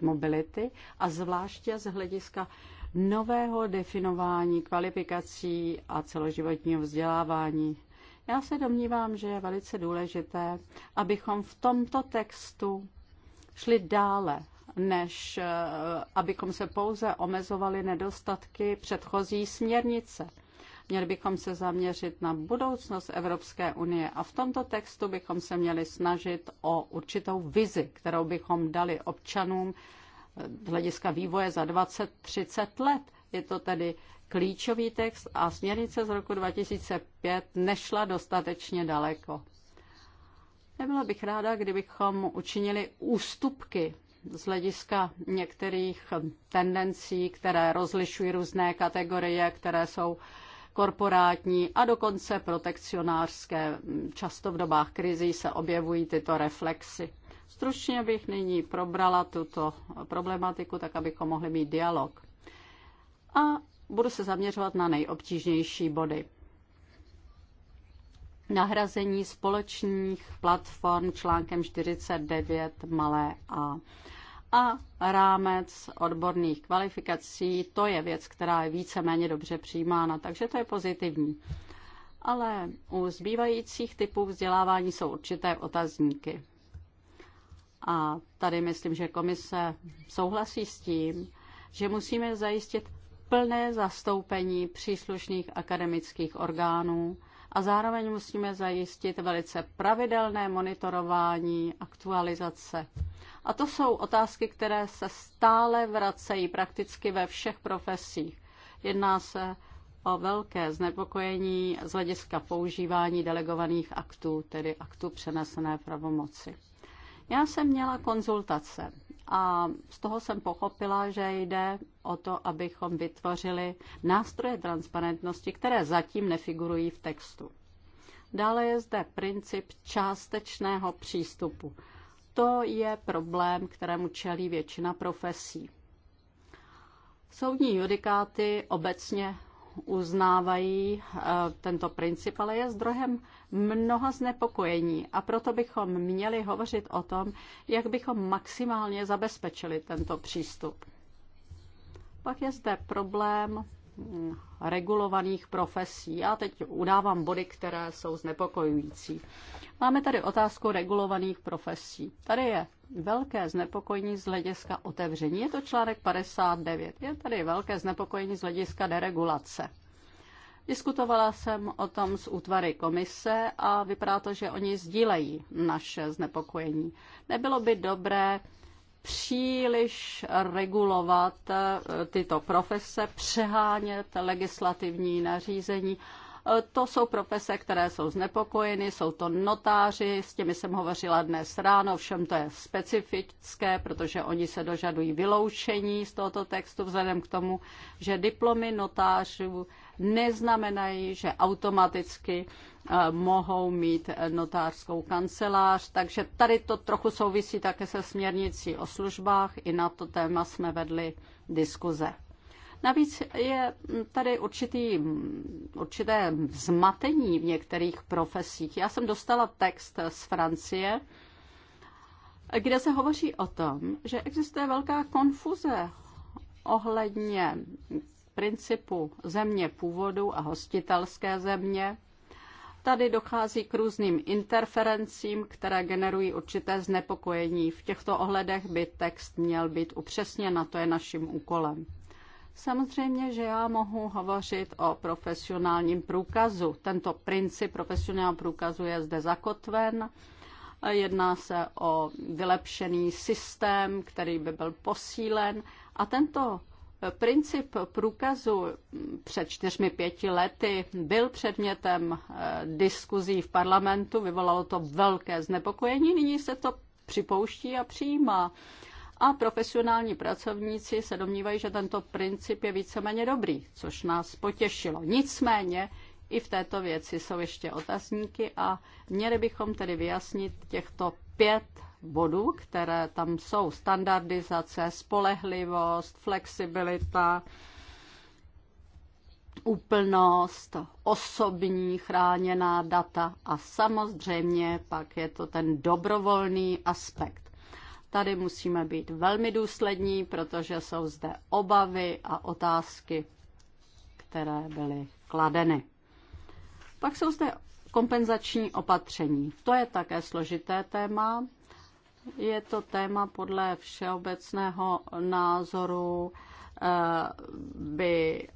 mobility a zvláště z hlediska nového definování kvalifikací a celoživotního vzdělávání. Já se domnívám, že je velice důležité, abychom v tomto textu šli dále než eh, abychom se pouze omezovali nedostatky předchozí směrnice. Měli bychom se zaměřit na budoucnost Evropské unie a v tomto textu bychom se měli snažit o určitou vizi, kterou bychom dali občanům eh, z hlediska vývoje za 20-30 let. Je to tedy klíčový text a směrnice z roku 2005 nešla dostatečně daleko. Nebyla bych ráda, kdybychom učinili ústupky z hlediska některých tendencí, které rozlišují různé kategorie, které jsou korporátní a dokonce protekcionářské. Často v dobách krizí se objevují tyto reflexy. Stručně bych nyní probrala tuto problematiku, tak abychom mohli mít dialog. A budu se zaměřovat na nejobtížnější body nahrazení společných platform článkem 49 malé a. A rámec odborných kvalifikací, to je věc, která je víceméně dobře přijímána, takže to je pozitivní. Ale u zbývajících typů vzdělávání jsou určité otazníky. A tady myslím, že komise souhlasí s tím, že musíme zajistit plné zastoupení příslušných akademických orgánů a zároveň musíme zajistit velice pravidelné monitorování, aktualizace. A to jsou otázky, které se stále vracejí prakticky ve všech profesích. Jedná se o velké znepokojení z hlediska používání delegovaných aktů, tedy aktů přenesené pravomoci. Já jsem měla konzultace a z toho jsem pochopila, že jde o to, abychom vytvořili nástroje transparentnosti, které zatím nefigurují v textu. Dále je zde princip částečného přístupu. To je problém, kterému čelí většina profesí. Soudní judikáty obecně uznávají eh, tento princip, ale je zdrojem mnoha znepokojení. A proto bychom měli hovořit o tom, jak bychom maximálně zabezpečili tento přístup. Pak je zde problém hm, regulovaných profesí. Já teď udávám body, které jsou znepokojující. Máme tady otázku regulovaných profesí. Tady je velké znepokojení z hlediska otevření. Je to článek 59. Je tady velké znepokojení z hlediska deregulace. Diskutovala jsem o tom s útvary komise a vypadá to, že oni sdílejí naše znepokojení. Nebylo by dobré příliš regulovat eh, tyto profese, přehánět legislativní nařízení Eh, to jsou profese, které jsou znepokojeny, jsou to notáři, s těmi jsem hovořila dnes ráno, všem to je specifické, protože oni se dožadují vyloučení z tohoto textu vzhledem k tomu, že diplomy notářů neznamenají, že automaticky eh, mohou mít eh, notářskou kancelář. Takže tady to trochu souvisí také se směrnicí o službách. I na to téma jsme vedli diskuze. Navíc je tady určitý, určité zmatení v některých profesích. Já jsem dostala text z Francie, kde se hovoří o tom, že existuje velká konfuze ohledně principu země původu a hostitelské země. Tady dochází k různým interferencím, které generují určité znepokojení. V těchto ohledech by text měl být upřesněn a to je naším úkolem. Samozřejmě, že já mohu hovořit o profesionálním průkazu. Tento princip profesionálního průkazu je zde zakotven. Jedná se o vylepšený systém, který by byl posílen. A tento princip průkazu před čtyřmi pěti lety byl předmětem eh, diskuzí v parlamentu, vyvolalo to velké znepokojení, nyní se to připouští a přijímá a profesionální pracovníci se domnívají, že tento princip je víceméně dobrý, což nás potěšilo. Nicméně i v této věci jsou ještě otazníky a měli bychom tedy vyjasnit těchto pět bodů, které tam jsou. Standardizace, spolehlivost, flexibilita, úplnost, osobní chráněná data a samozřejmě pak je to ten dobrovolný aspekt. Tady musíme být velmi důslední, protože jsou zde obavy a otázky, které byly kladeny. Pak jsou zde kompenzační opatření. To je také složité téma. Je to téma podle všeobecného názoru eh, by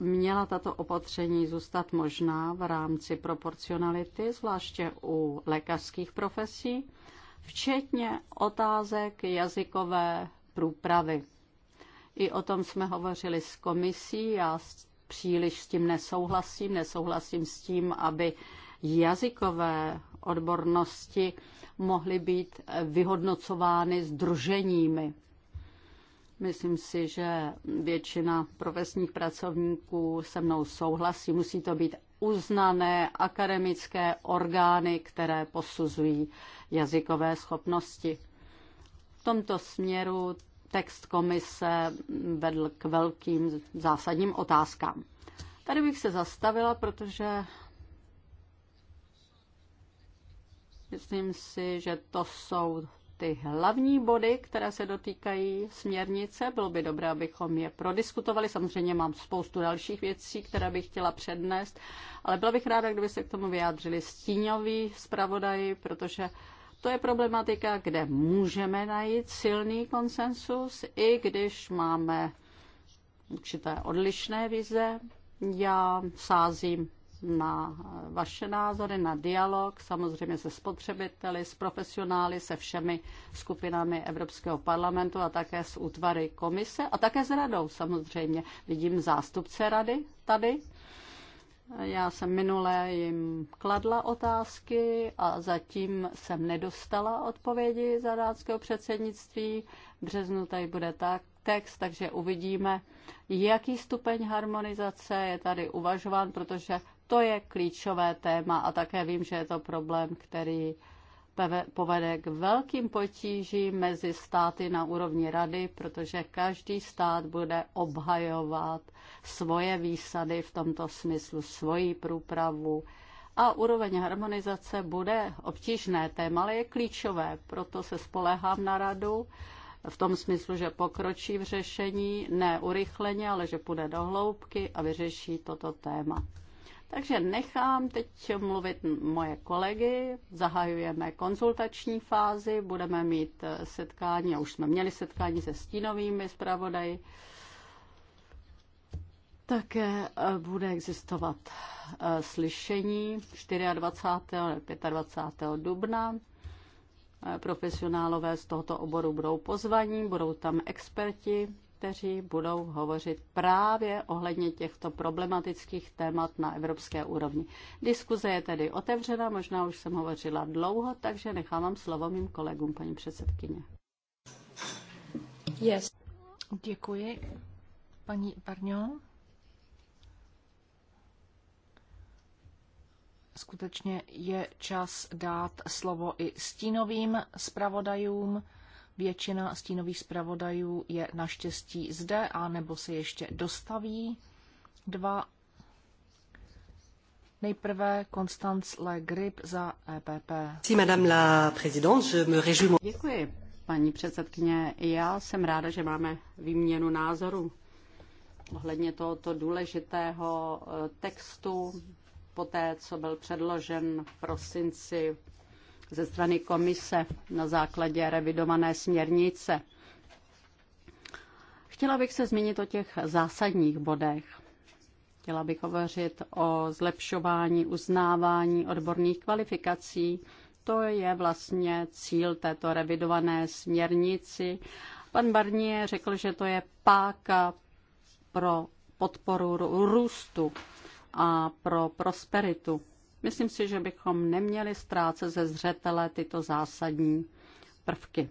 měla tato opatření zůstat možná v rámci proporcionality, zvláště u lékařských profesí včetně otázek jazykové průpravy. I o tom jsme hovořili s komisí, já příliš s tím nesouhlasím, nesouhlasím s tím, aby jazykové odbornosti mohly být vyhodnocovány združeními. Myslím si, že většina profesních pracovníků se mnou souhlasí. Musí to být uznané akademické orgány, které posuzují jazykové schopnosti. V tomto směru text komise vedl k velkým zásadním otázkám. Tady bych se zastavila, protože myslím si, že to jsou ty hlavní body, které se dotýkají směrnice. Bylo by dobré, abychom je prodiskutovali. Samozřejmě mám spoustu dalších věcí, které bych chtěla přednést, ale byla bych ráda, kdyby se k tomu vyjádřili stíňoví zpravodaji, protože to je problematika, kde můžeme najít silný konsensus, i když máme určité odlišné vize. Já sázím na vaše názory, na dialog, samozřejmě se spotřebiteli, s profesionály, se všemi skupinami Evropského parlamentu a také s útvary komise a také s radou samozřejmě. Vidím zástupce rady tady. Já jsem minule jim kladla otázky a zatím jsem nedostala odpovědi za rádského předsednictví. V březnu tady bude tak text, takže uvidíme, jaký stupeň harmonizace je tady uvažován, protože to je klíčové téma a také vím, že je to problém, který povede k velkým potížím mezi státy na úrovni rady, protože každý stát bude obhajovat svoje výsady v tomto smyslu, svoji průpravu. A úroveň harmonizace bude obtížné téma, ale je klíčové, proto se spolehám na radu v tom smyslu, že pokročí v řešení, ne urychleně, ale že půjde do hloubky a vyřeší toto téma. Takže nechám teď mluvit moje kolegy, zahajujeme konzultační fázi, budeme mít eh, setkání, a už jsme měli setkání se stínovými zpravodaji, také eh, bude existovat eh, slyšení 24. a 25. dubna. Profesionálové z tohoto oboru budou pozvaní, budou tam experti, kteří budou hovořit právě ohledně těchto problematických témat na evropské úrovni. Diskuze je tedy otevřena, možná už jsem hovořila dlouho, takže nechávám slovo mým kolegům, paní předsedkyně. Yes. Děkuji. Paní Parňo. Skutečně je čas dát slovo i stínovým zpravodajům. Většina stínových zpravodajů je naštěstí zde a nebo se ještě dostaví. Dva Nejprve Constance Le Grip za EPP. Děkuji, paní předsedkyně. Já jsem ráda, že máme výměnu názoru ohledně tohoto důležitého eh, textu, poté co byl předložen v prosinci ze strany komise na základě revidované směrnice. Chtěla bych se zmínit o těch zásadních bodech. Chtěla bych hovořit o zlepšování uznávání odborných kvalifikací. To je vlastně cíl této revidované směrnici. Pan Barnier řekl, že to je páka pro podporu růstu a pro prosperitu Myslím si, že bychom neměli ztrácet ze zřetele tyto zásadní prvky.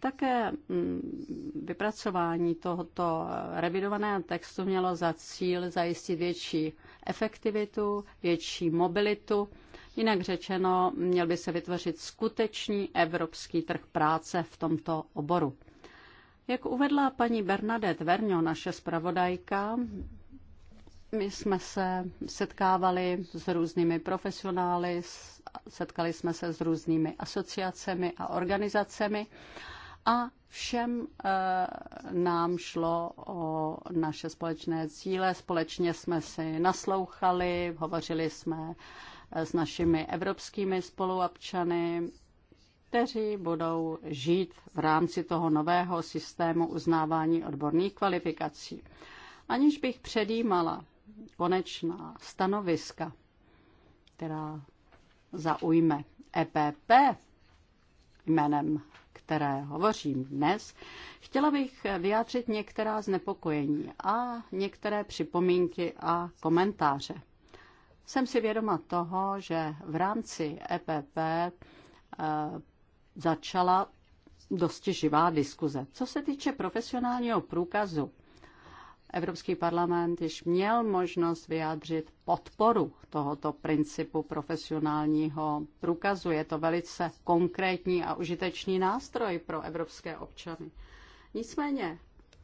Také mm, vypracování tohoto revidovaného textu mělo za cíl zajistit větší efektivitu, větší mobilitu. Jinak řečeno, měl by se vytvořit skutečný evropský trh práce v tomto oboru. Jak uvedla paní Bernadette Verňo, naše zpravodajka, my jsme se setkávali s různými profesionály, setkali jsme se s různými asociacemi a organizacemi a všem eh, nám šlo o naše společné cíle. Společně jsme si naslouchali, hovořili jsme eh, s našimi evropskými spoluobčany, kteří budou žít v rámci toho nového systému uznávání odborných kvalifikací. Aniž bych předjímala, konečná stanoviska, která zaujme EPP, jménem které hovořím dnes, chtěla bych vyjádřit některá znepokojení a některé připomínky a komentáře. Jsem si vědoma toho, že v rámci EPP eh, začala dosti živá diskuze. Co se týče profesionálního průkazu, Evropský parlament již měl možnost vyjádřit podporu tohoto principu profesionálního průkazu. Je to velice konkrétní a užitečný nástroj pro evropské občany. Nicméně,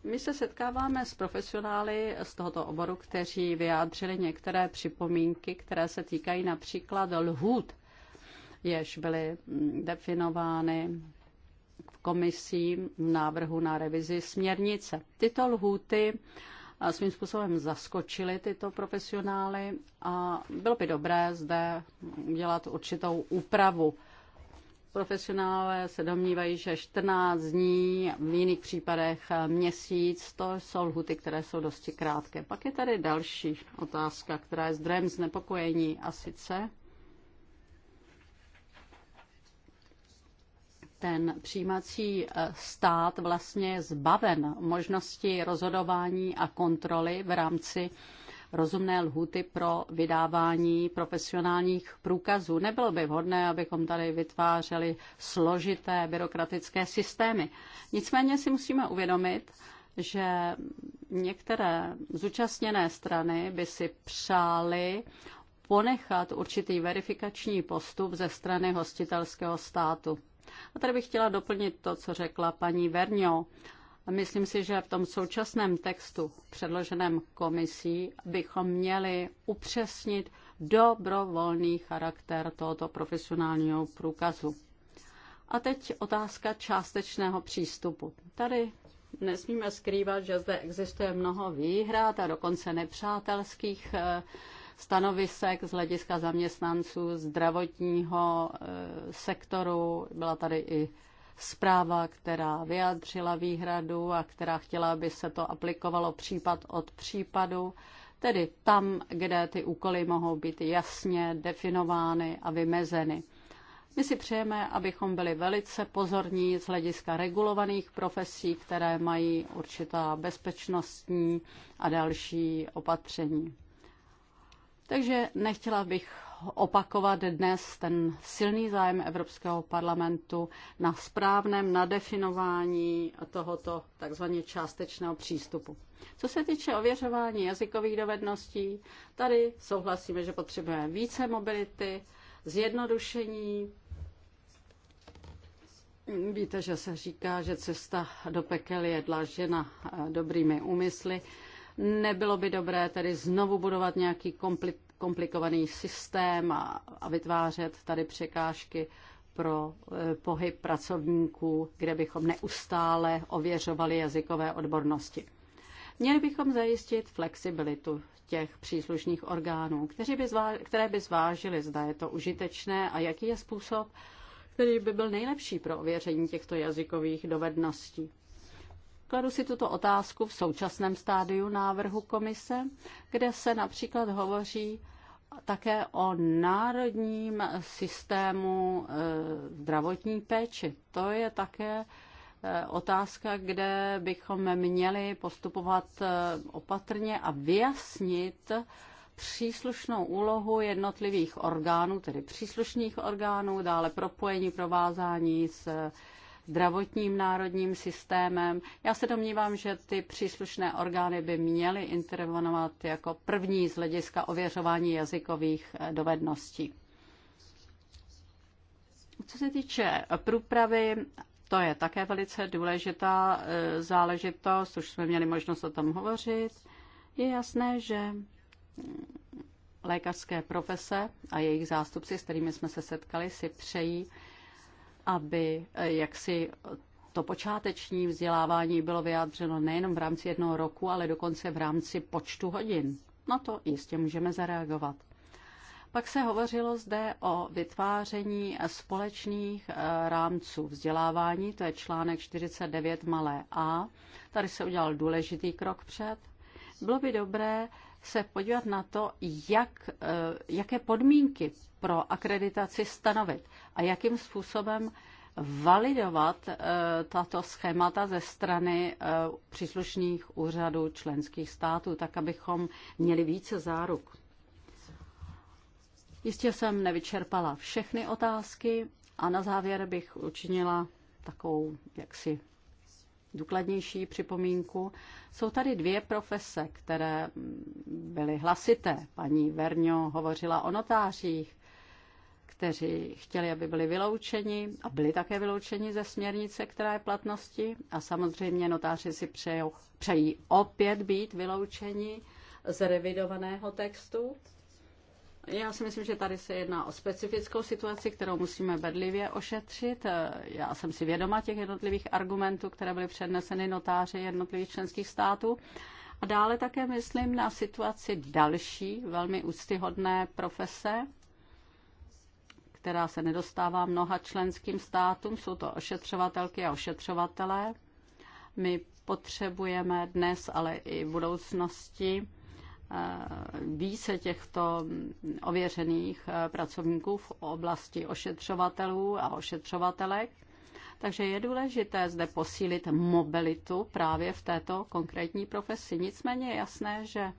my se setkáváme s profesionály z tohoto oboru, kteří vyjádřili některé připomínky, které se týkají například lhůt, jež byly mm, definovány komisí návrhu na revizi směrnice. Tyto lhůty eh, svým způsobem zaskočily tyto profesionály a bylo by dobré zde udělat určitou úpravu. profesionále. se domnívají, že 14 dní, v jiných případech eh, měsíc, to jsou lhuty, které jsou dosti krátké. Pak je tady další otázka, která je zdrojem znepokojení a sice ten přijímací eh, stát vlastně je zbaven možnosti rozhodování a kontroly v rámci rozumné lhuty pro vydávání profesionálních průkazů. Nebylo by vhodné, abychom tady vytvářeli složité byrokratické systémy. Nicméně si musíme uvědomit, že některé zúčastněné strany by si přáli ponechat určitý verifikační postup ze strany hostitelského státu. A tady bych chtěla doplnit to, co řekla paní Vernio. Myslím si, že v tom současném textu předloženém komisí bychom měli upřesnit dobrovolný charakter tohoto profesionálního průkazu. A teď otázka částečného přístupu. Tady nesmíme skrývat, že zde existuje mnoho výhrad a dokonce nepřátelských eh, stanovisek z hlediska zaměstnanců zdravotního eh, sektoru. Byla tady i zpráva, která vyjádřila výhradu a která chtěla, aby se to aplikovalo případ od případu, tedy tam, kde ty úkoly mohou být jasně definovány a vymezeny. My si přejeme, abychom byli velice pozorní z hlediska regulovaných profesí, které mají určitá bezpečnostní a další opatření. Takže nechtěla bych opakovat dnes ten silný zájem Evropského parlamentu na správném nadefinování tohoto takzvaně částečného přístupu. Co se týče ověřování jazykových dovedností, tady souhlasíme, že potřebujeme více mobility, zjednodušení. Víte, že se říká, že cesta do pekel je dlažena eh, dobrými úmysly. Nebylo by dobré tedy znovu budovat nějaký komplik komplikovaný systém a, a vytvářet tady překážky pro e, pohyb pracovníků, kde bychom neustále ověřovali jazykové odbornosti. Měli bychom zajistit flexibilitu těch příslušných orgánů, kteří by zváž, které by zvážili, zda je to užitečné a jaký je způsob, který by byl nejlepší pro ověření těchto jazykových dovedností. Kladu si tuto otázku v současném stádiu návrhu komise, kde se například hovoří také o národním systému e, zdravotní péči. To je také e, otázka, kde bychom měli postupovat e, opatrně a vyjasnit příslušnou úlohu jednotlivých orgánů, tedy příslušných orgánů, dále propojení, provázání s zdravotním národním systémem. Já se domnívám, že ty příslušné orgány by měly intervenovat jako první z hlediska ověřování jazykových eh, dovedností. Co se týče průpravy, to je také velice důležitá eh, záležitost, už jsme měli možnost o tom hovořit. Je jasné, že mm, lékařské profese a jejich zástupci, s kterými jsme se setkali, si přejí, aby eh, jaksi to počáteční vzdělávání bylo vyjádřeno nejenom v rámci jednoho roku, ale dokonce v rámci počtu hodin. Na to jistě můžeme zareagovat. Pak se hovořilo zde o vytváření společných eh, rámců vzdělávání, to je článek 49 malé a. Tady se udělal důležitý krok před. Bylo by dobré se podívat na to, jak, eh, jaké podmínky pro akreditaci stanovit a jakým způsobem validovat eh, tato schémata ze strany eh, příslušných úřadů členských států, tak abychom měli více záruk. Jistě jsem nevyčerpala všechny otázky a na závěr bych učinila takovou jaksi důkladnější připomínku. Jsou tady dvě profese, které byly hlasité. Paní Verňo hovořila o notářích, kteří chtěli, aby byli vyloučeni a byli také vyloučeni ze směrnice, která je platnosti. A samozřejmě notáři si přejou, přejí opět být vyloučeni z revidovaného textu já si myslím, že tady se jedná o specifickou situaci, kterou musíme bedlivě ošetřit. Já jsem si vědoma těch jednotlivých argumentů, které byly předneseny notáři jednotlivých členských států. A dále také myslím na situaci další velmi úctyhodné profese, která se nedostává mnoha členským státům. Jsou to ošetřovatelky a ošetřovatelé. My potřebujeme dnes, ale i v budoucnosti více těchto ověřených eh, pracovníků v oblasti ošetřovatelů a ošetřovatelek. Takže je důležité zde posílit mobilitu právě v této konkrétní profesi. Nicméně je jasné, že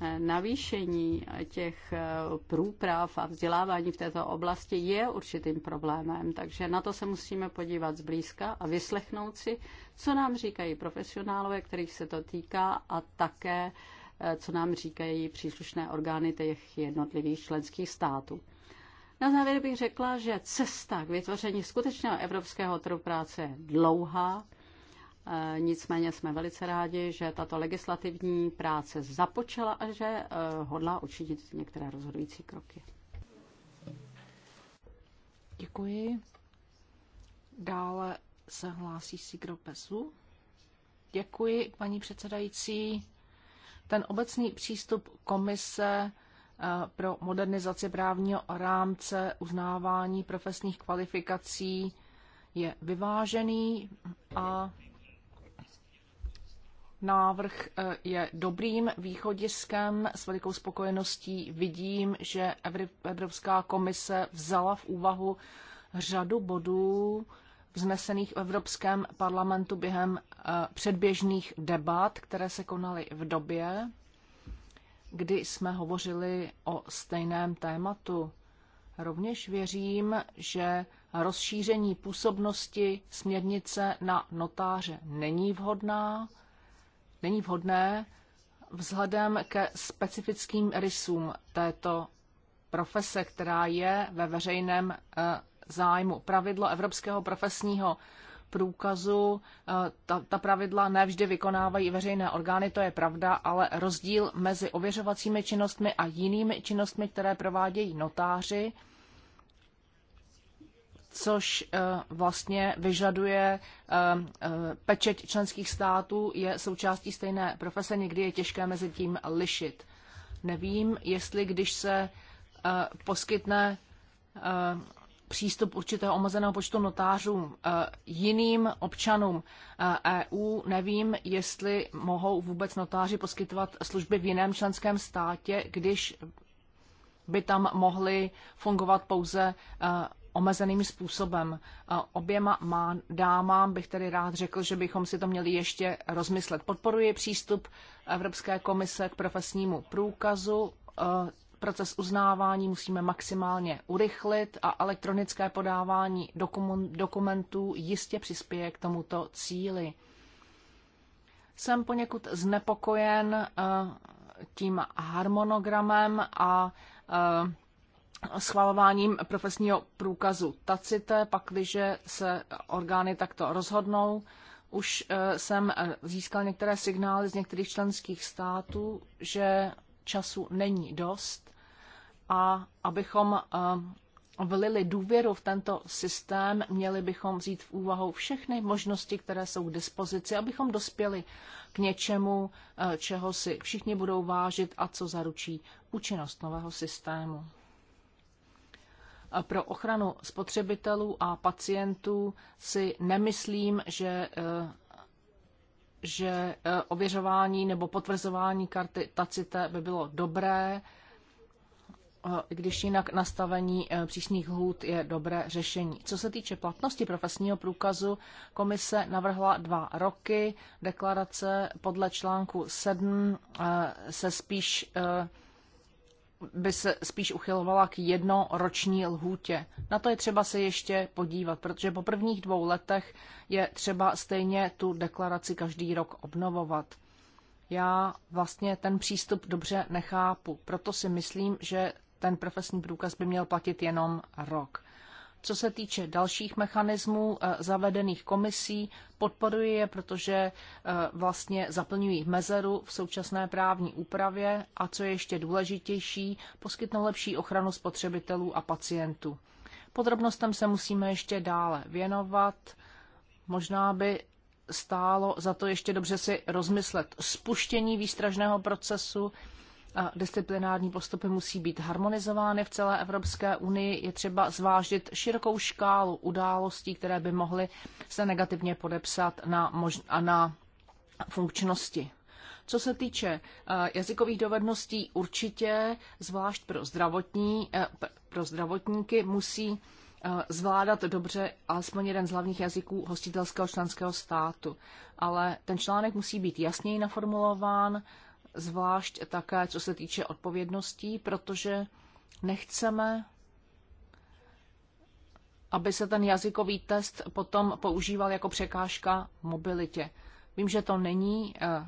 eh, navýšení těch eh, průprav a vzdělávání v této oblasti je určitým problémem, takže na to se musíme podívat zblízka a vyslechnout si, co nám říkají profesionálové, kterých se to týká a také Eh, co nám říkají příslušné orgány těch jednotlivých členských států. Na závěr bych řekla, že cesta k vytvoření skutečného evropského trhu práce je dlouhá, eh, nicméně jsme velice rádi, že tato legislativní práce započala a že eh, hodlá učinit některé rozhodující kroky. Děkuji. Dále se hlásí Sigro Pesu. Děkuji, paní předsedající. Ten obecný přístup komise eh, pro modernizaci právního rámce uznávání profesních kvalifikací je vyvážený a návrh eh, je dobrým východiskem. S velikou spokojeností vidím, že Evropská komise vzala v úvahu řadu bodů, vznesených v Evropském parlamentu během eh, předběžných debat, které se konaly v době, kdy jsme hovořili o stejném tématu. Rovněž věřím, že rozšíření působnosti směrnice na notáře není vhodná, není vhodné vzhledem ke specifickým rysům této profese, která je ve veřejném eh, zájmu. Pravidlo Evropského profesního průkazu, eh, ta, ta pravidla nevždy vykonávají veřejné orgány, to je pravda, ale rozdíl mezi ověřovacími činnostmi a jinými činnostmi, které provádějí notáři, což eh, vlastně vyžaduje eh, pečeť členských států, je součástí stejné profese, někdy je těžké mezi tím lišit. Nevím, jestli když se poskytne přístup určitého omezeného počtu notářů eh, jiným občanům EU. Eh, e Nevím, jestli mohou vůbec notáři poskytovat služby v jiném členském státě, když by tam mohli fungovat pouze eh, omezeným způsobem. Oběma má, dámám bych tedy rád řekl, že bychom si to měli ještě rozmyslet. Podporuji přístup Evropské komise k profesnímu průkazu Proces uznávání musíme maximálně urychlit a elektronické podávání dokumentů jistě přispěje k tomuto cíli. Jsem poněkud znepokojen eh, tím harmonogramem a eh, schvalováním profesního průkazu Tacite, pakliže se orgány takto rozhodnou. Už eh, jsem získal některé signály z některých členských států, že času není dost a abychom eh, vlili důvěru v tento systém, měli bychom vzít v úvahu všechny možnosti, které jsou k dispozici, abychom dospěli k něčemu, eh, čeho si všichni budou vážit a co zaručí účinnost nového systému. Eh, pro ochranu spotřebitelů a pacientů si nemyslím, že že ověřování nebo potvrzování karty tacité by bylo dobré když jinak nastavení eh, přísných hůd je dobré řešení. Co se týče platnosti profesního průkazu, komise navrhla dva roky, deklarace podle článku 7 eh, se spíš eh, by se spíš uchylovala k jednoroční lhůtě. Na to je třeba se ještě podívat, protože po prvních dvou letech je třeba stejně tu deklaraci každý rok obnovovat. Já vlastně ten přístup dobře nechápu, proto si myslím, že ten profesní průkaz by měl platit jenom rok. Co se týče dalších mechanismů eh, zavedených komisí, podporuji je, protože eh, vlastně zaplňují mezeru v současné právní úpravě a co je ještě důležitější, poskytnou lepší ochranu spotřebitelů a pacientů. Podrobnostem se musíme ještě dále věnovat. Možná by stálo za to ještě dobře si rozmyslet spuštění výstražného procesu, disciplinární postupy musí být harmonizovány v celé Evropské unii. Je třeba zvážit širokou škálu událostí, které by mohly se negativně podepsat na, mož- a na funkčnosti. Co se týče eh, jazykových dovedností, určitě, zvlášť pro, zdravotní, eh, pro zdravotníky, musí eh, zvládat dobře alespoň jeden z hlavních jazyků hostitelského členského státu. Ale ten článek musí být jasněji naformulován, zvlášť také co se týče odpovědností, protože nechceme, aby se ten jazykový test potom používal jako překážka mobilitě. Vím, že to není eh,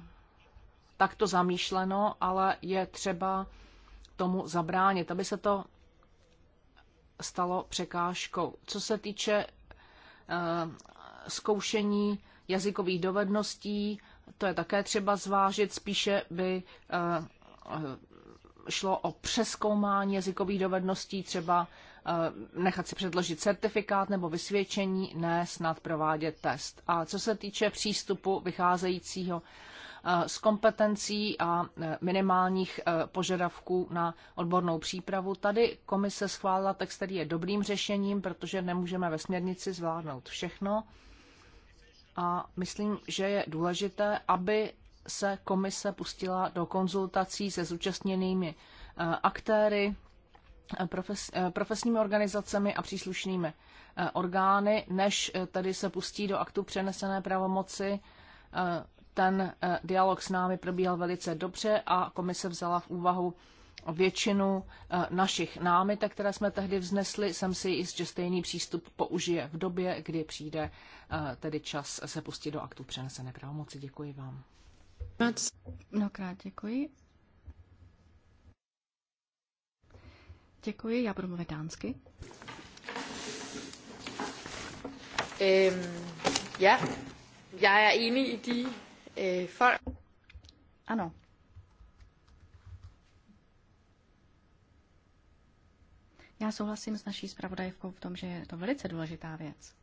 takto zamýšleno, ale je třeba tomu zabránit, aby se to stalo překážkou. Co se týče eh, zkoušení jazykových dovedností, to je také třeba zvážit, spíše by eh, eh, šlo o přeskoumání jazykových dovedností, třeba eh, nechat si předložit certifikát nebo vysvědčení, ne snad provádět test. A co se týče přístupu vycházejícího z kompetencí a minimálních požadavků na odbornou přípravu. Tady komise schválila text, který je dobrým řešením, protože nemůžeme ve směrnici zvládnout všechno a myslím, že je důležité, aby se komise pustila do konzultací se zúčastněnými eh, aktéry, eh, profes, eh, profesními organizacemi a příslušnými orgány, než tedy se pustí do aktu přenesené pravomoci. Ten dialog s námi probíhal velice dobře a komise vzala v úvahu většinu eh, našich námitek, které jsme tehdy vznesli. Jsem si jist, že stejný přístup použije v době, kdy přijde eh, tedy čas se pustit do aktu přenesené pravomoci. Děkuji vám. Mnohokrát děkuji. Děkuji, já budu mluvit dánsky. Øhm, ja, jeg er enig i de øh, folk. Ano, Já souhlasím s naší zpravodajkou v tom, že je to velice důležitá věc.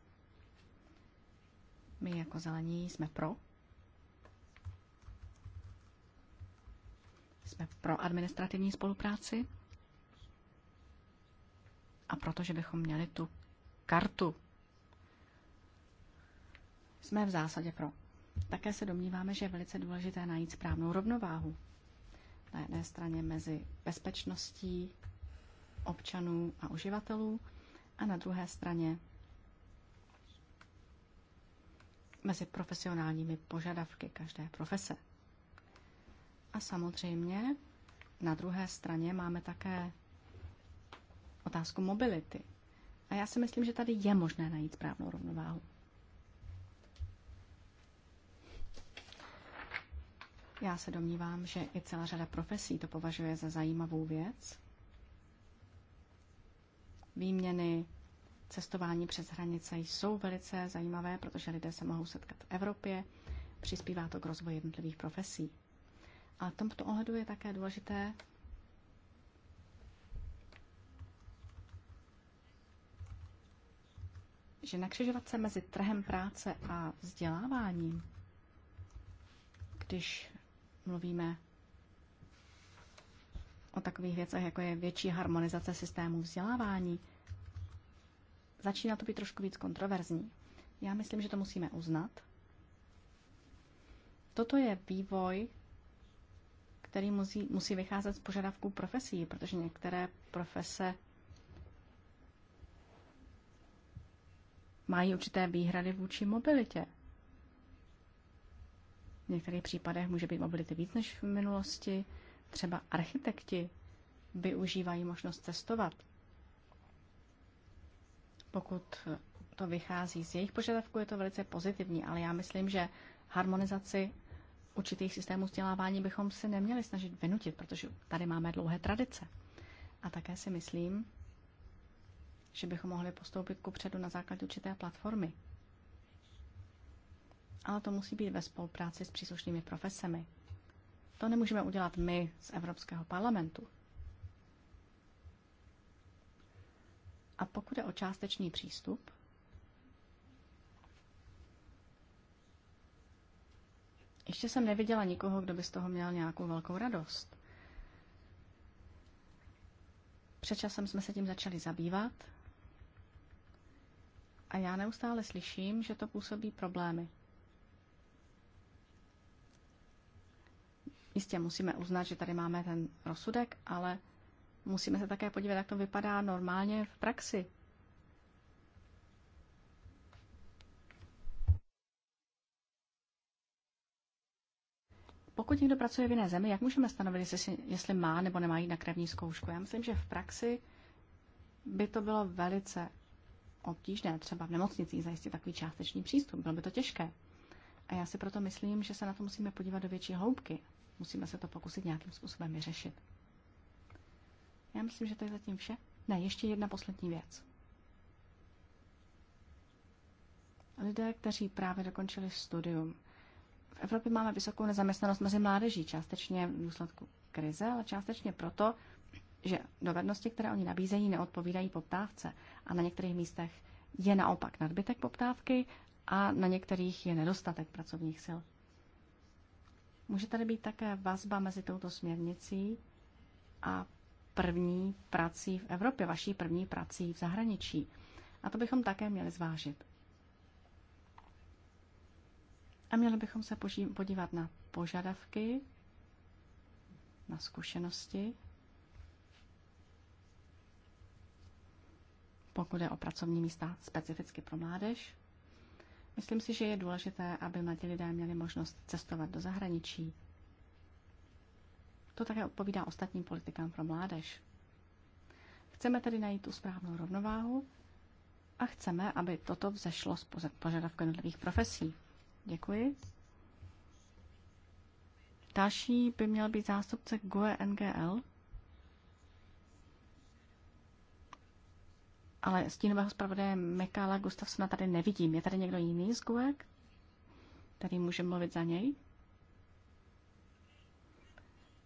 My jako zelení jsme pro. Jsme pro administrativní spolupráci. A protože bychom měli tu kartu, jsme v zásadě pro. Také se domníváme, že je velice důležité najít správnou rovnováhu. Na jedné straně mezi bezpečností občanů a uživatelů a na druhé straně mezi profesionálními požadavky každé profese. A samozřejmě na druhé straně máme také otázku mobility. A já si myslím, že tady je možné najít správnou rovnováhu. Já se domnívám, že i celá řada profesí to považuje za zajímavou věc výměny, cestování přes hranice jsou velice zajímavé, protože lidé se mohou setkat v Evropě, přispívá to k rozvoji jednotlivých profesí. A v tomto ohledu je také důležité že nakřižovat se mezi trhem práce a vzděláváním, když mluvíme o takových věcech, jako je větší harmonizace systému vzdělávání, začíná to být trošku víc kontroverzní. Já myslím, že to musíme uznat. Toto je vývoj, který musí, musí vycházet z požadavků profesí, protože některé profese mají určité výhrady vůči mobilitě. V některých případech může být mobility víc než v minulosti, Třeba architekti využívají možnost cestovat. Pokud to vychází z jejich požadavků, je to velice pozitivní, ale já myslím, že harmonizaci určitých systémů vzdělávání bychom se neměli snažit vynutit, protože tady máme dlouhé tradice. A také si myslím, že bychom mohli postoupit ku předu na základě určité platformy. Ale to musí být ve spolupráci s příslušnými profesemi. To nemůžeme udělat my z Evropského parlamentu. A pokud je o částečný přístup, ještě jsem neviděla nikoho, kdo by z toho měl nějakou velkou radost. Před časem jsme se tím začali zabývat a já neustále slyším, že to působí problémy. Jistě musíme uznat, že tady máme ten rozsudek, ale musíme se také podívat, jak to vypadá normálně v praxi. Pokud někdo pracuje v jiné zemi, jak můžeme stanovit, jestli, jestli má nebo nemá jít na krevní zkoušku? Já myslím, že v praxi by to bylo velice obtížné, třeba v nemocnicích zajistit takový částečný přístup. Bylo by to těžké. A já si proto myslím, že se na to musíme podívat do větší hloubky musíme se to pokusit nějakým způsobem vyřešit. Já myslím, že to je zatím vše. Ne, ještě jedna poslední věc. Lidé, kteří právě dokončili studium. V Evropě máme vysokou nezaměstnanost mezi mládeží, částečně v důsledku krize, ale částečně proto, že dovednosti, které oni nabízejí, neodpovídají poptávce. A na některých místech je naopak nadbytek poptávky a na některých je nedostatek pracovních sil. Může tady být také vazba mezi touto směrnicí a první prací v Evropě, vaší první prací v zahraničí. A to bychom také měli zvážit. A měli bychom se podívat na požadavky, na zkušenosti, pokud je o pracovní místa specificky pro mládež. Myslím si, že je důležité, aby mladí lidé měli možnost cestovat do zahraničí. To také odpovídá ostatním politikám pro mládež. Chceme tedy najít tu správnou rovnováhu a chceme, aby toto vzešlo z požadavku jednotlivých profesí. Děkuji. Další by měl být zástupce GUE NGL. ale stínového zpravodaje Mekála Gustafsona tady nevidím. Je tady někdo jiný z GUEK, který může mluvit za něj?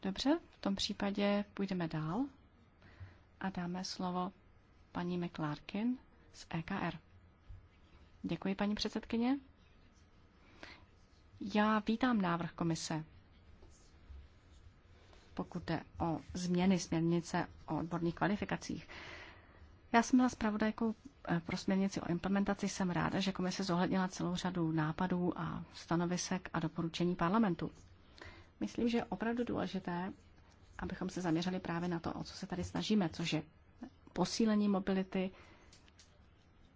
Dobře, v tom případě půjdeme dál a dáme slovo paní McLarkin z EKR. Děkuji, paní předsedkyně. Já vítám návrh komise, pokud jde o změny směrnice o odborných kvalifikacích. Já jsem byla zpravodajkou eh, pro směrnici o implementaci. Jsem ráda, že komise zohlednila celou řadu nápadů a stanovisek a doporučení parlamentu. Myslím, že je opravdu důležité, abychom se zaměřili právě na to, o co se tady snažíme, což je posílení mobility,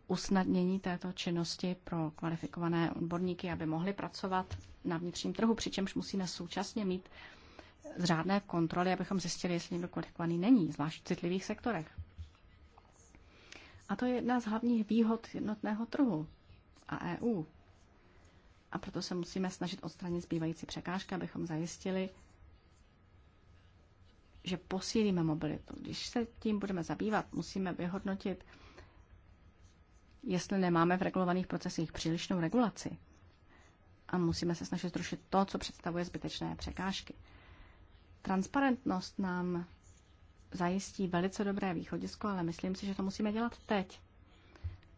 usnadnění této činnosti pro kvalifikované odborníky, aby mohli pracovat na vnitřním trhu, přičemž musíme současně mít zřádné kontroly, abychom zjistili, jestli někdo kvalifikovaný není, zvlášť v citlivých sektorech. A to je jedna z hlavních výhod jednotného trhu a EU. A proto se musíme snažit odstranit zbývající překážky, abychom zajistili, že posílíme mobilitu. Když se tím budeme zabývat, musíme vyhodnotit, jestli nemáme v regulovaných procesech přílišnou regulaci. A musíme se snažit zrušit to, co představuje zbytečné překážky. Transparentnost nám zajistí velice dobré východisko, ale myslím si, že to musíme dělat teď.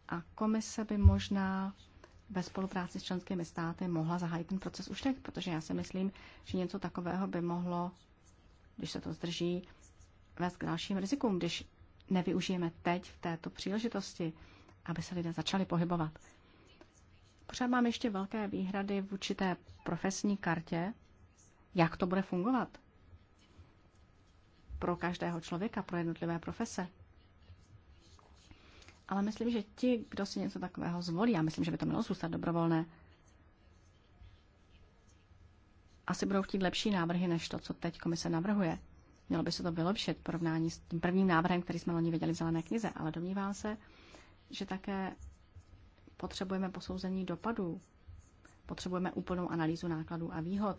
A komise by možná ve spolupráci s členskými státy mohla zahájit ten proces už teď, protože já si myslím, že něco takového by mohlo, když se to zdrží, vést k dalším rizikům, když nevyužijeme teď v této příležitosti, aby se lidé začali pohybovat. Pořád mám ještě velké výhrady v určité profesní kartě, jak to bude fungovat pro každého člověka, pro jednotlivé profese. Ale myslím, že ti, kdo si něco takového zvolí, já myslím, že by to mělo zůstat dobrovolné, asi budou chtít lepší návrhy než to, co teď komise navrhuje. Mělo by se to vylepšit v porovnání s tím prvním návrhem, který jsme loni viděli v zelené knize, ale domnívám se, že také potřebujeme posouzení dopadů, potřebujeme úplnou analýzu nákladů a výhod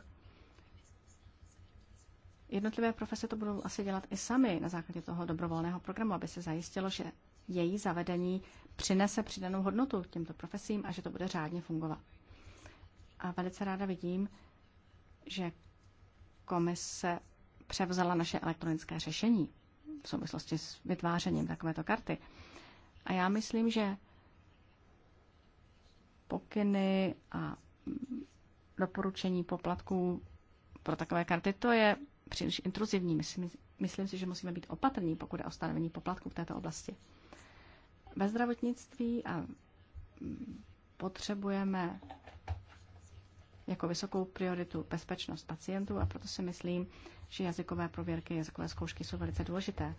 Jednotlivé profese to budou asi dělat i sami na základě toho dobrovolného programu, aby se zajistilo, že její zavedení přinese přidanou hodnotu těmto profesím a že to bude řádně fungovat. A velice ráda vidím, že komise převzala naše elektronické řešení v souvislosti s vytvářením takovéto karty. A já myslím, že pokyny a doporučení poplatků pro takové karty, to je příliš intruzivní. Myslím, myslím si, že musíme být opatrní, pokud je o stanovení poplatku v této oblasti. Ve zdravotnictví a potřebujeme jako vysokou prioritu bezpečnost pacientů a proto si myslím, že jazykové prověrky, jazykové zkoušky jsou velice důležité.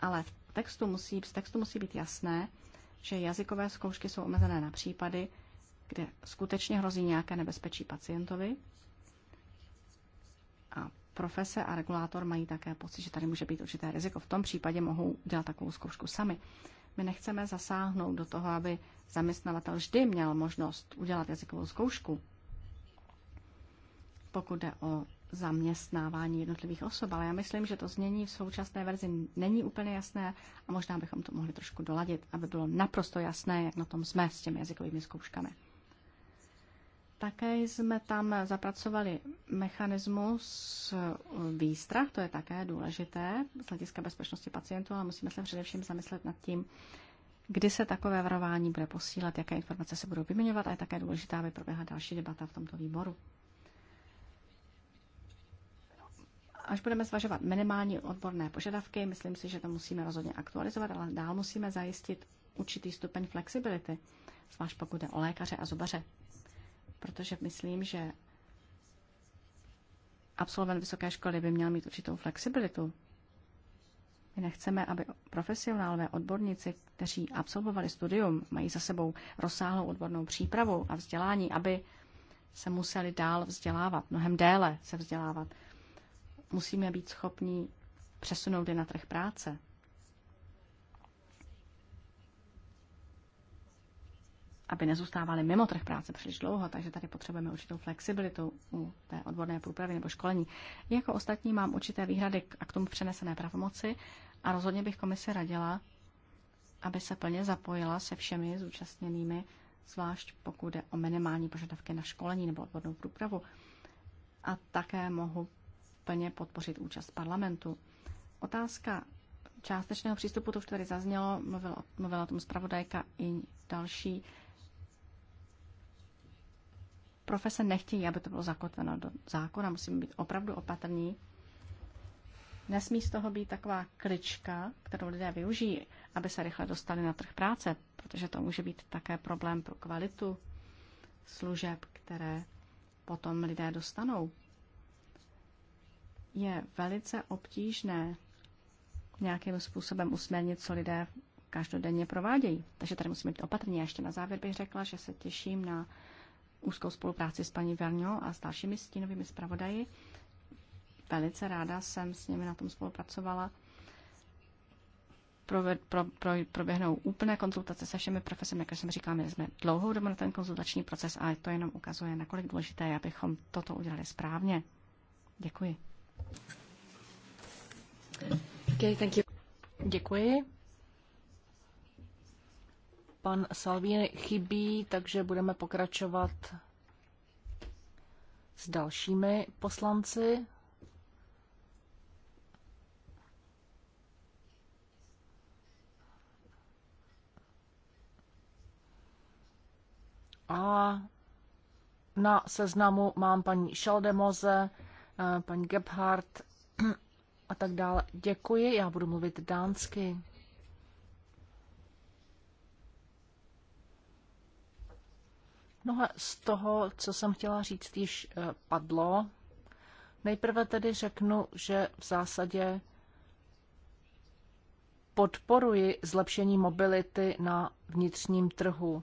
Ale v textu musí, z textu musí být jasné, že jazykové zkoušky jsou omezené na případy, kde skutečně hrozí nějaké nebezpečí pacientovi a profese a regulátor mají také pocit, že tady může být určité riziko. V tom případě mohou dělat takovou zkoušku sami. My nechceme zasáhnout do toho, aby zaměstnavatel vždy měl možnost udělat jazykovou zkoušku, pokud jde o zaměstnávání jednotlivých osob, ale já myslím, že to změní v současné verzi není úplně jasné a možná bychom to mohli trošku doladit, aby bylo naprosto jasné, jak na tom jsme s těmi jazykovými zkouškami. Také jsme tam zapracovali mechanismus výstrah, to je také důležité z hlediska bezpečnosti pacientů, ale musíme se především zamyslet nad tím, kdy se takové varování bude posílat, jaké informace se budou vyměňovat a je také důležité, aby proběhla další debata v tomto výboru. Až budeme zvažovat minimální odborné požadavky, myslím si, že to musíme rozhodně aktualizovat, ale dál musíme zajistit určitý stupeň flexibility, zvlášť pokud jde o lékaře a zubaře protože myslím, že absolvent vysoké školy by měl mít určitou flexibilitu. My nechceme, aby profesionálové odborníci, kteří absolvovali studium, mají za sebou rozsáhlou odbornou přípravu a vzdělání, aby se museli dál vzdělávat, mnohem déle se vzdělávat. Musíme být schopní přesunout je na trh práce. aby nezůstávali mimo trh práce příliš dlouho, takže tady potřebujeme určitou flexibilitu u té odborné průpravy nebo školení. Jako ostatní mám určité výhrady a k tomu přenesené pravomoci a rozhodně bych komisi radila, aby se plně zapojila se všemi zúčastněnými, zvlášť pokud jde o minimální požadavky na školení nebo odbornou průpravu. A také mohu plně podpořit účast parlamentu. Otázka částečného přístupu, to už tady zaznělo, mluvila, mluvila o tom zpravodajka i další profese nechtějí, aby to bylo zakotveno do zákona. Musíme být opravdu opatrní. Nesmí z toho být taková klička, kterou lidé využijí, aby se rychle dostali na trh práce, protože to může být také problém pro kvalitu služeb, které potom lidé dostanou. Je velice obtížné nějakým způsobem usměrnit, co lidé každodenně provádějí. Takže tady musíme být opatrní. A ještě na závěr bych řekla, že se těším na úzkou spolupráci s paní Velňo a s dalšími stínovými zpravodaji. Velice ráda jsem s nimi na tom spolupracovala. Pro, pro, pro, proběhnou úplné konzultace se všemi profesemi, jak jsem říkala, měli jsme dlouhou dobu na ten konzultační proces a to jenom ukazuje, nakolik důležité je, abychom toto udělali správně. Děkuji. Okay, thank you. Děkuji. Pan Salvini chybí, takže budeme pokračovat s dalšími poslanci. A na seznamu mám paní Šaldemoze, eh, paní Gebhardt *clears throat* a tak dále. Děkuji, já budu mluvit dánsky. Mnohé z toho, co jsem chtěla říct, již eh, padlo. Nejprve tedy řeknu, že v zásadě podporuji zlepšení mobility na vnitřním trhu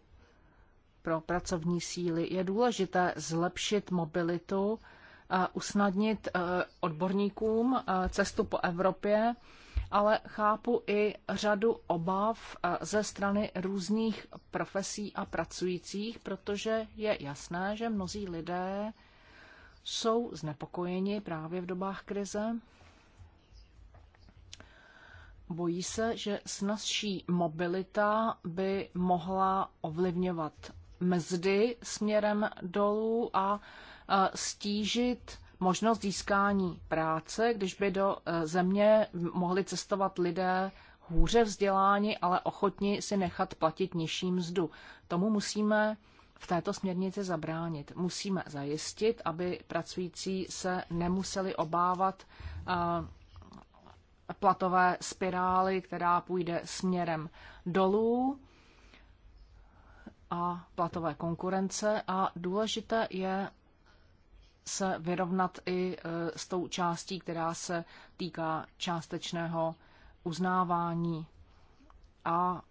pro pracovní síly. Je důležité zlepšit mobilitu, a usnadnit eh, odborníkům eh, cestu po Evropě, ale chápu i řadu obav eh, ze strany různých profesí a pracujících, protože je jasné, že mnozí lidé jsou znepokojeni právě v dobách krize. Bojí se, že snazší mobilita by mohla ovlivňovat mzdy směrem dolů a eh, stížit možnost získání práce, když by do eh, země mohli cestovat lidé hůře vzdělání, ale ochotni si nechat platit nižší mzdu. Tomu musíme v této směrnici zabránit. Musíme zajistit, aby pracující se nemuseli obávat eh, platové spirály, která půjde směrem dolů a platové konkurence. A důležité je se vyrovnat i e, s tou částí, která se týká částečného uznávání. A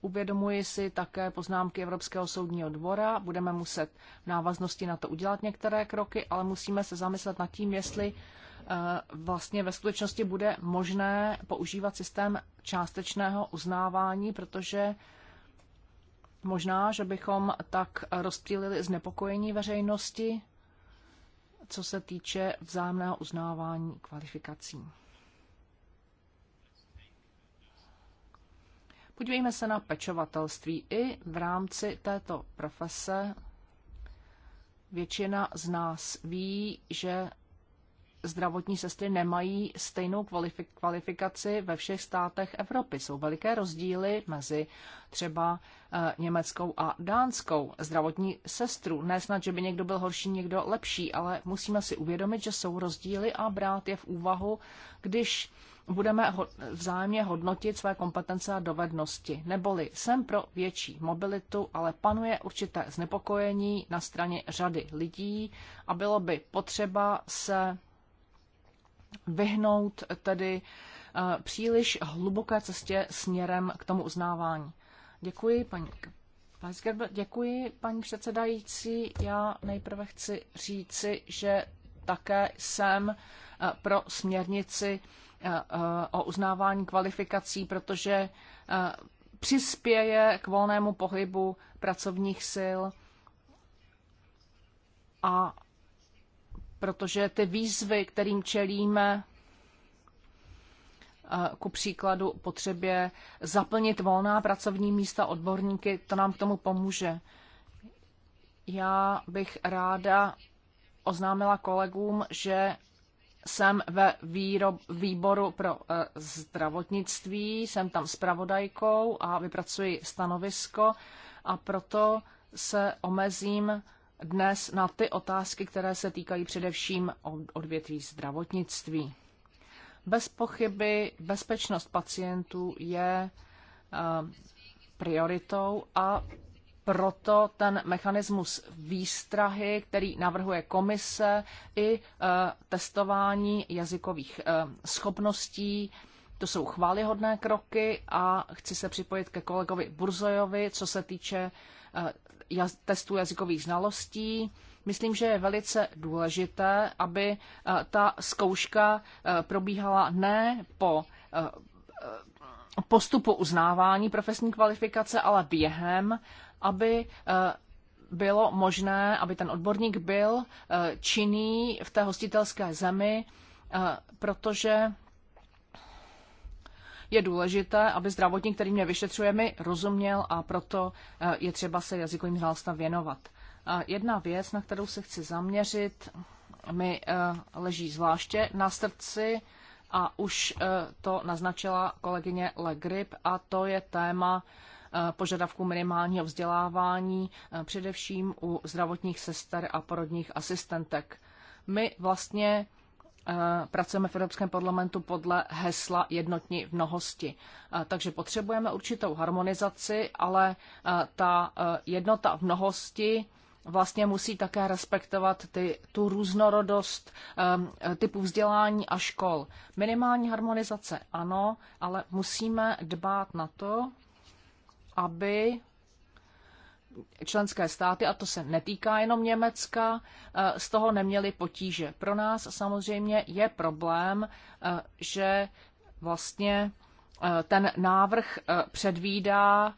uvědomuji si také poznámky Evropského soudního dvora. Budeme muset v návaznosti na to udělat některé kroky, ale musíme se zamyslet nad tím, jestli e, vlastně ve skutečnosti bude možné používat systém částečného uznávání, protože možná, že bychom tak rozptýlili znepokojení veřejnosti co se týče vzájemného uznávání kvalifikací. Podívejme se na pečovatelství. I v rámci této profese většina z nás ví, že zdravotní sestry nemají stejnou kvalifikaci ve všech státech Evropy. Jsou veliké rozdíly mezi třeba eh, německou a dánskou zdravotní sestru. Nesnad, snad, že by někdo byl horší, někdo lepší, ale musíme si uvědomit, že jsou rozdíly a brát je v úvahu, když budeme vzájemně hodnotit své kompetence a dovednosti. Neboli jsem pro větší mobilitu, ale panuje určité znepokojení na straně řady lidí a bylo by potřeba se vyhnout tedy eh, příliš hluboké cestě směrem k tomu uznávání. Děkuji, paní Děkuji, paní předsedající. Já nejprve chci říci, že také jsem eh, pro směrnici eh, o uznávání kvalifikací, protože přispěje k volnému pohybu pracovních sil a protože ty výzvy, kterým čelíme, ku příkladu potřebě zaplnit volná pracovní místa odborníky, to nám k tomu pomůže. Já bych ráda oznámila kolegům, že jsem ve výrob, výboru pro e, zdravotnictví, jsem tam spravodajkou a vypracuji stanovisko a proto se omezím dnes na ty otázky, které se týkají především odvětví zdravotnictví. Bez pochyby bezpečnost pacientů je eh, prioritou a proto ten mechanismus výstrahy, který navrhuje komise, i eh, testování jazykových eh, schopností, to jsou chválihodné kroky a chci se připojit ke kolegovi Burzojovi, co se týče Eh, testů jazykových znalostí. Myslím, že je velice důležité, aby eh, ta zkouška eh, probíhala ne po postupu uznávání profesní kvalifikace, ale během, aby bylo možné, aby ten odborník byl činný v té hostitelské zemi, protože je důležité, aby zdravotník, který mě vyšetřuje, mi rozuměl a proto eh, je třeba se jazykovým znalostem věnovat. Jedna věc, na kterou se chci zaměřit, mi eh, leží zvláště na srdci a už eh, to naznačila kolegyně Legrip a to je téma požadavku minimálního vzdělávání, především u zdravotních sester a porodních asistentek. My vlastně Eh, pracujeme v Evropském parlamentu podle hesla jednotní v mnohosti. Eh, takže potřebujeme určitou harmonizaci, ale eh, ta jednota v mnohosti vlastně musí také respektovat ty, tu různorodost um, typu vzdělání a škol. Minimální harmonizace ano, ale musíme dbát na to, aby členské státy, a to se netýká jenom Německa, eh, z toho neměly potíže. Pro nás samozřejmě je problém, eh, že vlastně eh, ten návrh předvídá,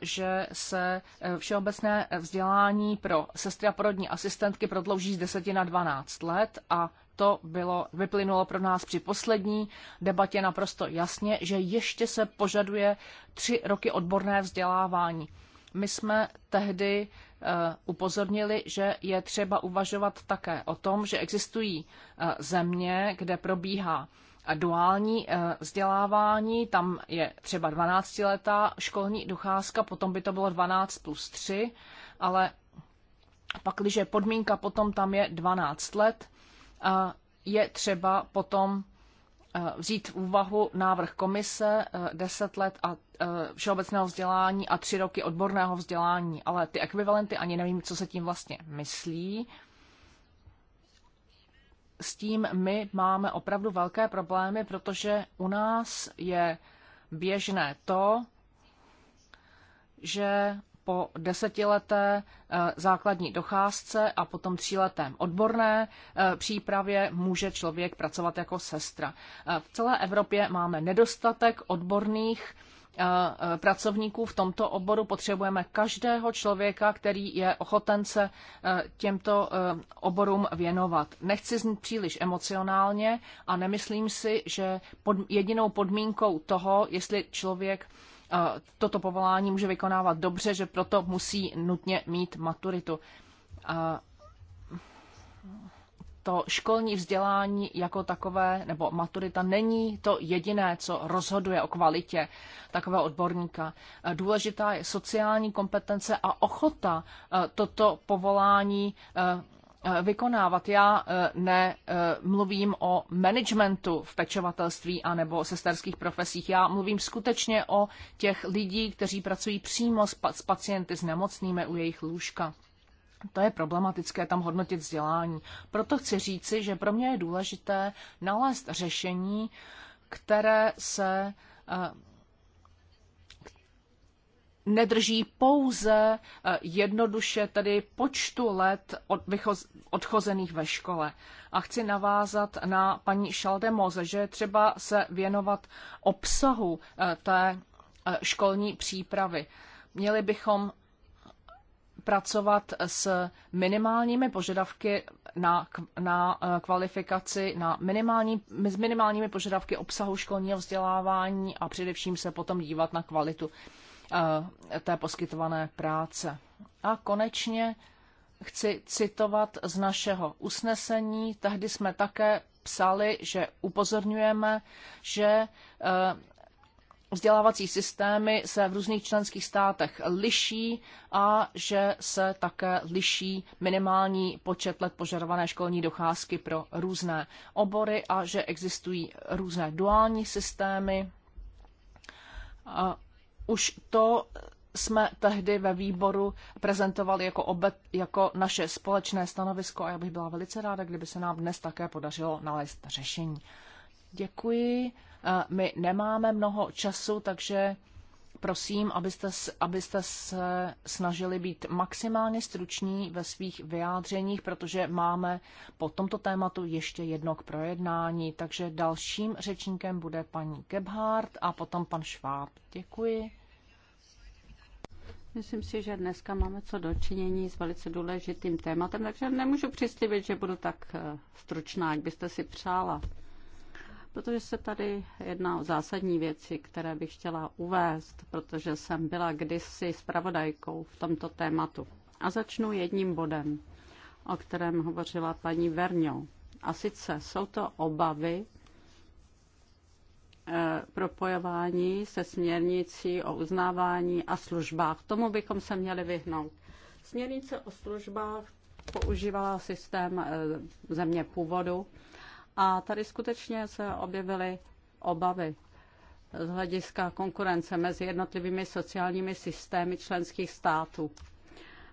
že se všeobecné vzdělání pro sestry a porodní asistentky prodlouží z 10 na 12 let a to bylo, vyplynulo pro nás při poslední debatě naprosto jasně, že ještě se požaduje tři roky odborné vzdělávání. My jsme tehdy eh, upozornili, že je třeba uvažovat také o tom, že existují eh, země, kde probíhá eh, duální vzdělávání, tam je třeba 12-letá školní docházka, potom by to bylo 12 plus 3, ale pak, je podmínka potom tam je 12 let, je třeba potom Eh, vzít v úvahu návrh komise 10 eh, let a eh, všeobecného vzdělání a 3 roky odborného vzdělání, ale ty ekvivalenty ani nevím, co se tím vlastně myslí. S tím my máme opravdu velké problémy, protože u nás je běžné to, že po desetileté eh, základní docházce a potom tříleté odborné eh, přípravě může člověk pracovat jako sestra. Eh, v celé Evropě máme nedostatek odborných pracovníků v tomto oboru. Potřebujeme každého člověka, který je ochoten se těmto oborům věnovat. Nechci znít příliš emocionálně a nemyslím si, že pod jedinou podmínkou toho, jestli člověk toto povolání může vykonávat dobře, že proto musí nutně mít maturitu. To školní vzdělání jako takové, nebo maturita, není to jediné, co rozhoduje o kvalitě takového odborníka. Důležitá je sociální kompetence a ochota toto povolání Eh, vykonávat. Já eh, ne eh, mluvím o managementu v pečovatelství anebo sesterských profesích. Já mluvím skutečně o těch lidí, kteří pracují přímo s pacienty, s nemocnými u jejich lůžka. To je problematické tam hodnotit vzdělání. Proto chci říci, že pro mě je důležité nalézt řešení, které se nedrží pouze eh, jednoduše tedy počtu let od odchozených ve škole. A chci navázat na paní Šaldemoze, že je třeba se věnovat obsahu eh, té eh, školní přípravy. Měli bychom pracovat s minimálními požadavky na, na kvalifikaci, na minimální, s minimálními požadavky obsahu školního vzdělávání a především se potom dívat na kvalitu Eh, té poskytované práce. A konečně chci citovat z našeho usnesení. Tehdy jsme také psali, že upozorňujeme, že eh, vzdělávací systémy se v různých členských státech liší a že se také liší minimální počet let požadované školní docházky pro různé obory a že existují různé duální systémy. Už to jsme tehdy ve výboru prezentovali jako, obet, jako naše společné stanovisko a já bych byla velice ráda, kdyby se nám dnes také podařilo nalézt řešení. Děkuji. Eh, my nemáme mnoho času, takže prosím, abyste, abyste se snažili být maximálně struční ve svých vyjádřeních, protože máme po tomto tématu ještě jedno k projednání. Takže dalším řečníkem bude paní Gebhardt a potom pan Šváb. Děkuji. Myslím si, že dneska máme co dočinění s velice důležitým tématem, takže nemůžu přislíbit, že budu tak eh, stručná, jak byste si přála protože se tady jedná o zásadní věci, které bych chtěla uvést, protože jsem byla kdysi spravodajkou v tomto tématu. A začnu jedním bodem, o kterém hovořila paní Verňo. A sice jsou to obavy e, propojování se směrnicí o uznávání a službách. Tomu bychom se měli vyhnout. Směrnice o službách používala systém e, země původu a tady skutečně se objevily obavy z hlediska konkurence mezi jednotlivými sociálními systémy členských států.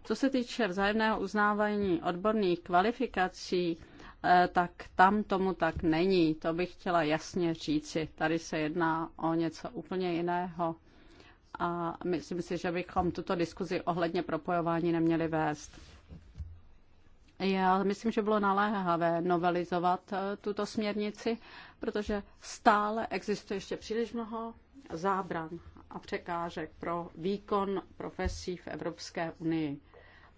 Co se týče vzájemného uznávání odborných kvalifikací, eh, tak tam tomu tak není. To bych chtěla jasně říci. Tady se jedná o něco úplně jiného. A myslím si, že bychom tuto diskuzi ohledně propojování neměli vést. Já myslím, že bylo naléhavé novelizovat eh, tuto směrnici, protože stále existuje ještě příliš mnoho zábran a překážek pro výkon profesí v Evropské unii.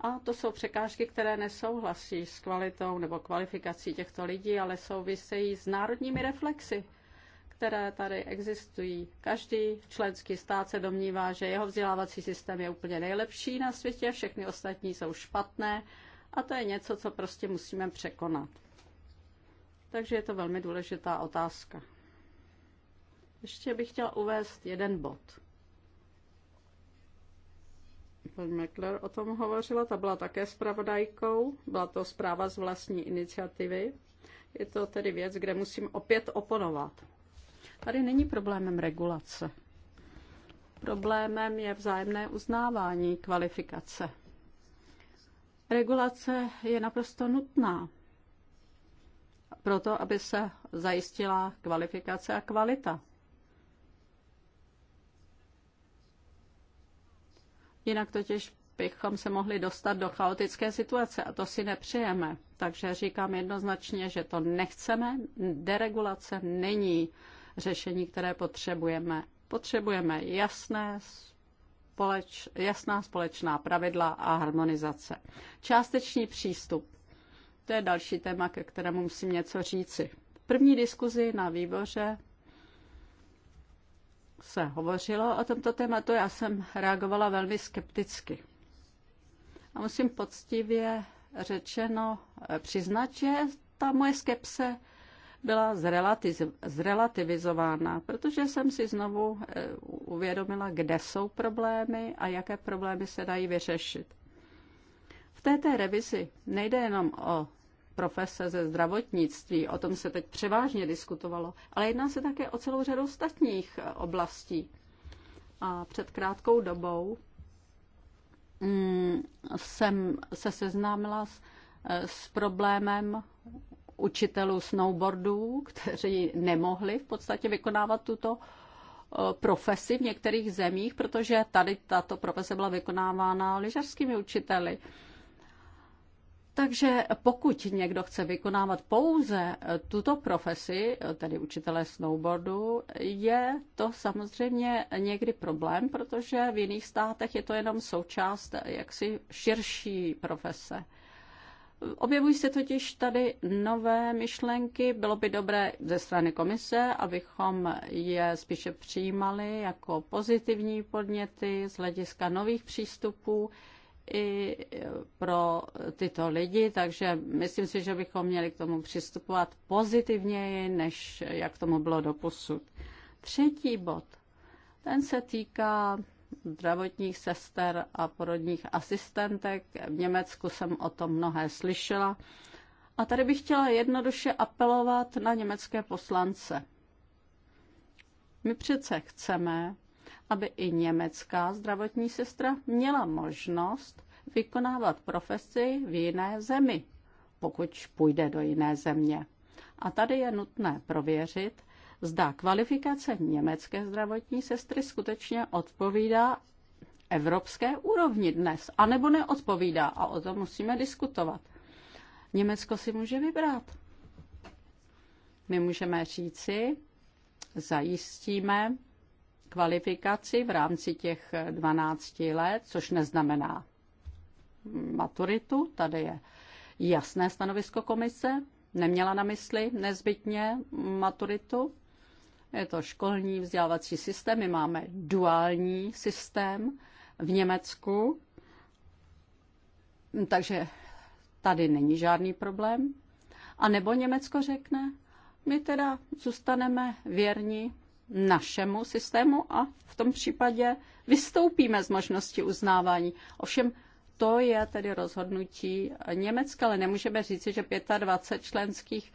A to jsou překážky, které nesouhlasí s kvalitou nebo kvalifikací těchto lidí, ale souvisejí s národními reflexy, které tady existují. Každý členský stát se domnívá, že jeho vzdělávací systém je úplně nejlepší na světě, všechny ostatní jsou špatné a to je něco, co prostě musíme překonat. Takže je to velmi důležitá otázka. Ještě bych chtěla uvést jeden bod. Paní Meckler o tom hovořila, ta byla také zpravodajkou, byla to zpráva z vlastní iniciativy. Je to tedy věc, kde musím opět oponovat. Tady není problémem regulace. Problémem je vzájemné uznávání kvalifikace. Regulace je naprosto nutná proto, aby se zajistila kvalifikace a kvalita. Jinak totiž bychom se mohli dostat do chaotické situace a to si nepřejeme. Takže říkám jednoznačně, že to nechceme. Deregulace není řešení, které potřebujeme. Potřebujeme jasné, společ, jasná společná pravidla a harmonizace. Částečný přístup. To je další téma, ke kterému musím něco říci. V první diskuzi na výboře se hovořilo o tomto tématu, já jsem reagovala velmi skepticky. A musím poctivě řečeno eh, přiznat, že ta moje skepse byla zrelativizována, protože jsem si znovu eh, uvědomila, kde jsou problémy a jaké problémy se dají vyřešit. V této revizi nejde jenom o profese ze zdravotnictví, o tom se teď převážně diskutovalo, ale jedná se také o celou řadu ostatních eh, oblastí. A před krátkou dobou mm, jsem se seznámila s, eh, s problémem učitelů snowboardů, *laughs* kteří nemohli v podstatě vykonávat tuto Eh, profesi v některých zemích, protože tady tato profese byla vykonávána lyžařskými učiteli. Takže pokud někdo chce vykonávat pouze eh, tuto profesi, eh, tedy učitele snowboardu, je to samozřejmě někdy problém, protože v jiných státech je to jenom součást jaksi širší profese. Objevují se totiž tady nové myšlenky. Bylo by dobré ze strany komise, abychom je spíše přijímali jako pozitivní podněty z hlediska nových přístupů i pro tyto lidi, takže myslím si, že bychom měli k tomu přistupovat pozitivněji, než jak tomu bylo doposud. Třetí bod, ten se týká zdravotních sester a porodních asistentek. V Německu jsem o tom mnohé slyšela. A tady bych chtěla jednoduše apelovat na německé poslance. My přece chceme, aby i německá zdravotní sestra měla možnost vykonávat profesi v jiné zemi, pokud půjde do jiné země. A tady je nutné prověřit, zda kvalifikace německé zdravotní sestry skutečně odpovídá evropské úrovni dnes, anebo neodpovídá. A o tom musíme diskutovat. Německo si může vybrat. My můžeme říci, zajistíme kvalifikaci v rámci těch 12 let, což neznamená maturitu. Tady je jasné stanovisko komise. Neměla na mysli nezbytně maturitu, je to školní vzdělávací systém, my máme duální systém v Německu, takže tady není žádný problém. A nebo Německo řekne, my teda zůstaneme věrni našemu systému a v tom případě vystoupíme z možnosti uznávání. Ovšem to je tedy rozhodnutí Německa, ale nemůžeme říci, že 25 členských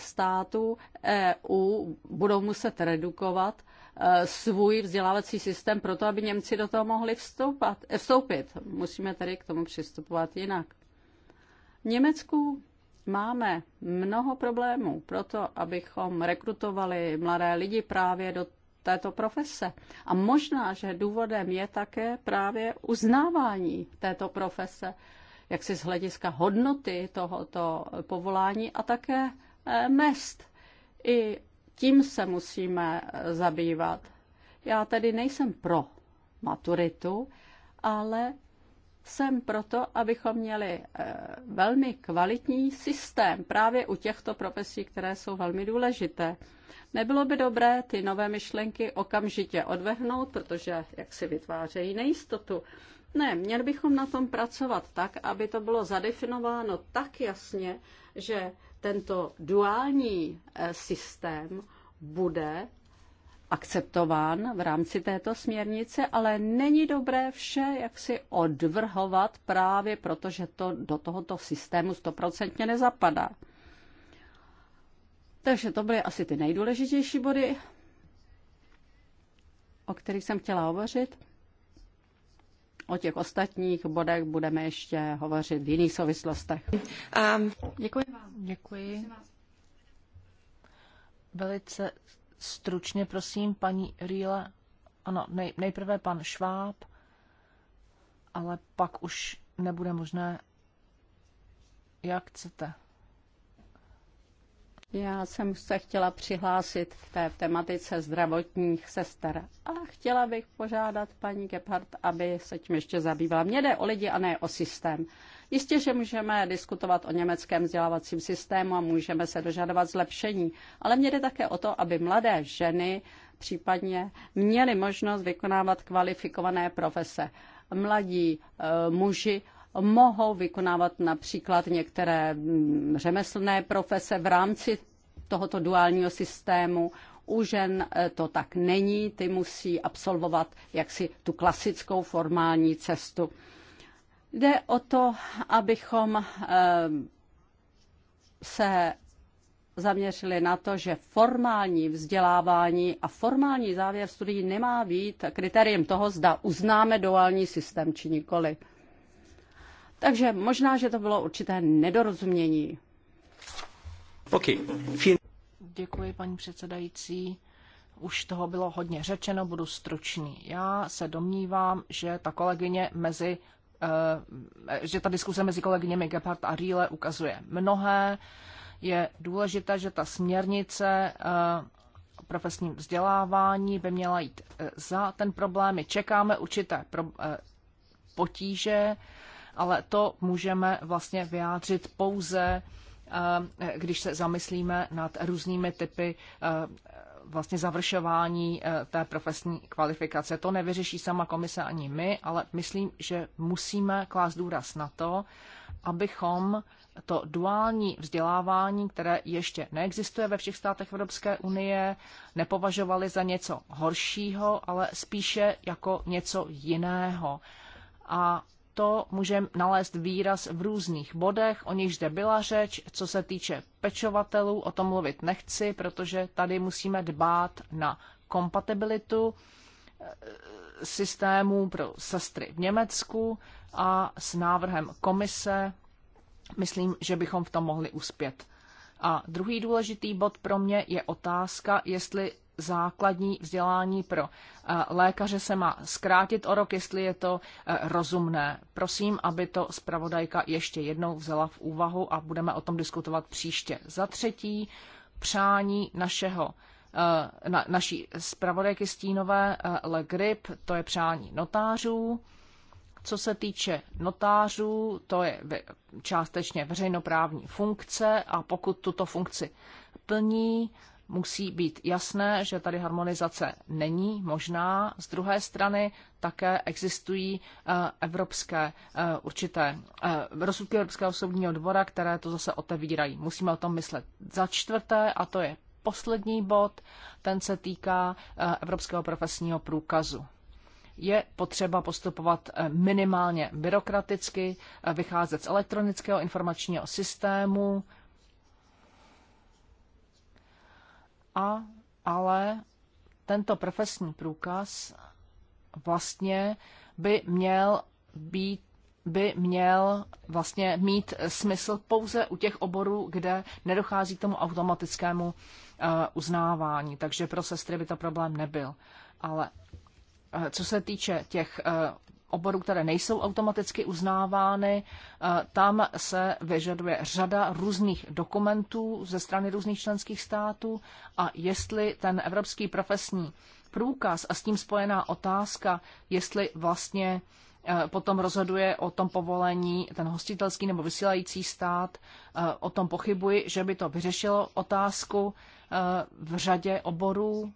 států EU budou muset redukovat e, svůj vzdělávací systém proto, aby Němci do toho mohli vstoupat, e, vstoupit. Musíme tedy k tomu přistupovat jinak. V Německu máme mnoho problémů proto, abychom rekrutovali mladé lidi právě do této profese. A možná, že důvodem je také právě uznávání této profese, jak si z hlediska hodnoty tohoto povolání a také Eh, mest. I tím se musíme eh, zabývat. Já tedy nejsem pro maturitu, ale jsem proto, abychom měli eh, velmi kvalitní systém právě u těchto profesí, které jsou velmi důležité. Nebylo by dobré ty nové myšlenky okamžitě odvehnout, protože jak si vytvářejí nejistotu. Ne, měli bychom na tom pracovat tak, aby to bylo zadefinováno tak jasně, že tento duální eh, systém bude akceptován v rámci této směrnice, ale není dobré vše jaksi odvrhovat právě proto, že to do tohoto systému stoprocentně nezapadá. Takže to byly asi ty nejdůležitější body, o kterých jsem chtěla hovořit. O těch ostatních bodech budeme ještě hovořit v jiných souvislostech. Um, děkuji vám. Děkuji. Velice stručně, prosím, paní Rýle. Ano, nej, nejprve pan Šváb, ale pak už nebude možné, jak chcete. Já jsem se chtěla přihlásit v té tematice zdravotních sester a chtěla bych požádat paní Gebhardt, aby se tím ještě zabývala. Mně jde o lidi a ne o systém. Jistě, že můžeme diskutovat o německém vzdělávacím systému a můžeme se dožadovat zlepšení, ale mně jde také o to, aby mladé ženy případně měly možnost vykonávat kvalifikované profese mladí eh, muži mohou vykonávat například některé mm, řemeslné profese v rámci tohoto duálního systému. U žen eh, to tak není, ty musí absolvovat jaksi tu klasickou formální cestu. Jde o to, abychom eh, se zaměřili na to, že formální vzdělávání a formální závěr studií nemá být kritériem toho, zda uznáme duální systém či nikoli. Takže možná, že to bylo určité nedorozumění. Okay. Děkuji, paní předsedající. Už toho bylo hodně řečeno, budu stručný. Já se domnívám, že ta kolegyně mezi eh, že ta diskuse mezi kolegyněmi Gephardt a Riele ukazuje mnohé. Je důležité, že ta směrnice eh, profesním vzdělávání by měla jít eh, za ten problém. My čekáme určité potíže ale to můžeme vlastně vyjádřit pouze, eh, když se zamyslíme nad různými typy eh, vlastně završování eh, té profesní kvalifikace. To nevyřeší sama komise ani my, ale myslím, že musíme klást důraz na to, abychom to duální vzdělávání, které ještě neexistuje ve všech státech Evropské unie, nepovažovali za něco horšího, ale spíše jako něco jiného. A to můžeme nalézt výraz v různých bodech, o nich zde byla řeč, co se týče pečovatelů, o tom mluvit nechci, protože tady musíme dbát na kompatibilitu eh, systémů pro sestry v Německu a s návrhem komise myslím, že bychom v tom mohli uspět. A druhý důležitý bod pro mě je otázka, jestli základní vzdělání pro eh, lékaře se má zkrátit o rok, jestli je to eh, rozumné. Prosím, aby to zpravodajka ještě jednou vzala v úvahu a budeme o tom diskutovat příště. Za třetí, přání našeho eh, na, naší zpravodajky Stínové Le Grip, to je přání notářů. Co se týče notářů, to je částečně veřejnoprávní funkce a pokud tuto funkci plní, musí být jasné, že tady harmonizace není možná. Z druhé strany také existují eh, evropské eh, určité eh, rozsudky Evropského soudního dvora, které to zase otevírají. Musíme o tom myslet. Za čtvrté, a to je poslední bod, ten se týká Evropského profesního průkazu je potřeba postupovat minimálně byrokraticky, vycházet z elektronického informačního systému, A, ale tento profesní průkaz vlastně by měl být by měl vlastně mít smysl pouze u těch oborů, kde nedochází k tomu automatickému eh, uznávání. Takže pro sestry by to problém nebyl. Ale eh, co se týče těch eh, oborů, které nejsou automaticky uznávány, e, tam se vyžaduje řada různých dokumentů ze strany různých členských států a jestli ten evropský profesní průkaz a s tím spojená otázka, jestli vlastně e, potom rozhoduje o tom povolení ten hostitelský nebo vysílající stát. E, o tom pochybuji, že by to vyřešilo otázku v řadě oborů,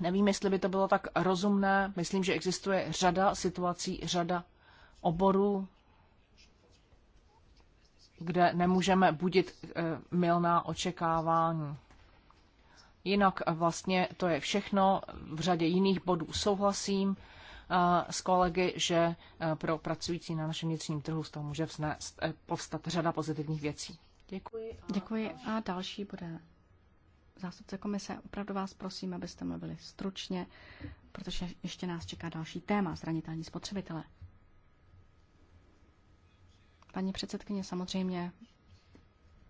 Nevím, jestli by to bylo tak rozumné. Myslím, že existuje řada situací, řada oborů, kde nemůžeme budit eh, milná očekávání. Jinak eh, vlastně to je všechno. V řadě jiných bodů souhlasím eh, s kolegy, že pro pracující na našem vnitřním trhu z toho může vznést, povstat řada pozitivních věcí. Děkuji. A Děkuji a další bude zástupce komise, opravdu vás prosím, abyste mluvili stručně, protože ještě nás čeká další téma zranitelní spotřebitele. Paní předsedkyně, samozřejmě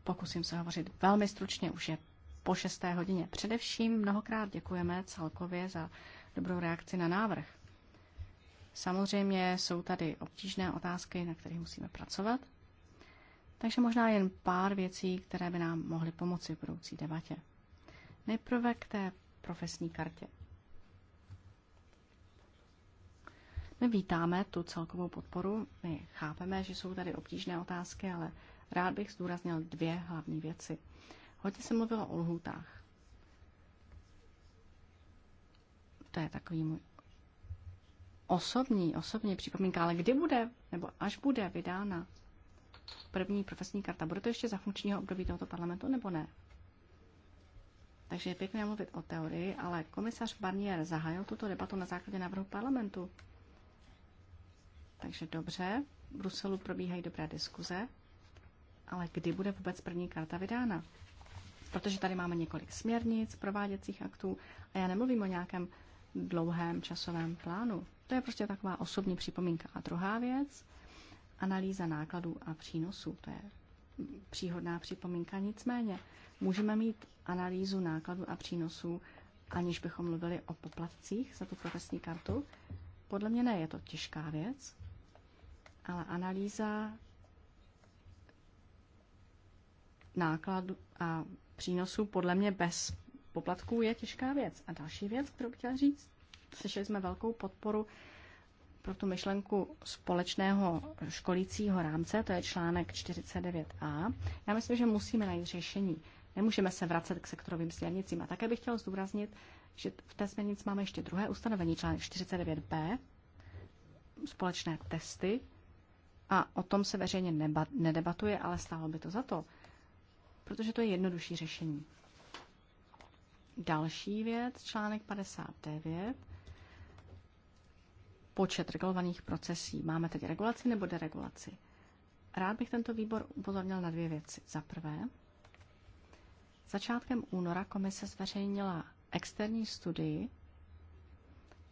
pokusím se hovořit velmi stručně, už je po šesté hodině. Především mnohokrát děkujeme celkově za dobrou reakci na návrh. Samozřejmě jsou tady obtížné otázky, na kterých musíme pracovat, takže možná jen pár věcí, které by nám mohly pomoci v budoucí debatě. Nejprve k té profesní kartě. My vítáme tu celkovou podporu, my chápeme, že jsou tady obtížné otázky, ale rád bych zdůraznil dvě hlavní věci. Hodně se mluvilo o lhůtách. To je takový můj osobní, osobní připomínka, ale kdy bude, nebo až bude vydána první profesní karta, bude to ještě za funkčního období tohoto parlamentu, nebo ne? Takže je pěkné mluvit o teorii, ale komisař Barnier zahájil tuto debatu na základě návrhu parlamentu. Takže dobře, v Bruselu probíhají dobré diskuze, ale kdy bude vůbec první karta vydána? Protože tady máme několik směrnic, prováděcích aktů a já nemluvím o nějakém dlouhém časovém plánu. To je prostě taková osobní připomínka. A druhá věc, analýza nákladů a přínosů. To je příhodná připomínka. Nicméně, Můžeme mít analýzu nákladů a přínosů, aniž bychom mluvili o poplatcích za tu profesní kartu. Podle mě ne, je to těžká věc, ale analýza nákladů a přínosů podle mě bez poplatků je těžká věc. A další věc, kterou bych chtěla říct, slyšeli jsme velkou podporu pro tu myšlenku společného školícího rámce, to je článek 49a. Já myslím, že musíme najít řešení. Nemůžeme se vracet k sektorovým směrnicím. A také bych chtěl zdůraznit, že v té směrnici máme ještě druhé ustanovení, článek 49b, společné testy. A o tom se veřejně neba, nedebatuje, ale stálo by to za to, protože to je jednodušší řešení. Další věc, článek 59, počet regulovaných procesí. Máme teď regulaci nebo deregulaci? Rád bych tento výbor upozornil na dvě věci. Za prvé, Začátkem února komise zveřejnila externí studii,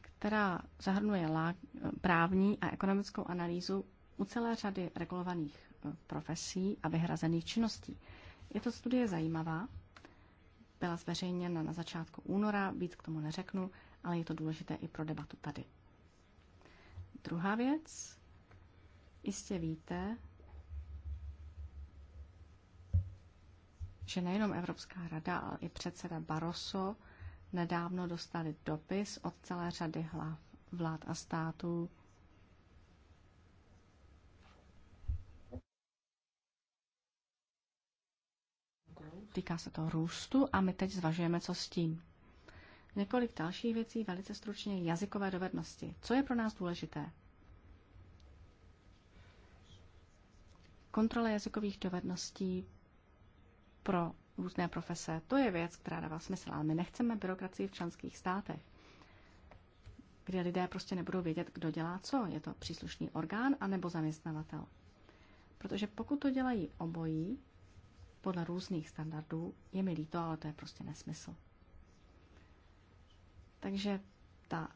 která zahrnuje právní a ekonomickou analýzu u celé řady regulovaných eh, profesí a vyhrazených činností. Je to studie zajímavá, byla zveřejněna na začátku února, víc k tomu neřeknu, ale je to důležité i pro debatu tady. Druhá věc, jistě víte, že nejenom Evropská rada, ale i předseda Barroso nedávno dostali dopis od celé řady hlav vlád a států, Týká se to růstu a my teď zvažujeme, co s tím. Několik dalších věcí, velice stručně jazykové dovednosti. Co je pro nás důležité? Kontrola jazykových dovedností pro různé profese. To je věc, která dává smysl, ale my nechceme byrokracii v členských státech, kde lidé prostě nebudou vědět, kdo dělá co. Je to příslušný orgán anebo zaměstnavatel. Protože pokud to dělají obojí, podle různých standardů, je mi líto, ale to je prostě nesmysl. Takže ta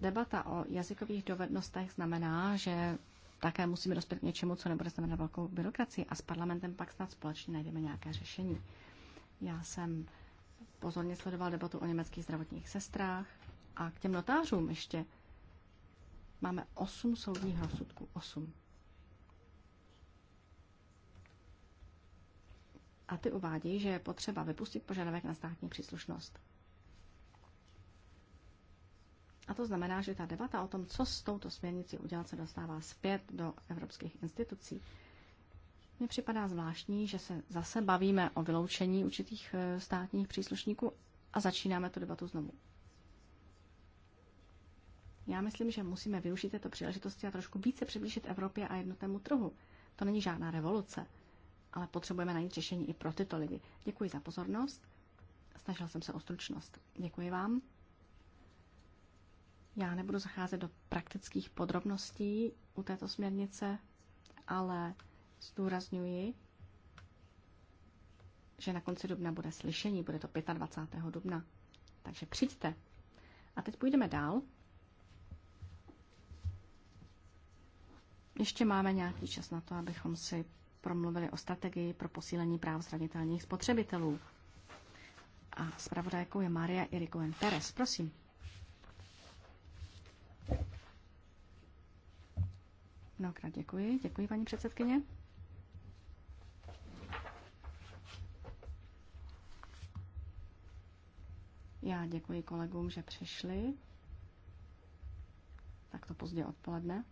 debata o jazykových dovednostech znamená, že také musíme dospět k něčemu, co nebude znamenat velkou byrokracii a s parlamentem pak snad společně najdeme nějaké řešení. Já jsem pozorně sledoval debatu o německých zdravotních sestrách a k těm notářům ještě máme osm soudních rozsudků. osm. A ty uvádí, že je potřeba vypustit požadavek na státní příslušnost. A to znamená, že ta debata o tom, co s touto směrnicí udělat, se dostává zpět do evropských institucí. Mně připadá zvláštní, že se zase bavíme o vyloučení určitých eh, státních příslušníků a začínáme tu debatu znovu. Já myslím, že musíme využít této příležitosti a trošku více přiblížit Evropě a jednotnému trhu. To není žádná revoluce, ale potřebujeme najít řešení i pro tyto lidi. Děkuji za pozornost. Snažil jsem se o stručnost. Děkuji vám. Já nebudu zacházet do praktických podrobností u této směrnice, ale zdůrazňuji, že na konci dubna bude slyšení, bude to 25. dubna. Takže přijďte. A teď půjdeme dál. Ještě máme nějaký čas na to, abychom si promluvili o strategii pro posílení práv zranitelných spotřebitelů. A zpravodajkou je Maria Irigoyen Perez. Prosím. Mnohokrát děkuji. Děkuji, paní předsedkyně. Já děkuji kolegům, že přišli Tak to pozdě odpoledne.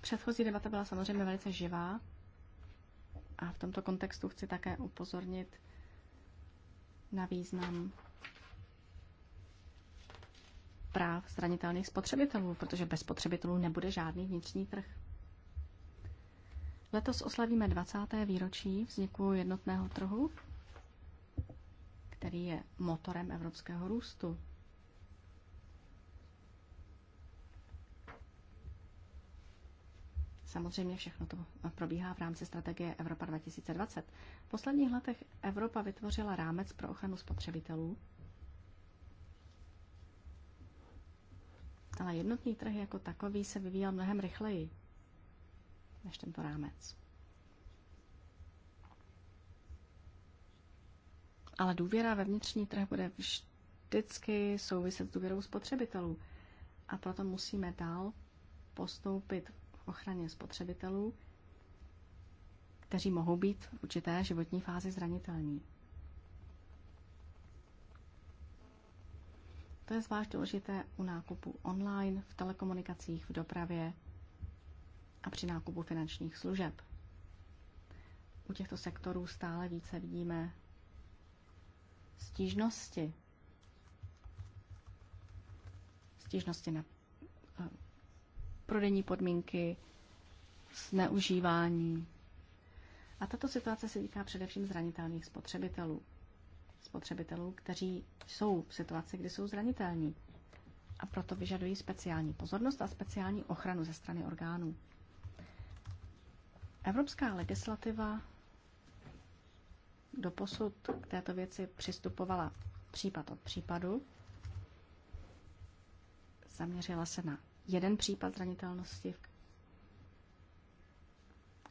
Předchozí debata byla samozřejmě velice živá a v tomto kontextu chci také upozornit na význam práv zranitelných spotřebitelů, protože bez spotřebitelů nebude žádný vnitřní trh. Letos oslavíme 20. výročí vzniku jednotného trhu, který je motorem evropského růstu. Samozřejmě všechno to probíhá v rámci strategie Evropa 2020. V posledních letech Evropa vytvořila rámec pro ochranu spotřebitelů, ale jednotný trh jako takový se vyvíjel mnohem rychleji než tento rámec. Ale důvěra ve vnitřní trh bude vždycky souviset s důvěrou spotřebitelů. A proto musíme dál postoupit v ochraně spotřebitelů, kteří mohou být v určité životní fázi zranitelní. To je zvlášť důležité u nákupu online, v telekomunikacích, v dopravě a při nákupu finančních služeb. U těchto sektorů stále více vidíme stížnosti. Stížnosti na eh, prodejní podmínky, zneužívání. A tato situace se týká především zranitelných spotřebitelů spotřebitelů, kteří jsou v situaci, kdy jsou zranitelní a proto vyžadují speciální pozornost a speciální ochranu ze strany orgánů. Evropská legislativa doposud k této věci přistupovala případ od případu. Zaměřila se na jeden případ zranitelnosti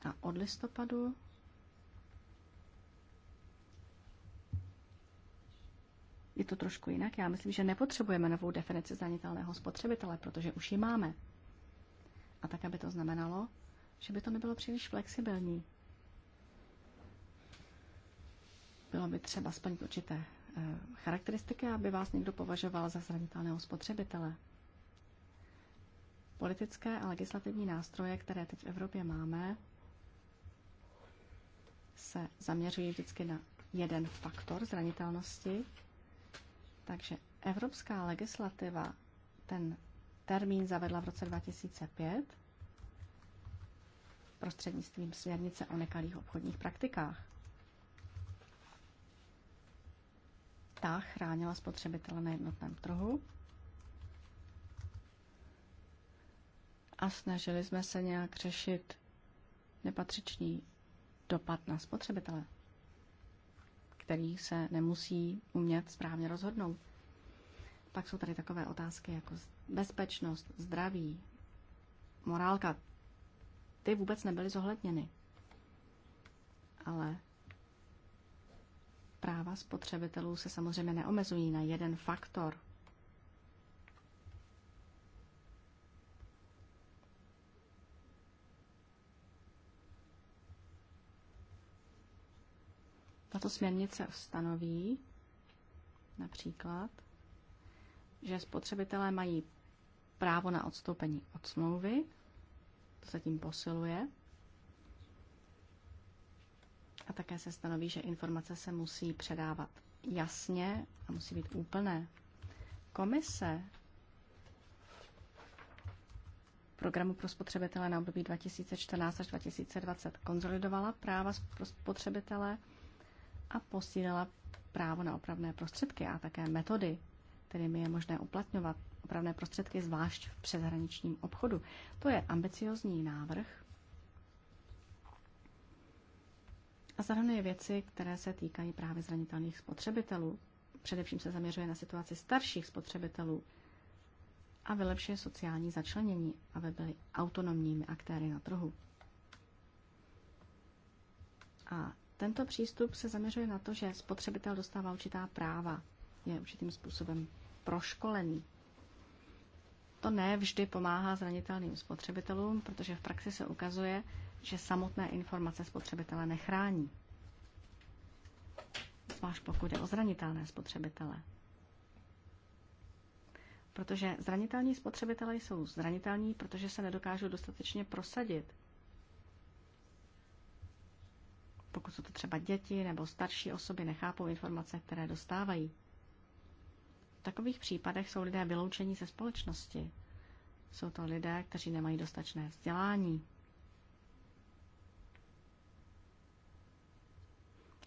a od listopadu je to trošku jinak. Já myslím, že nepotřebujeme novou definici zranitelného spotřebitele, protože už ji máme. A tak, aby to znamenalo, že by to nebylo příliš flexibilní. Bylo by třeba splnit určité eh, charakteristiky, aby vás někdo považoval za zranitelného spotřebitele. Politické a legislativní nástroje, které teď v Evropě máme, se zaměřují vždycky na jeden faktor zranitelnosti, takže evropská legislativa ten termín zavedla v roce 2005 prostřednictvím směrnice o nekalých obchodních praktikách. Ta chránila spotřebitele na jednotném trhu a snažili jsme se nějak řešit nepatřičný dopad na spotřebitele který se nemusí umět správně rozhodnout. Pak jsou tady takové otázky jako bezpečnost, zdraví, morálka. Ty vůbec nebyly zohledněny. Ale práva spotřebitelů se samozřejmě neomezují na jeden faktor – Tato směrnice stanoví například, že spotřebitelé mají právo na odstoupení od smlouvy, to se tím posiluje, a také se stanoví, že informace se musí předávat jasně a musí být úplné. Komise programu pro spotřebitele na období 2014 až 2020 konzolidovala práva pro spotřebitele a posílila právo na opravné prostředky a také metody, kterými je možné uplatňovat opravné prostředky, zvlášť v přeshraničním obchodu. To je ambiciozní návrh a zahrnuje věci, které se týkají právě zranitelných spotřebitelů. Především se zaměřuje na situaci starších spotřebitelů a vylepšuje sociální začlenění, aby byli autonomními aktéry na trhu. A tento přístup se zaměřuje na to, že spotřebitel dostává určitá práva, je určitým způsobem proškolený. To ne vždy pomáhá zranitelným spotřebitelům, protože v praxi se ukazuje, že samotné informace spotřebitele nechrání. Zvlášť pokud je o zranitelné spotřebitele. Protože zranitelní spotřebitelé jsou zranitelní, protože se nedokážou dostatečně prosadit pokud jsou to třeba děti nebo starší osoby, nechápou informace, které dostávají. V takových případech jsou lidé vyloučení ze společnosti. Jsou to lidé, kteří nemají dostatečné vzdělání.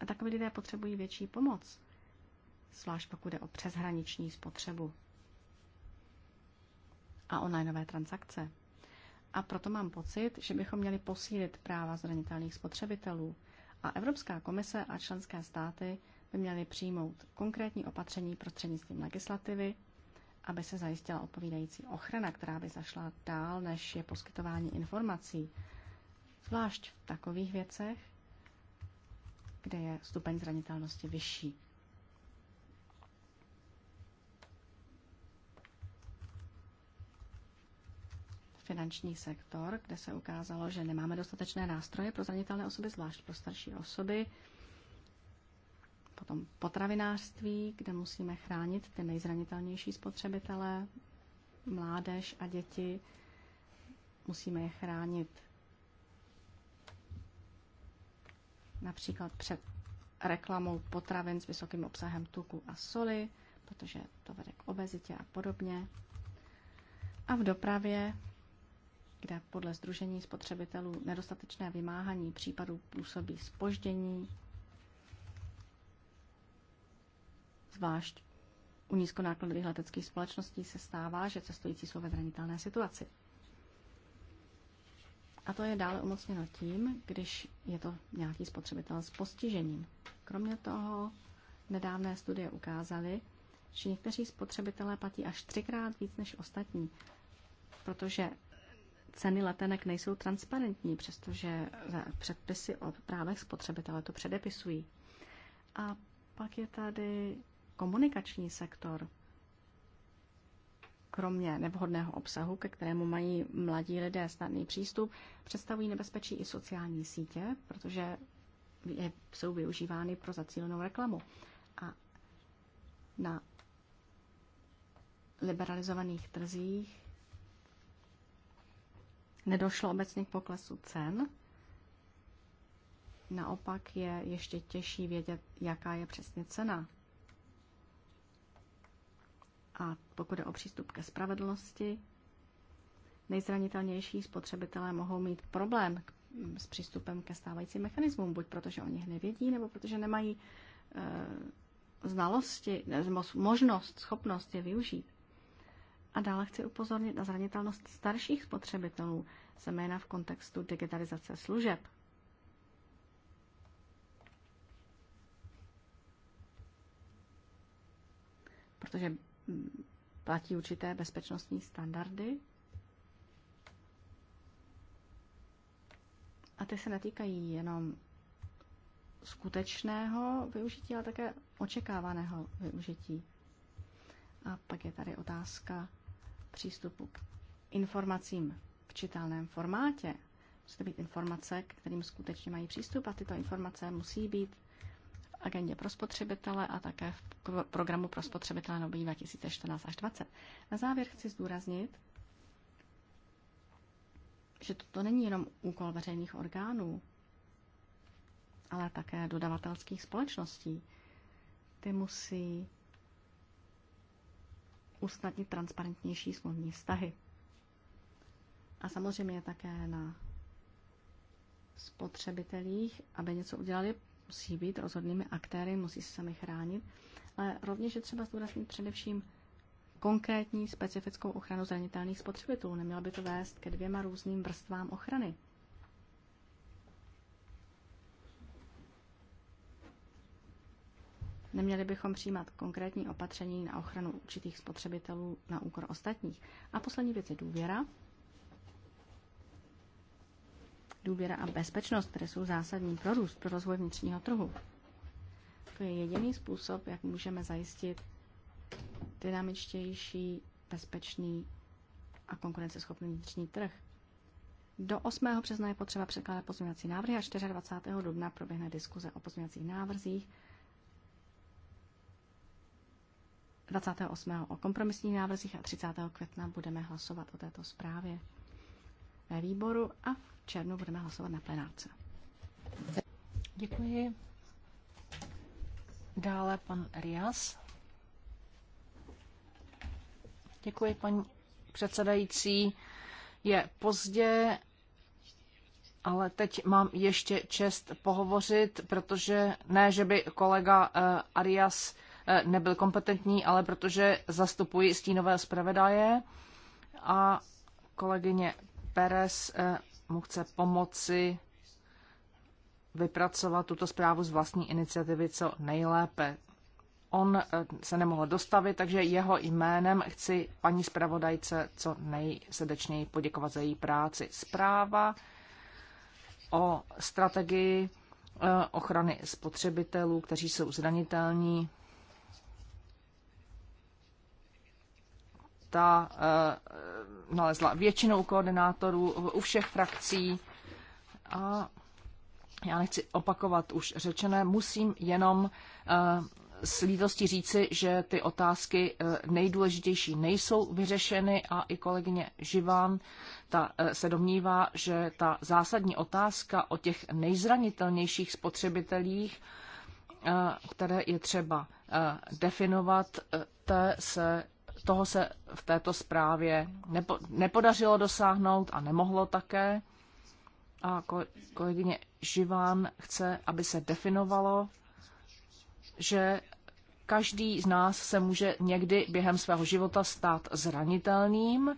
A takoví lidé potřebují větší pomoc, zvlášť pokud jde o přeshraniční spotřebu a onlineové transakce. A proto mám pocit, že bychom měli posílit práva zranitelných spotřebitelů – a Evropská komise a členské státy by měly přijmout konkrétní opatření prostřednictvím legislativy, aby se zajistila odpovídající ochrana, která by zašla dál, než je poskytování informací, zvlášť v takových věcech, kde je stupeň zranitelnosti vyšší. finanční sektor, kde se ukázalo, že nemáme dostatečné nástroje pro zranitelné osoby, zvlášť pro starší osoby. Potom potravinářství, kde musíme chránit ty nejzranitelnější spotřebitele, mládež a děti. Musíme je chránit například před reklamou potravin s vysokým obsahem tuku a soli, protože to vede k obezitě a podobně. A v dopravě kde podle Združení spotřebitelů nedostatečné vymáhání případů působí spoždění, zvlášť u nízkonákladových leteckých společností se stává, že cestující jsou ve zranitelné situaci. A to je dále umocněno tím, když je to nějaký spotřebitel s postižením. Kromě toho nedávné studie ukázaly, že někteří spotřebitelé platí až třikrát víc než ostatní, protože ceny letenek nejsou transparentní, přestože předpisy o právech spotřebitele to předepisují. A pak je tady komunikační sektor. Kromě nevhodného obsahu, ke kterému mají mladí lidé snadný přístup, představují nebezpečí i sociální sítě, protože je, jsou využívány pro zacílenou reklamu. A na liberalizovaných trzích nedošlo obecně k poklesu cen. Naopak je ještě těžší vědět, jaká je přesně cena. A pokud je o přístup ke spravedlnosti, nejzranitelnější spotřebitelé mohou mít problém s přístupem ke stávajícím mechanismům, buď protože o nich nevědí, nebo protože nemají e, znalosti, možnost, schopnost je využít. A dále chci upozornit na zranitelnost starších spotřebitelů, zejména v kontextu digitalizace služeb. Protože platí určité bezpečnostní standardy a ty se netýkají jenom skutečného využití, ale také očekávaného využití. A pak je tady otázka přístupu k informacím v čitelném formátě. Musí to být informace, kterým skutečně mají přístup a tyto informace musí být v agendě pro spotřebitele a také v programu pro spotřebitele nový 2014 až 20. Na závěr chci zdůraznit, že toto není jenom úkol veřejných orgánů, ale také dodavatelských společností. Ty musí usnadnit transparentnější smluvní vztahy. A samozřejmě také na spotřebitelích, aby něco udělali, musí být rozhodnými aktéry, musí se sami chránit, ale rovněž je třeba zdůraznit především konkrétní specifickou ochranu zranitelných spotřebitelů. Nemělo by to vést ke dvěma různým vrstvám ochrany. Neměli bychom přijímat konkrétní opatření na ochranu určitých spotřebitelů na úkor ostatních. A poslední věc je důvěra. Důvěra a bezpečnost, které jsou zásadní pro růst, pro rozvoj vnitřního trhu. To je jediný způsob, jak můžeme zajistit dynamičtější, bezpečný a konkurenceschopný vnitřní trh. Do 8. března je potřeba předkládat pozměňovací návrhy a 24. dubna proběhne diskuze o pozměňovacích návrzích 28. o kompromisních návrzích a 30. května budeme hlasovat o této zprávě ve výboru a v červnu budeme hlasovat na plenáce. Děkuji. Dále pan Rias. Děkuji, paní předsedající. Je pozdě, ale teď mám ještě čest pohovořit, protože ne, že by kolega eh, Arias Eh, nebyl kompetentní, ale protože zastupuji stínové zpravedaje a kolegyně Perez eh, mu chce pomoci vypracovat tuto zprávu z vlastní iniciativy co nejlépe. On eh, se nemohl dostavit, takže jeho jménem chci paní zpravodajce co nejsrdečněji poděkovat za její práci. Zpráva o strategii ochrany spotřebitelů, kteří jsou zranitelní ta eh, nalezla většinou koordinátorů u všech frakcí a já nechci opakovat už řečené, musím jenom eh, s lítostí říci, že ty otázky eh, nejdůležitější nejsou vyřešeny a i kolegyně Živán ta se domnívá, že ta zásadní otázka o těch nejzranitelnějších spotřebitelích, které je třeba definovat, té se toho se v této zprávě nepo, nepodařilo dosáhnout a nemohlo také. A kolegyně Živán chce, aby se definovalo, že každý z nás se může někdy během svého života stát zranitelným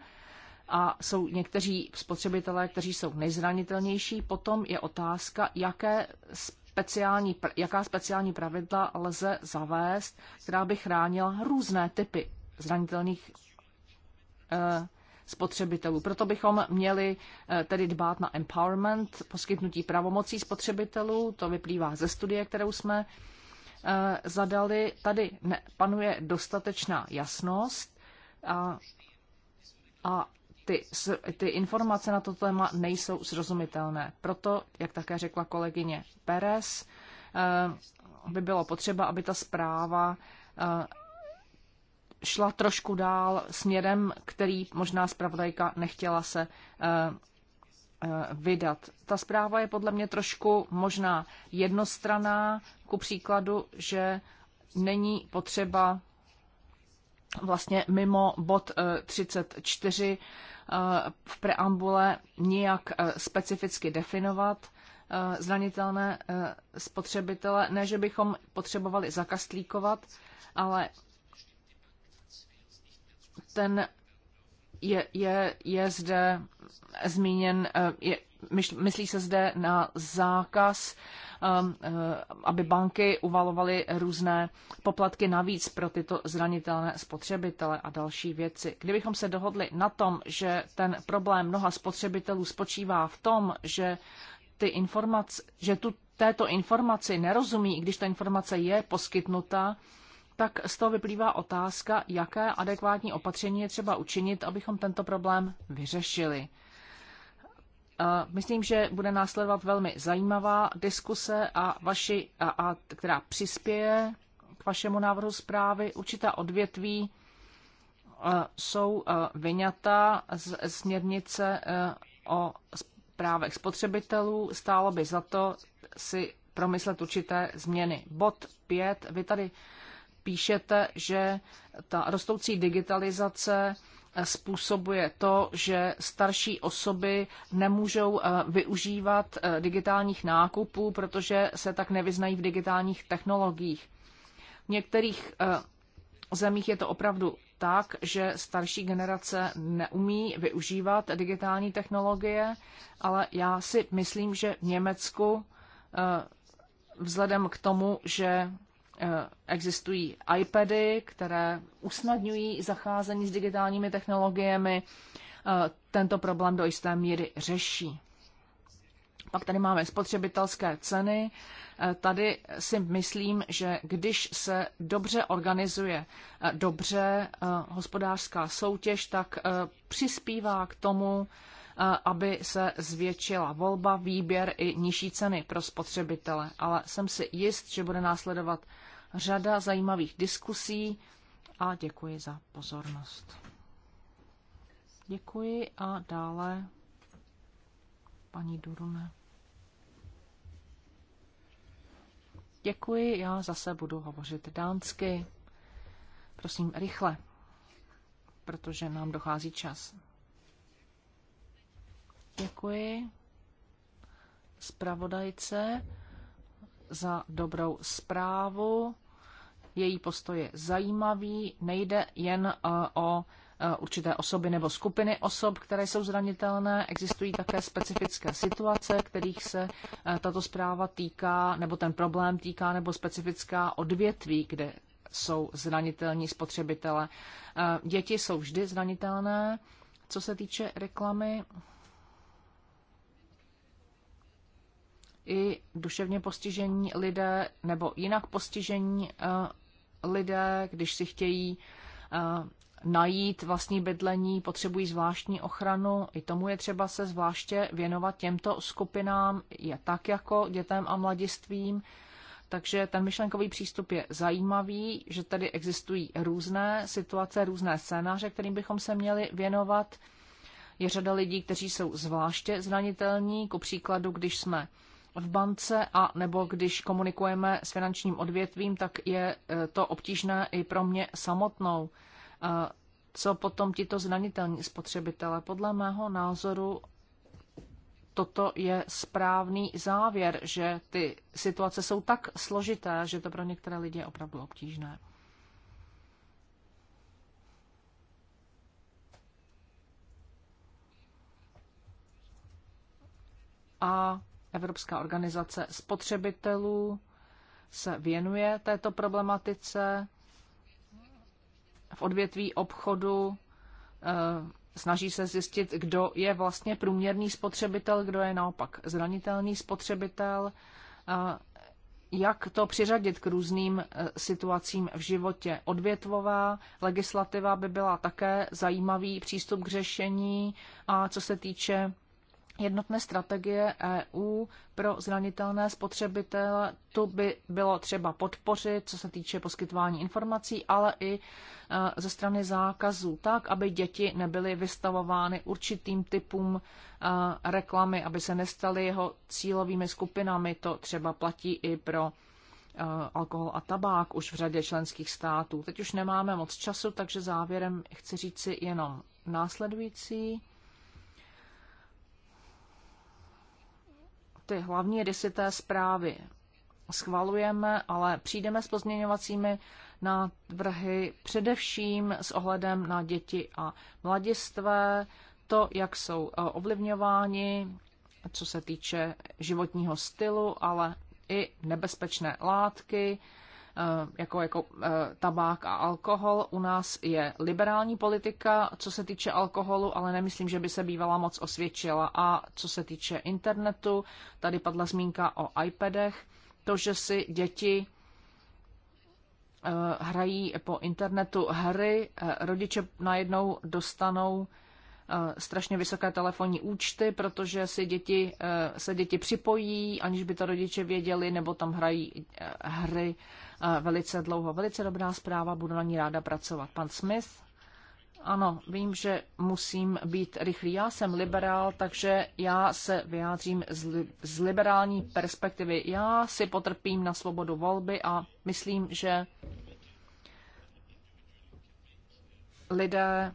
a jsou někteří spotřebitelé, kteří jsou nejzranitelnější. Potom je otázka, jaké speciální, jaká speciální pravidla lze zavést, která by chránila různé typy zranitelných eh, spotřebitelů. Proto bychom měli eh, tedy dbát na empowerment, poskytnutí pravomocí spotřebitelů, to vyplývá ze studie, kterou jsme eh, zadali. Tady panuje dostatečná jasnost a, a ty, ty informace na toto téma nejsou srozumitelné. Proto, jak také řekla kolegyně Perez, by bylo potřeba, aby ta zpráva šla trošku dál směrem, který možná zpravodajka nechtěla se eh, eh, vydat. Ta zpráva je podle mě trošku možná jednostraná, ku příkladu, že není potřeba vlastně mimo bod 34 eh, v preambule nijak specificky definovat zranitelné spotřebitele. Ne, že bychom potřebovali zakastlíkovat, ale ten je, je, je zde zmíněn, eh, je, myslí se zde na zákaz, ehm, eh, aby banky uvalovaly různé poplatky navíc pro tyto zranitelné spotřebitele a další věci. Kdybychom se dohodli na tom, že ten problém mnoha spotřebitelů spočívá v tom, že ty informace, že tu, této informaci nerozumí, i když ta informace je poskytnuta, tak z toho vyplývá otázka, jaké adekvátní opatření je třeba učinit, abychom tento problém vyřešili. Myslím, že bude následovat velmi zajímavá diskuse, a vaši, a, a, která přispěje k vašemu návrhu zprávy. Určitá odvětví e, jsou e, vyňata z směrnice e, o právech spotřebitelů. Stálo by za to si promyslet určité změny. Bod 5. Vy tady píšete, že ta rostoucí digitalizace eh, způsobuje to, že starší osoby nemůžou eh, využívat eh, digitálních nákupů, protože se tak nevyznají v digitálních technologiích. V některých zemích je to opravdu tak, že starší generace neumí využívat digitální technologie, ale já si myslím, že v Německu vzhledem k tomu, že Eh, existují iPady, které usnadňují zacházení s digitálními technologiemi. Eh, tento problém do jisté míry řeší. Pak tady máme spotřebitelské ceny. Eh, tady si myslím, že když se dobře organizuje dobře hospodářská soutěž, tak přispívá k tomu, aby se zvětšila volba, výběr i nižší ceny pro spotřebitele. Ale jsem si jist, že bude následovat řada zajímavých diskusí a děkuji za pozornost. Děkuji a dále paní Durune. Děkuji, já zase budu hovořit dánsky. Prosím, rychle, protože nám dochází čas. Děkuji zpravodajce za dobrou zprávu její postoj je zajímavý. Nejde jen e, o e, určité osoby nebo skupiny osob, které jsou zranitelné. Existují také specifické situace, kterých se e, tato zpráva týká, nebo ten problém týká, nebo specifická odvětví, kde jsou zranitelní spotřebitele. Děti jsou vždy zranitelné, co se týče reklamy. I duševně postižení lidé nebo jinak postižení lidé, když si chtějí eh, najít vlastní bydlení, potřebují zvláštní ochranu. I tomu je třeba se zvláště věnovat těmto skupinám, je tak jako dětem a mladistvím. Takže ten myšlenkový přístup je zajímavý, že tady existují různé situace, různé scénáře, kterým bychom se měli věnovat. Je řada lidí, kteří jsou zvláště zranitelní, ku příkladu, když jsme v bance a nebo když komunikujeme s finančním odvětvím, tak je e, to obtížné i pro mě samotnou. E, co potom tito zranitelní spotřebitele? Podle mého názoru toto je správný závěr, že ty situace jsou tak složité, že to pro některé lidi je opravdu obtížné. A Evropská organizace spotřebitelů se věnuje této problematice. V odvětví obchodu eh, snaží se zjistit, kdo je vlastně průměrný spotřebitel, kdo je naopak zranitelný spotřebitel, eh, jak to přiřadit k různým eh, situacím v životě. Odvětvová legislativa by byla také zajímavý přístup k řešení a co se týče jednotné strategie EU pro zranitelné spotřebitele. To by bylo třeba podpořit, co se týče poskytování informací, ale i e, ze strany zákazů, tak, aby děti nebyly vystavovány určitým typům e, reklamy, aby se nestaly jeho cílovými skupinami. To třeba platí i pro e, alkohol a tabák už v řadě členských států. Teď už nemáme moc času, takže závěrem chci říci jenom následující ty hlavní rysy zprávy schvalujeme, ale přijdeme s pozměňovacími návrhy především s ohledem na děti a mladistvé, to, jak jsou eh, ovlivňováni, co se týče životního stylu, ale i nebezpečné látky, Eh, jako, jako eh, tabák a alkohol. U nás je liberální politika, co se týče alkoholu, ale nemyslím, že by se bývala moc osvědčila. A co se týče internetu, tady padla zmínka o iPadech. To, že si děti eh, hrají po internetu hry, rodiče najednou dostanou strašně vysoké telefonní účty, protože si děti, se děti připojí, aniž by to rodiče věděli, nebo tam hrají hry velice dlouho. Velice dobrá zpráva, budu na ní ráda pracovat. Pan Smith? Ano, vím, že musím být rychlý. Já jsem liberál, takže já se vyjádřím z, li- z liberální perspektivy. Já si potrpím na svobodu volby a myslím, že lidé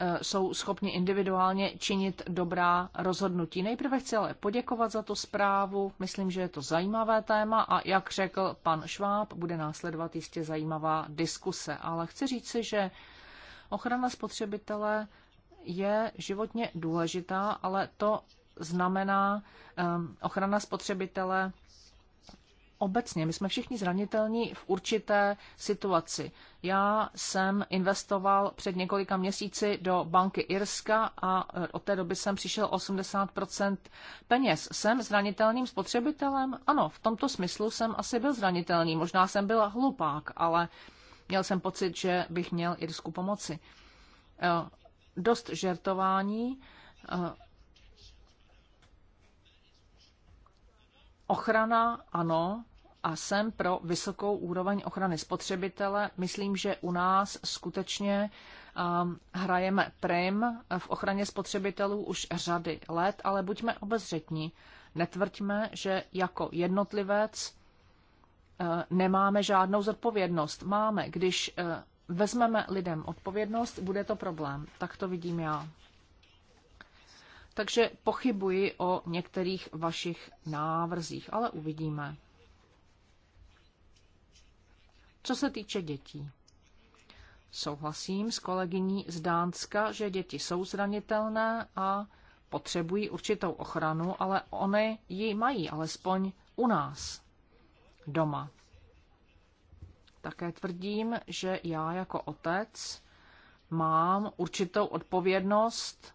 Eh, jsou schopni individuálně činit dobrá rozhodnutí. Nejprve chci ale poděkovat za tu zprávu. Myslím, že je to zajímavé téma a jak řekl pan Šváb, bude následovat jistě zajímavá diskuse. Ale chci říci, že ochrana spotřebitele je životně důležitá, ale to znamená eh, ochrana spotřebitele obecně. My jsme všichni zranitelní v určité situaci. Já jsem investoval před několika měsíci do banky Irska a e, od té doby jsem přišel 80 peněz. Jsem zranitelným spotřebitelem? Ano, v tomto smyslu jsem asi byl zranitelný. Možná jsem byl hlupák, ale měl jsem pocit, že bych měl Irsku pomoci. E, dost žertování e, Ochrana ano, a jsem pro vysokou úroveň ochrany spotřebitele. Myslím, že u nás skutečně um, hrajeme prim v ochraně spotřebitelů už řady let, ale buďme obezřetní. Netvrďme, že jako jednotlivec uh, nemáme žádnou zodpovědnost. Máme, když uh, vezmeme lidem odpovědnost, bude to problém. Tak to vidím já takže pochybuji o některých vašich návrzích, ale uvidíme. Co se týče dětí. Souhlasím s kolegyní z Dánska, že děti jsou zranitelné a potřebují určitou ochranu, ale oni ji mají, alespoň u nás, doma. Také tvrdím, že já jako otec mám určitou odpovědnost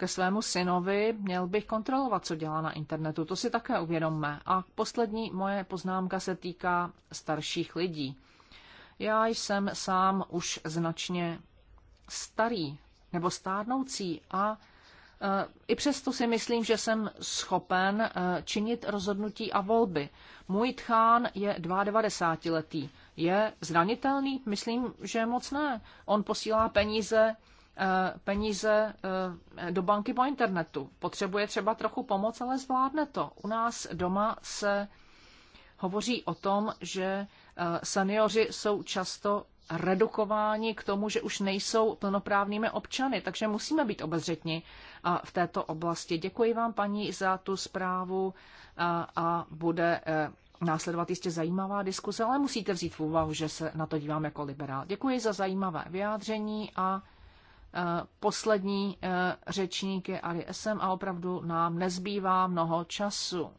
ke svému synovi, měl bych kontrolovat, co dělá na internetu. To si také uvědomme. A poslední moje poznámka se týká starších lidí. Já jsem sám už značně starý nebo stárnoucí a eh, i přesto si myslím, že jsem schopen eh, činit rozhodnutí a volby. Můj tchán je 92-letý. Je zranitelný? Myslím, že moc ne. On posílá peníze Eh, peníze eh, do banky po internetu. Potřebuje třeba trochu pomoc, ale zvládne to. U nás doma se hovoří o tom, že eh, seniori jsou často redukováni k tomu, že už nejsou plnoprávnými občany, takže musíme být obezřetní v této oblasti. Děkuji vám, paní, za tu zprávu a, bude následovat jistě zajímavá diskuse, ale musíte vzít v úvahu, že se na to dívám jako liberál. Děkuji za zajímavé vyjádření a Poslední eh, řečník je SM a opravdu nám nezbývá mnoho času.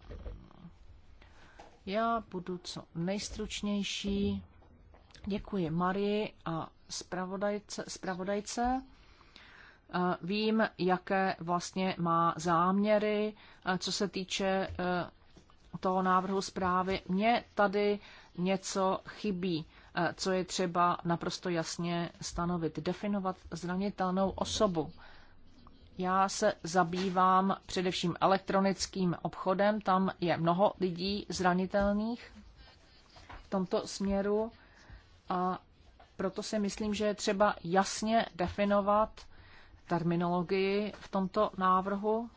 Já budu co nejstručnější. Děkuji Marii a zpravodajce. zpravodajce. Eh, vím, jaké vlastně má záměry, eh, co se týče toho návrhu zprávy. Mně tady něco chybí. Eh, co je třeba naprosto jasně stanovit, definovat zranitelnou osobu. Já se zabývám především elektronickým obchodem, tam je mnoho lidí zranitelných v tomto směru a proto si myslím, že je třeba jasně definovat terminologii v tomto návrhu.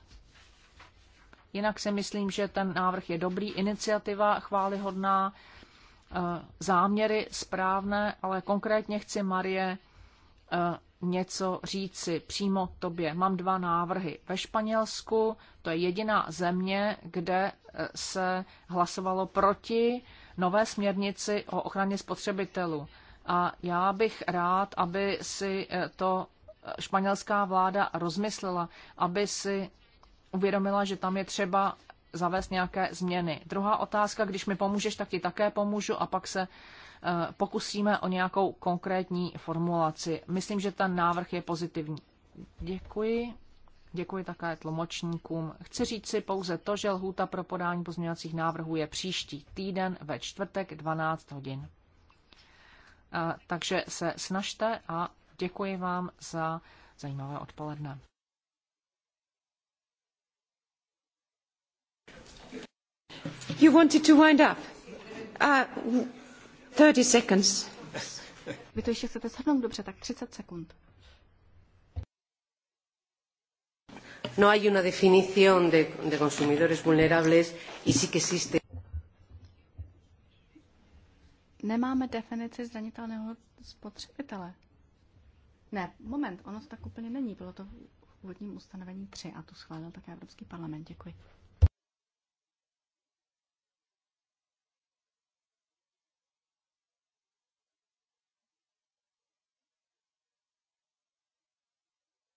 Jinak si myslím, že ten návrh je dobrý, iniciativa chválihodná Eh, záměry správné, ale konkrétně chci, Marie, eh, něco říci přímo tobě. Mám dva návrhy. Ve Španělsku to je jediná země, kde eh, se hlasovalo proti nové směrnici o ochraně spotřebitelů. A já bych rád, aby si to španělská vláda rozmyslela, aby si uvědomila, že tam je třeba zavést nějaké změny. Druhá otázka, když mi pomůžeš, tak ti také pomůžu a pak se eh, pokusíme o nějakou konkrétní formulaci. Myslím, že ten návrh je pozitivní. Děkuji. Děkuji také tlumočníkům. Chci říct si pouze to, že lhůta pro podání pozměňovacích návrhů je příští týden ve čtvrtek 12 hodin. Eh, takže se snažte a děkuji vám za zajímavé odpoledne. You wanted to wind up. Uh, 30 seconds. Vy to ještě chcete shrnout? Dobře, tak 30 sekund. No hay una definición de, de consumidores vulnerables y sí que existe. Nemáme definici zranitelného spotřebitele. Ne, moment, ono to tak úplně není. Bylo to v úvodním ustanovení 3 a to schválil také Evropský parlament. Děkuji.